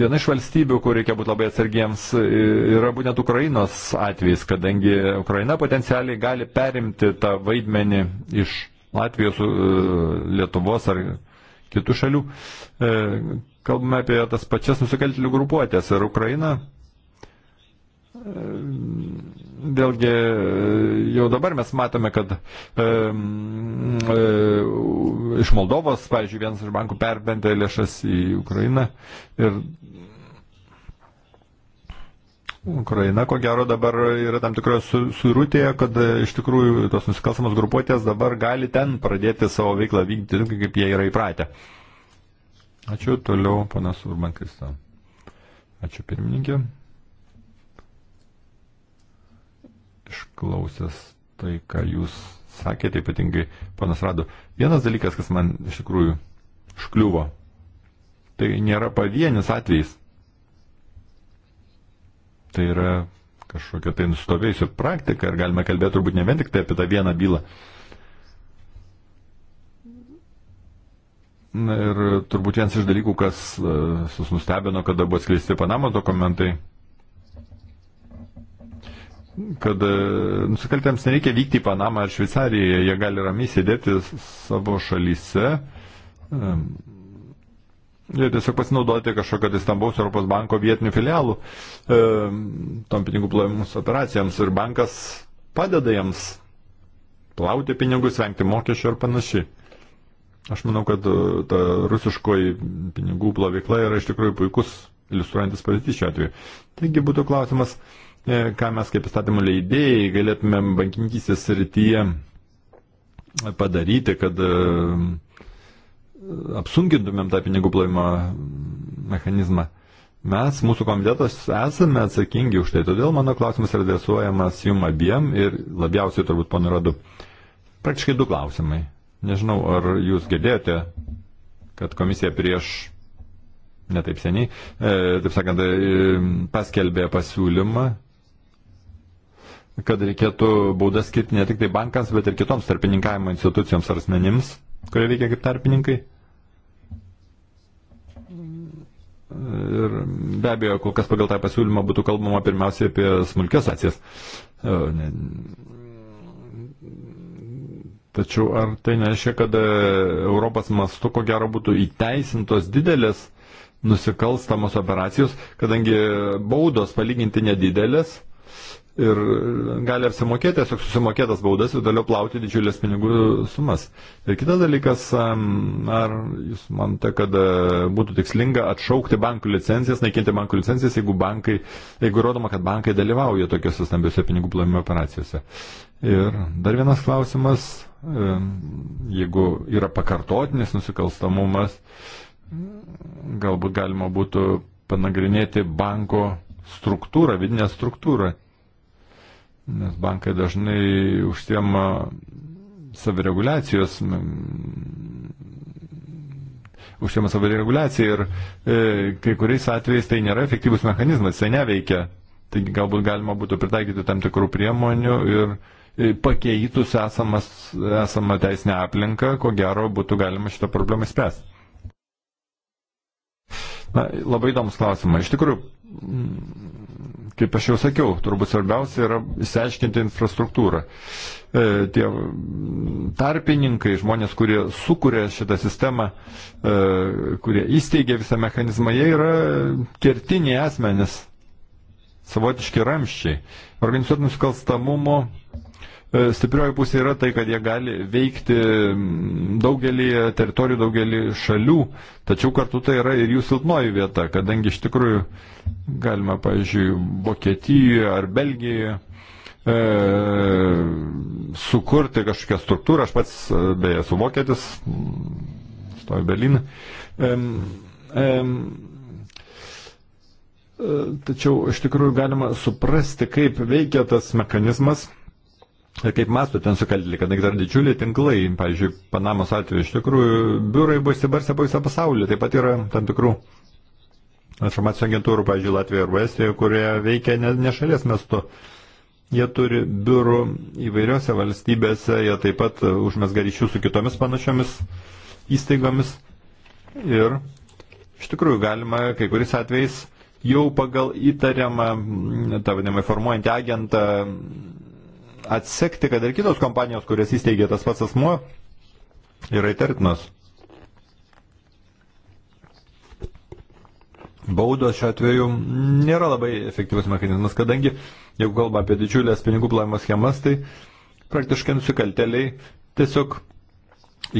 viena iš valstybių, kur reikia būti labai atsargiems, yra būtent Ukrainos atvejs, kadangi Ukraina potencialiai gali perimti tą vaidmenį iš Latvijos, e, Lietuvos ar kitų šalių, e, kalbame apie tas pačias nusikaltėlių grupuotės ir Ukraina. E, vėlgi e, jau dabar mes matome, kad e, e, iš Moldovos, pavyzdžiui, vienas iš bankų perbentė lėšas į Ukrainą ir Ukraina, ko gero, dabar yra tam tikroje suirutėje, kad e, iš tikrųjų tos nusikalstamos grupuotės dabar gali ten pradėti savo veiklą vykdyti, kaip jie yra įpratę. Ačiū toliau, panas Urban Krista. Ačiū pirmininkė. Išklausęs tai, ką jūs sakėte, ypatingai panas Rado. Vienas dalykas, kas man iš tikrųjų užkliuvo, tai nėra pavienis atvejis. Tai yra kažkokia tai nustovėjusi praktika ir galime kalbėti turbūt ne vien tik tai apie tą vieną bylą. Uh, Na ir turbūt vienas iš dalykų, kas e, sus nustebino, kada buvo atskleisti Panamos dokumentai, kad e, nusikaltėms nereikia vykti į Panamą ar Šveicariją, jie gali ramiai sėdėti savo šalyse. Jie tiesiog pasinaudoti kažkokią tai stambaus Europos banko vietinių filialų e, tom pinigų plovimus operacijoms ir bankas padeda jiems plauti pinigus, vengti mokesčių ir panašiai. Aš manau, kad e, ta rusiškoji pinigų plovykla yra iš tikrųjų puikus iliustruojantis pavyzdys šiuo atveju. Taigi būtų klausimas, e, ką mes kaip įstatymų leidėjai galėtumėm bankininkysės srityje padaryti, kad e, apsunkintumėm tą pinigų plovimo mechanizmą. Mes, mūsų komitetas, esame atsakingi už tai, todėl mano klausimas yra adresuojamas jum abiem ir labiausiai turbūt ponui Radu. Praktiškai du klausimai. Nežinau, ar jūs girdėjote, kad komisija prieš, netaip seniai, e, taip sakant, e, paskelbė pasiūlymą, kad reikėtų baudas skirti ne tik tai bankams, bet ir kitoms tarpininkavimo institucijoms ar asmenims, kurie veikia kaip tarpininkai. Ir be abejo, kol kas pagal tą pasiūlymą būtų kalbama pirmiausiai apie smulkės acijas. E, ne, Tačiau ar tai nereiškia, kad e, Europos mastu ko gero būtų įteisintos didelės nusikalstamos operacijos, kadangi baudos palyginti nedidelės ir gali apsimokėti tiesiog susimokėtas baudas ir toliau plauti didžiulės pinigų sumas. Ir kitas dalykas, ar jūs manote, kad e, būtų tikslinga atšaukti bankų licencijas, naikinti bankų licencijas, jeigu, bankai, jeigu įrodoma, kad bankai dalyvauja tokiuose stambiuose pinigų plovimo operacijose. Ir dar vienas klausimas jeigu yra pakartotinis nusikalstamumas, galbūt galima būtų panagrinėti banko struktūrą, vidinę struktūrą. Nes bankai dažnai užsiema savireguliacijos, užsiema savireguliaciją ir e, kai kuriais atvejais tai nėra efektyvus mechanizmas, jisai neveikia. Taigi galbūt galima būtų pritaikyti tam tikrų priemonių ir e, pakeitus esamas, esamą teisinę aplinką, ko gero būtų galima šitą problemą spręsti. Na, labai įdomus klausimas. Iš tikrųjų, mm, kaip aš jau sakiau, turbūt svarbiausia yra išsiaiškinti infrastruktūrą. E, tie mm, tarpininkai, žmonės, kurie sukuria šitą sistemą, e, kurie įsteigia visą mechanizmą, jie yra kertiniai asmenys, savotiški ramščiai. Organizuotų nusikalstamumo E, stiprioji pusė yra tai, kad jie gali veikti daugelį teritorijų, daugelį šalių, tačiau kartu tai yra ir jų silpnoji vieta, kadangi iš tikrųjų galima, pavyzdžiui, Vokietijoje ar Belgijoje e, sukurti kažkokią struktūrą, aš pats e, beje esu vokietis, stoju Berliną. E, e, tačiau iš tikrųjų galima suprasti, kaip veikia tas mechanizmas Ir kaip masto ten sukalti, kadangi dar didžiuliai tinklai, pavyzdžiui, Panamos atveju iš tikrųjų biurai buvo įsibarsę po visą pasaulį, taip pat yra tam tikrų informacijos agentūrų, pavyzdžiui, Latvijoje arba Estijoje, kurie veikia ne, ne šalies mestu. Jie turi biurų įvairiose valstybėse, jie taip pat užmesga ryšių su kitomis panašiomis įstaigomis. Ir iš tikrųjų galima kai kuris atvejais jau pagal įtariamą, tą vadinamą formuojantį agentą atsekti, kad ir kitos kompanijos, kurias įsteigė tas pats asmuo, yra įtartinos. Baudos šiuo atveju nėra labai efektyvus mechanizmas, kadangi, jeigu kalba apie didžiulės pinigų plavimo schemas, tai praktiškai nusikalteliai tiesiog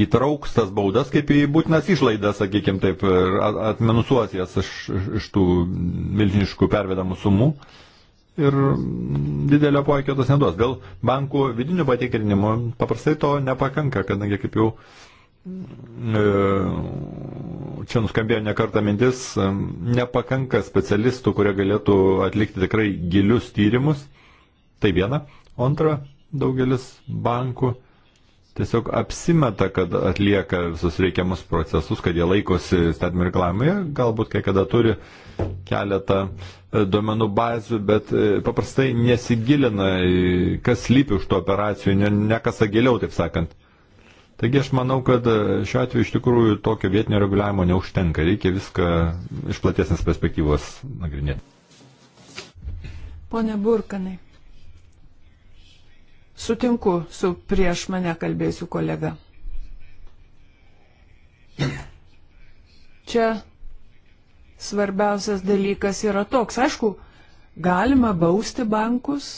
įtrauks tas baudas kaip į būtinas išlaidas, sakykime taip, ir atminusuos jas iš, iš tų milžiniškų pervedamų sumų. Uh, ir didelio poveikio tas neduos. Dėl bankų vidinių patikrinimų paprastai to nepakanka, kadangi kaip jau e, čia nuskambėjo nekarta mintis, e, nepakanka specialistų, kurie galėtų atlikti tikrai gilius tyrimus. Tai viena. O antra, daugelis bankų tiesiog apsimeta, kad atlieka visus reikiamus procesus, kad jie laikosi statymų reklamai, galbūt kai kada turi keletą e, duomenų bazių, bet e, paprastai nesigilina, kas lypi už to operacijų, nekasa ne giliau, taip sakant. Taigi aš manau, kad e, šiuo atveju iš tikrųjų tokio vietinio reguliavimo neužtenka, reikia viską iš platesnės perspektyvos nagrinėti. Pone Burkanai. Sutinku su prieš mane kalbėjusiu kolega. Čia svarbiausias dalykas yra toks. Aišku, galima bausti bankus,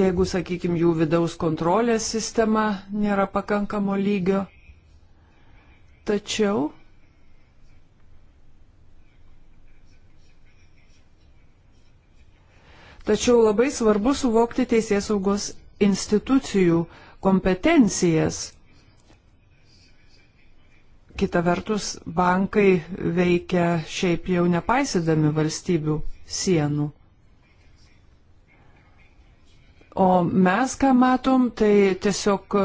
jeigu, sakykime, jų vidaus kontrolės sistema nėra pakankamo lygio. Tačiau Tačiau labai svarbu suvokti teisės saugos institucijų kompetencijas. Kita vertus, bankai veikia šiaip jau nepaisydami valstybių sienų. O mes, ką matom, tai tiesiog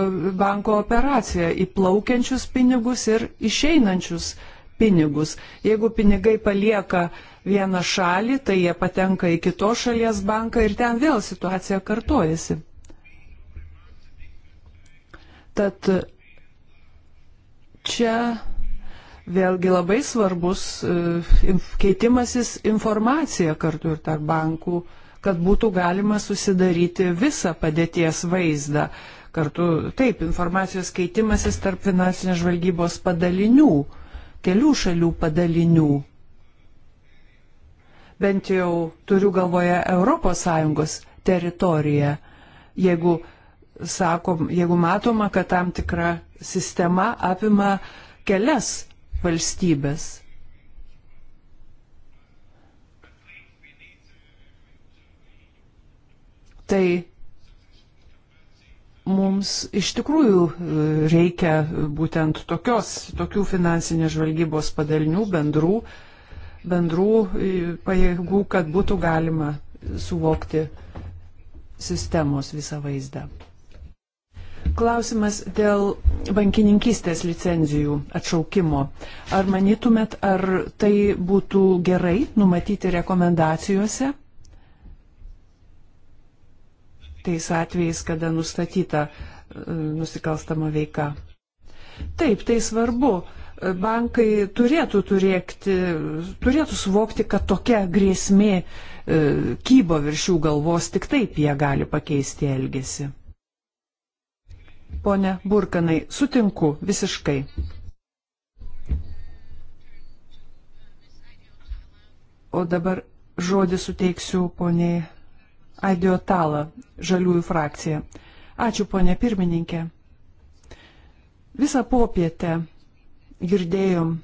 banko operacija įplaukiančius pinigus ir išeinančius pinigus pinigus. Jeigu pinigai palieka vieną šalį, tai jie patenka į kitos šalies banką ir ten vėl situacija kartojasi. Tad čia vėlgi labai svarbus e, keitimasis informacija kartu ir tarp bankų, kad būtų galima susidaryti visą padėties vaizdą. Kartu taip, informacijos keitimasis tarp finansinės žvalgybos padalinių kelių šalių padalinių. Bent jau turiu galvoje ES teritoriją. Jeigu, sakom, jeigu matoma, kad tam tikra sistema apima kelias valstybės. Tai mums iš tikrųjų e, reikia būtent tokios, tokių finansinės žvalgybos padalinių bendrų, bendrų e, pajėgų, kad būtų galima suvokti sistemos visą vaizdą. Klausimas dėl bankininkystės licenzijų atšaukimo. Ar manytumėt, ar tai būtų gerai numatyti rekomendacijose? tais atvejais, kada nustatyta e, nusikalstama veika. Taip, tai svarbu. E, bankai turėtų, turėkti, turėtų suvokti, kad tokia grėsmė e, kybo virš jų galvos, tik taip jie gali pakeisti elgesį. Pone Burkanai, sutinku visiškai. O dabar žodį suteiksiu poniai Aidiotalą, žaliųjų frakcija. Ačiū, ponė pirmininkė. Visą popietę girdėjom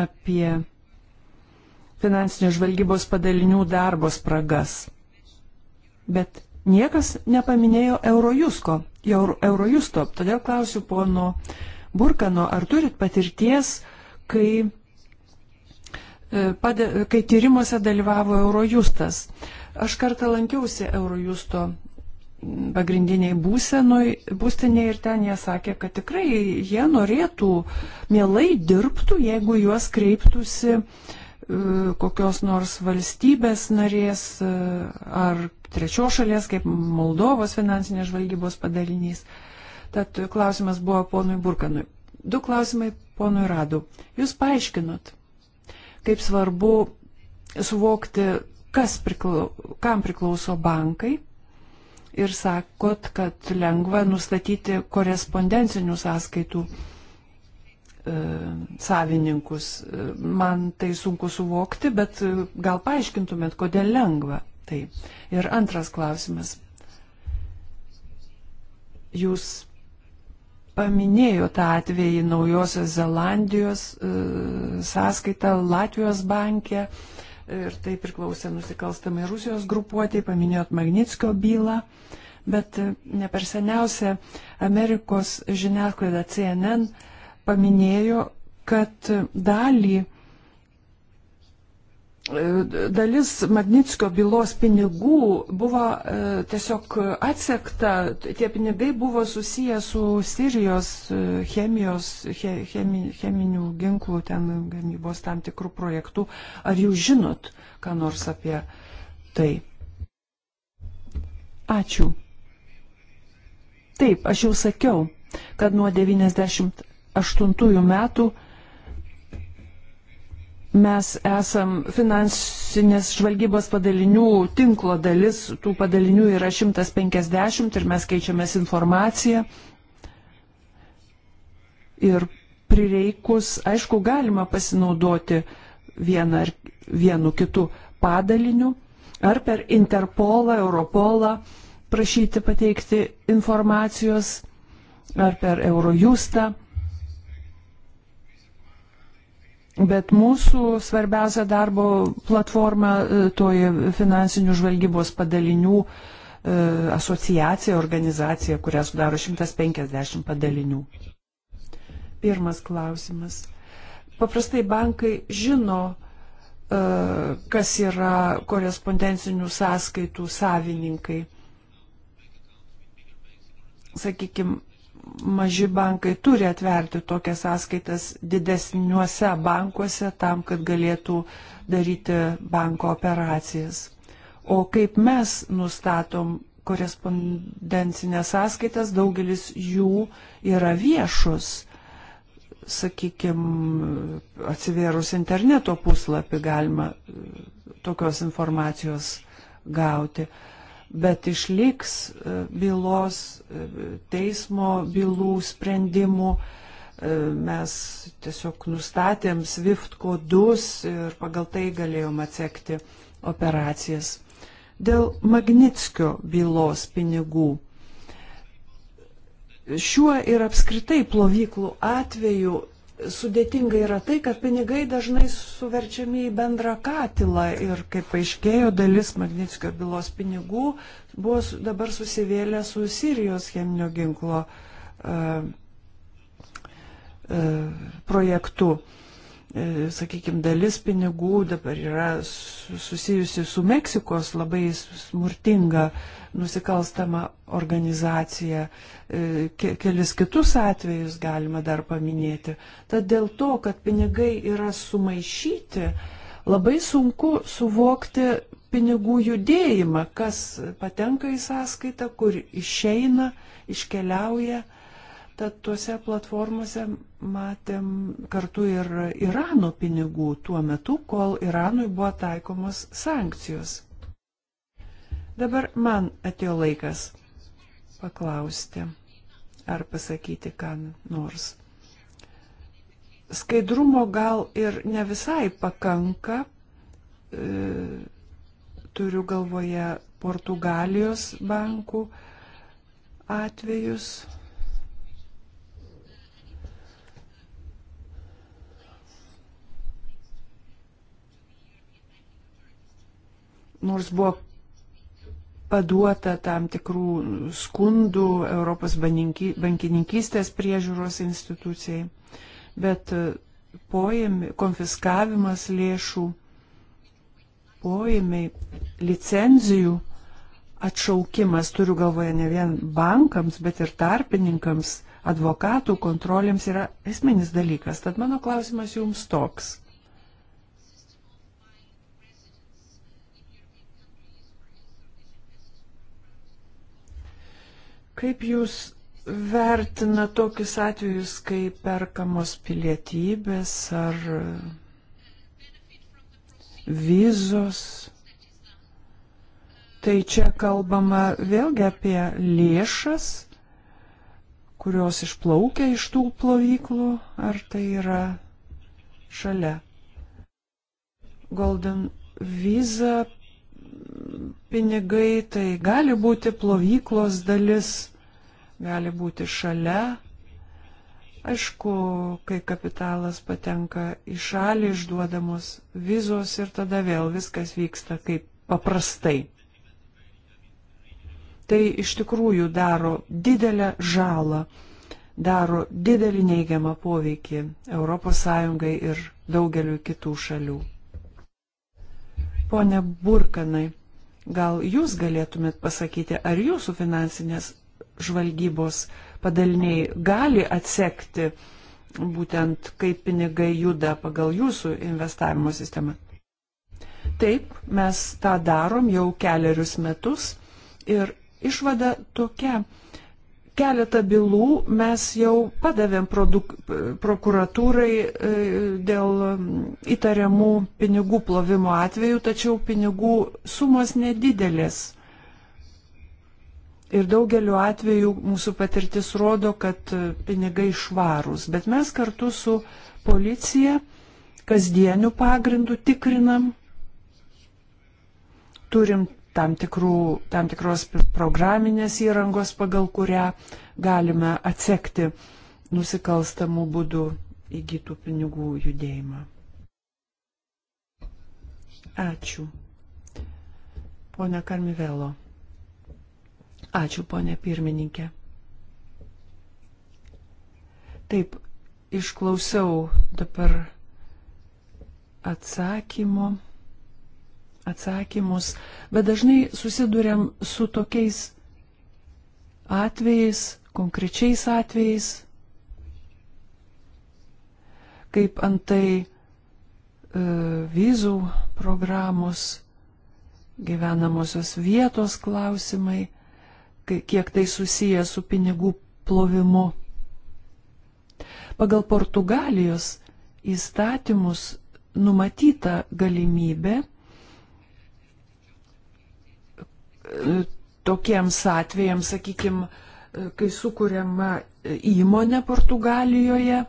apie finansinės žvalgybos padalinių darbo spragas. Bet niekas nepaminėjo Eurojusko, Eurojusto. Todėl klausiu pono Burkano, ar turit patirties, kai, e, kai tyrimuose dalyvavo Eurojustas. Aš kartą lankiausi Eurojusto pagrindiniai būstiniai ir ten jie sakė, kad tikrai jie norėtų, mielai dirbtų, jeigu juos kreiptųsi e, kokios nors valstybės narės e, ar trečios šalies, kaip Moldovos finansinės žvalgybos padalinys. Tad klausimas buvo ponui Burkanui. Du klausimai ponui Radu. Jūs paaiškinot, kaip svarbu suvokti kas priklau, kam priklauso bankai. Ir sakot, kad lengva nustatyti korespondencinių sąskaitų e, savininkus. Man tai sunku suvokti, bet gal paaiškintumėt, kodėl lengva tai. Ir antras klausimas. Jūs paminėjote atvejį Naujosios Zelandijos e, sąskaitą Latvijos bankė. E, ir tai priklausė nusikalstamai Rusijos grupuotėjai, paminėjot Magnitskio bylą, bet e, ne per seniausia Amerikos žiniasklaida CNN paminėjo, kad e, dalį E, dalis Magnitskio bylos pinigų buvo e, tiesiog atsekta, tie pinigai buvo susiję su Sirijos e, chemijos, chemi, cheminių ginklų ten gamybos tam tikrų projektų. Ar jūs žinot, ką nors apie tai? Ačiū. Taip, aš jau sakiau, kad nuo 98 metų Mes esam finansinės žvalgybos padalinių tinklo dalis, tų padalinių yra 150 ir mes keičiamės informaciją. Ir prireikus, aišku, galima pasinaudoti vieną ar vienu kitu padaliniu ar per Interpolą, Europolą prašyti pateikti informacijos ar per Eurojustą Bet mūsų svarbiausia darbo platforma e, toje finansinių žvalgybos padalinių e, asociacija, organizacija, kurią sudaro 150 padalinių. Pirmas klausimas. Paprastai bankai žino, e, kas yra korespondencinių sąskaitų savininkai. Sakykime, maži bankai turi atverti tokias sąskaitas didesniuose bankuose tam, kad galėtų daryti banko operacijas. O kaip mes nustatom korespondencinės sąskaitas, daugelis jų yra viešus sakykime, atsivėrus interneto puslapį galima tokios informacijos gauti bet išliks e, bylos, e, teismo bylų sprendimų. E, mes tiesiog nustatėm SWIFT kodus ir pagal tai galėjom atsekti operacijas. Dėl Magnitskio bylos pinigų. Šiuo ir apskritai plovyklų atveju sudėtinga yra tai, kad pinigai dažnai suverčiami į bendrą katilą ir, kaip aiškėjo, dalis Magnitskio bylos pinigų buvo dabar susivėlę su Sirijos cheminio ginklo uh, uh, projektu. Uh, e, sakykime, dalis pinigų dabar yra susijusi su Meksikos labai smurtinga uh, nusikalstamą organizaciją. E, kelis kitus atvejus galima dar paminėti. Tad dėl to, kad pinigai yra sumaišyti, labai sunku suvokti pinigų judėjimą, kas patenka į sąskaitą, kur išeina, iškeliauja. Tad tuose platformose matėm kartu ir Irano pinigų tuo metu, kol Iranui buvo taikomos sankcijos. Dabar man atėjo laikas paklausti ar pasakyti ką nors. Skaidrumo gal ir ne visai pakanka, e, turiu galvoje Portugalijos bankų atvejus, nors buvo paduota tam tikrų skundų Europos bankininkystės priežiūros institucijai, bet e, poėmi, konfiskavimas lėšų, poėmiai, licenzijų atšaukimas, turiu galvoje ne vien bankams, bet ir tarpininkams, advokatų kontrolėms yra esminis dalykas. Tad mano klausimas jums toks. Kaip Jūs vertina tokius atvejus, kai perkamos pilietybės ar vizos? Tai čia kalbama vėlgi apie lėšas, kurios išplaukia iš tų plovyklų, ar tai yra šalia. Golden Visa pinigai, tai gali būti plovyklos dalis, gali būti šalia. Aišku, kai kapitalas patenka į šalį, išduodamos vizos ir tada vėl viskas vyksta kaip paprastai. Tai iš tikrųjų daro didelę žalą, daro didelį neigiamą poveikį ES ir daugeliu kitų šalių. Pone Burkanai, gal jūs galėtumėt pasakyti, ar jūsų finansinės žvalgybos padaliniai gali atsekti būtent, kaip pinigai juda pagal jūsų investavimo sistemą? Taip, mes tą darom jau keliarius metus ir išvada tokia, keletą bylų mes jau padavėm produk, prokuratūrai e, dėl įtariamų pinigų plovimo atvejų, tačiau pinigų sumos nedidelės. Ir daugeliu atveju mūsų patirtis rodo, kad e, pinigai švarūs, bet mes kartu su policija kasdieniu pagrindu tikrinam, turim tam, tikrų, tam tikros programinės įrangos, pagal kurią galime atsekti nusikalstamų būdų įgytų pinigų judėjimą. Ačiū. Pone Karmivelo. Ačiū, ponė pirmininkė. Taip, išklausiau dabar atsakymo atsakymus, bet dažnai susidurėm su tokiais atvejais, konkrečiais atvejais, kaip antai e, vizų programos, gyvenamosios vietos klausimai, kiek tai susiję su pinigų plovimu. Pagal Portugalijos įstatymus numatyta galimybė E, tokiems atvejams, sakykime, kai sukūriama įmonė Portugalijoje,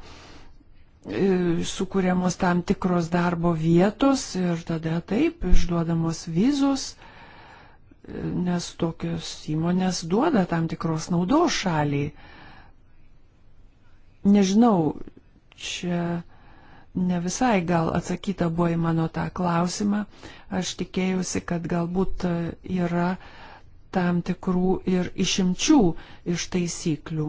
e, sukūriamos tam tikros darbo vietos ir tada taip išduodamos vizos, e, nes tokios įmonės duoda tam tikros naudos šaliai. Nežinau, čia ne visai gal atsakyta buvo į mano tą klausimą. Aš tikėjausi, kad galbūt e, yra tam tikrų ir išimčių iš taisyklių.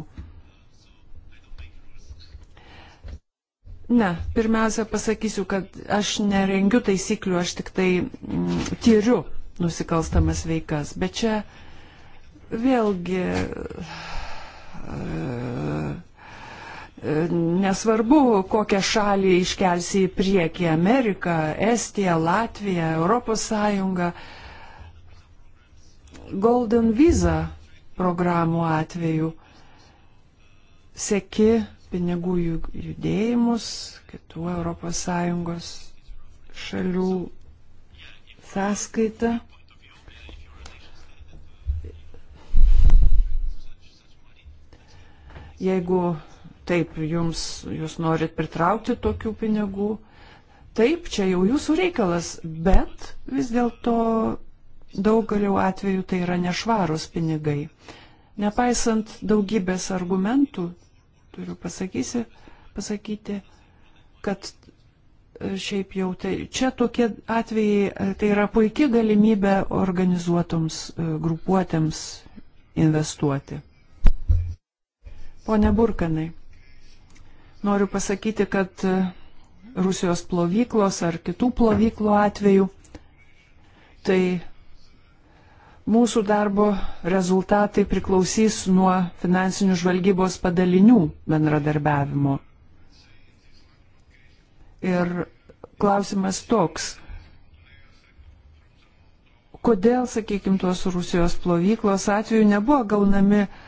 Ne, pirmiausia pasakysiu, kad aš nerengiu taisyklių, aš tik tai mm, tyriu nusikalstamas veikas. Bet čia vėlgi. Uh, E, nesvarbu, kokią šalį iškelsi į priekį - Ameriką, Estiją, Latviją, Europos Sąjungą. Golden Visa programų atveju seki pinigų judėjimus kitų ES šalių sąskaita. Jeigu taip, jums, jūs norit pritraukti tokių pinigų, taip, čia jau jūsų reikalas, bet vis dėlto daugeliu atveju tai yra nešvarūs pinigai. Nepaisant daugybės argumentų, turiu pasakysi, pasakyti, kad e, šiaip jau tai čia tokie atvejai, e, tai yra puikia galimybė organizuotoms e, grupuotėms investuoti. Pone Burkanai. Noriu pasakyti, kad e, Rusijos plovyklos ar kitų plovyklų atveju tai mūsų darbo rezultatai priklausys nuo finansinių žvalgybos padalinių bendradarbiavimo. Ir klausimas toks, kodėl, sakykime, tuos Rusijos plovyklos atveju nebuvo gaunami uh,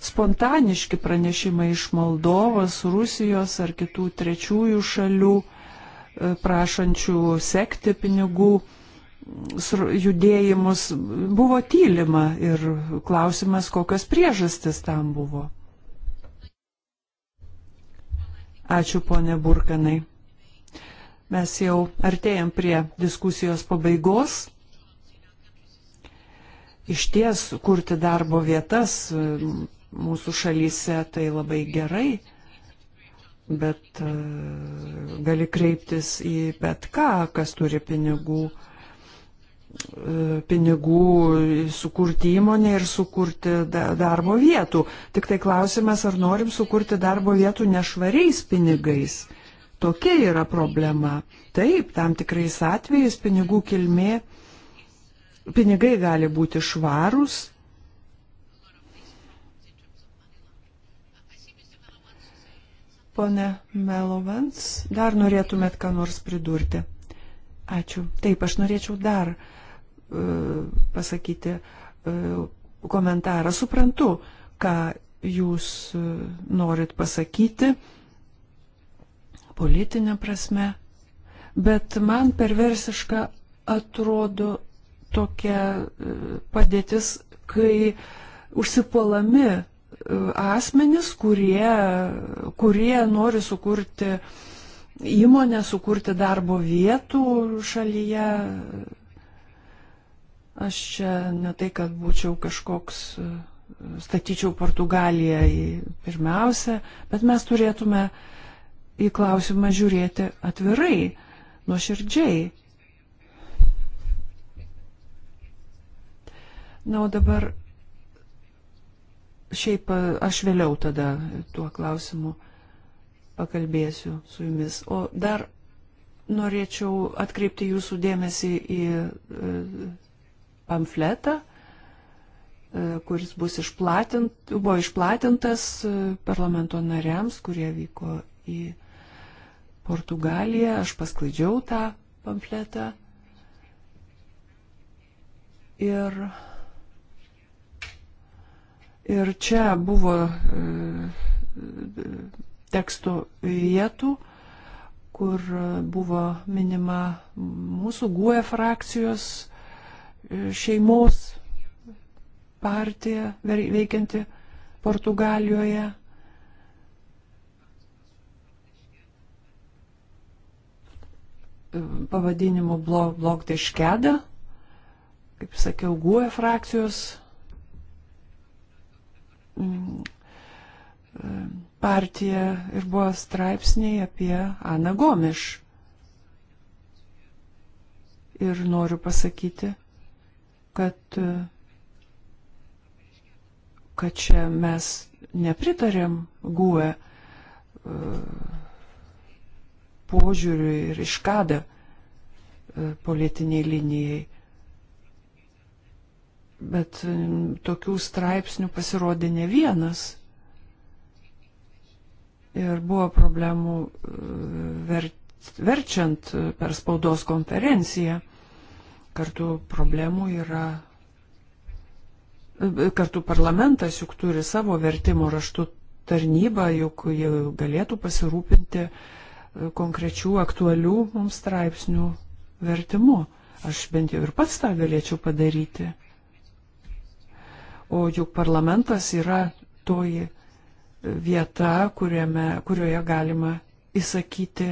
spontaniški pranešimai iš Moldovos, Rusijos ar kitų trečiųjų šalių e, prašančių sekti pinigų mm, judėjimus buvo tylima ir klausimas, kokios priežastis tam buvo. Ačiū, ponė Burkanai. Mes jau artėjom prie diskusijos pabaigos. Iš ties, kurti darbo vietas mūsų šalyse tai labai gerai, bet e, gali kreiptis į bet ką, kas turi pinigų, e, pinigų sukurti įmonę ir sukurti darbo vietų. Tik tai klausimas, ar norim sukurti darbo vietų nešvariais pinigais. Tokia yra problema. Taip, tam tikrais atvejais pinigų kilmė, pinigai gali būti švarūs, Pone Melovans, dar norėtumėt ką nors pridurti? Ačiū. Taip, aš norėčiau dar uh, pasakyti uh, komentarą. Suprantu, ką jūs uh, norit pasakyti politinė prasme, bet man perversiška atrodo tokia padėtis, kai užsipuolami asmenis, kurie, kurie nori sukurti įmonę, sukurti darbo vietų šalyje. Aš čia ne tai, kad būčiau kažkoks, statyčiau Portugaliją į pirmiausia, bet mes turėtume į klausimą žiūrėti atvirai, nuoširdžiai. Na, o dabar Šiaip aš vėliau tada tuo klausimu pakalbėsiu su jumis. O dar norėčiau atkreipti jūsų dėmesį į e, pamfletą, e, kuris bus išplatint, buvo išplatintas e, parlamento nariams, kurie vyko į Portugaliją. Aš pasklaidžiau tą pamfletą. Ir Ir čia buvo e, teksto vietų, kur buvo minima mūsų guoja frakcijos e, šeimos partija veikianti Portugalijoje. pavadinimu blog, blog deškeda, kaip sakiau, guoja frakcijos partija ir buvo straipsniai apie Aną Gomiš. Ir noriu pasakyti, kad, kad čia mes nepritarėm GUE e, požiūriui ir iškada e, politiniai linijai Bet tokių straipsnių pasirodė ne vienas. Ir buvo problemų e, verčiant e, per spaudos konferenciją. Kartu problemų yra. E, kartu parlamentas juk turi savo vertimo raštų tarnybą, juk jie galėtų pasirūpinti konkrečių aktualių mums straipsnių vertimu. Aš bent jau ir pats tą galėčiau padaryti o juk parlamentas yra toji vieta, kuriame, kurioje galima įsakyti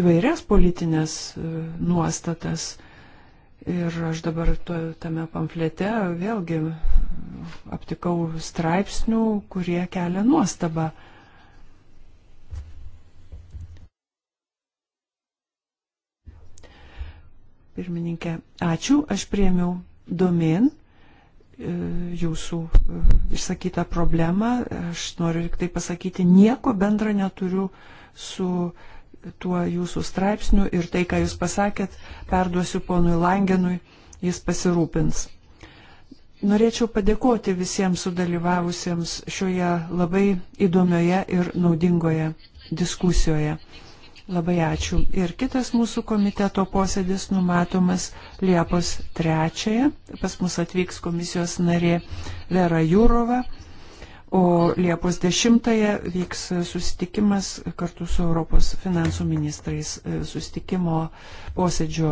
įvairias politinės e, nuostatas. Ir aš dabar to, tame pamflete vėlgi aptikau straipsnių, kurie kelia nuostabą. Pirmininkė, ačiū, aš priemiau domin E, jūsų e, išsakytą problemą. Aš noriu tik tai pasakyti, nieko bendra neturiu su tuo jūsų straipsniu ir tai, ką jūs pasakėt, perduosiu ponui Langenui, jis pasirūpins. Norėčiau padėkoti visiems sudalyvavusiems šioje labai įdomioje ir naudingoje diskusijoje. Labai ačiū. Ir kitas mūsų komiteto posėdis numatomas Liepos 3. Pas mus atvyks komisijos narė Vera Jūrova, o Liepos 10 vyks susitikimas kartu su Europos finansų ministrais e, susitikimo posėdžio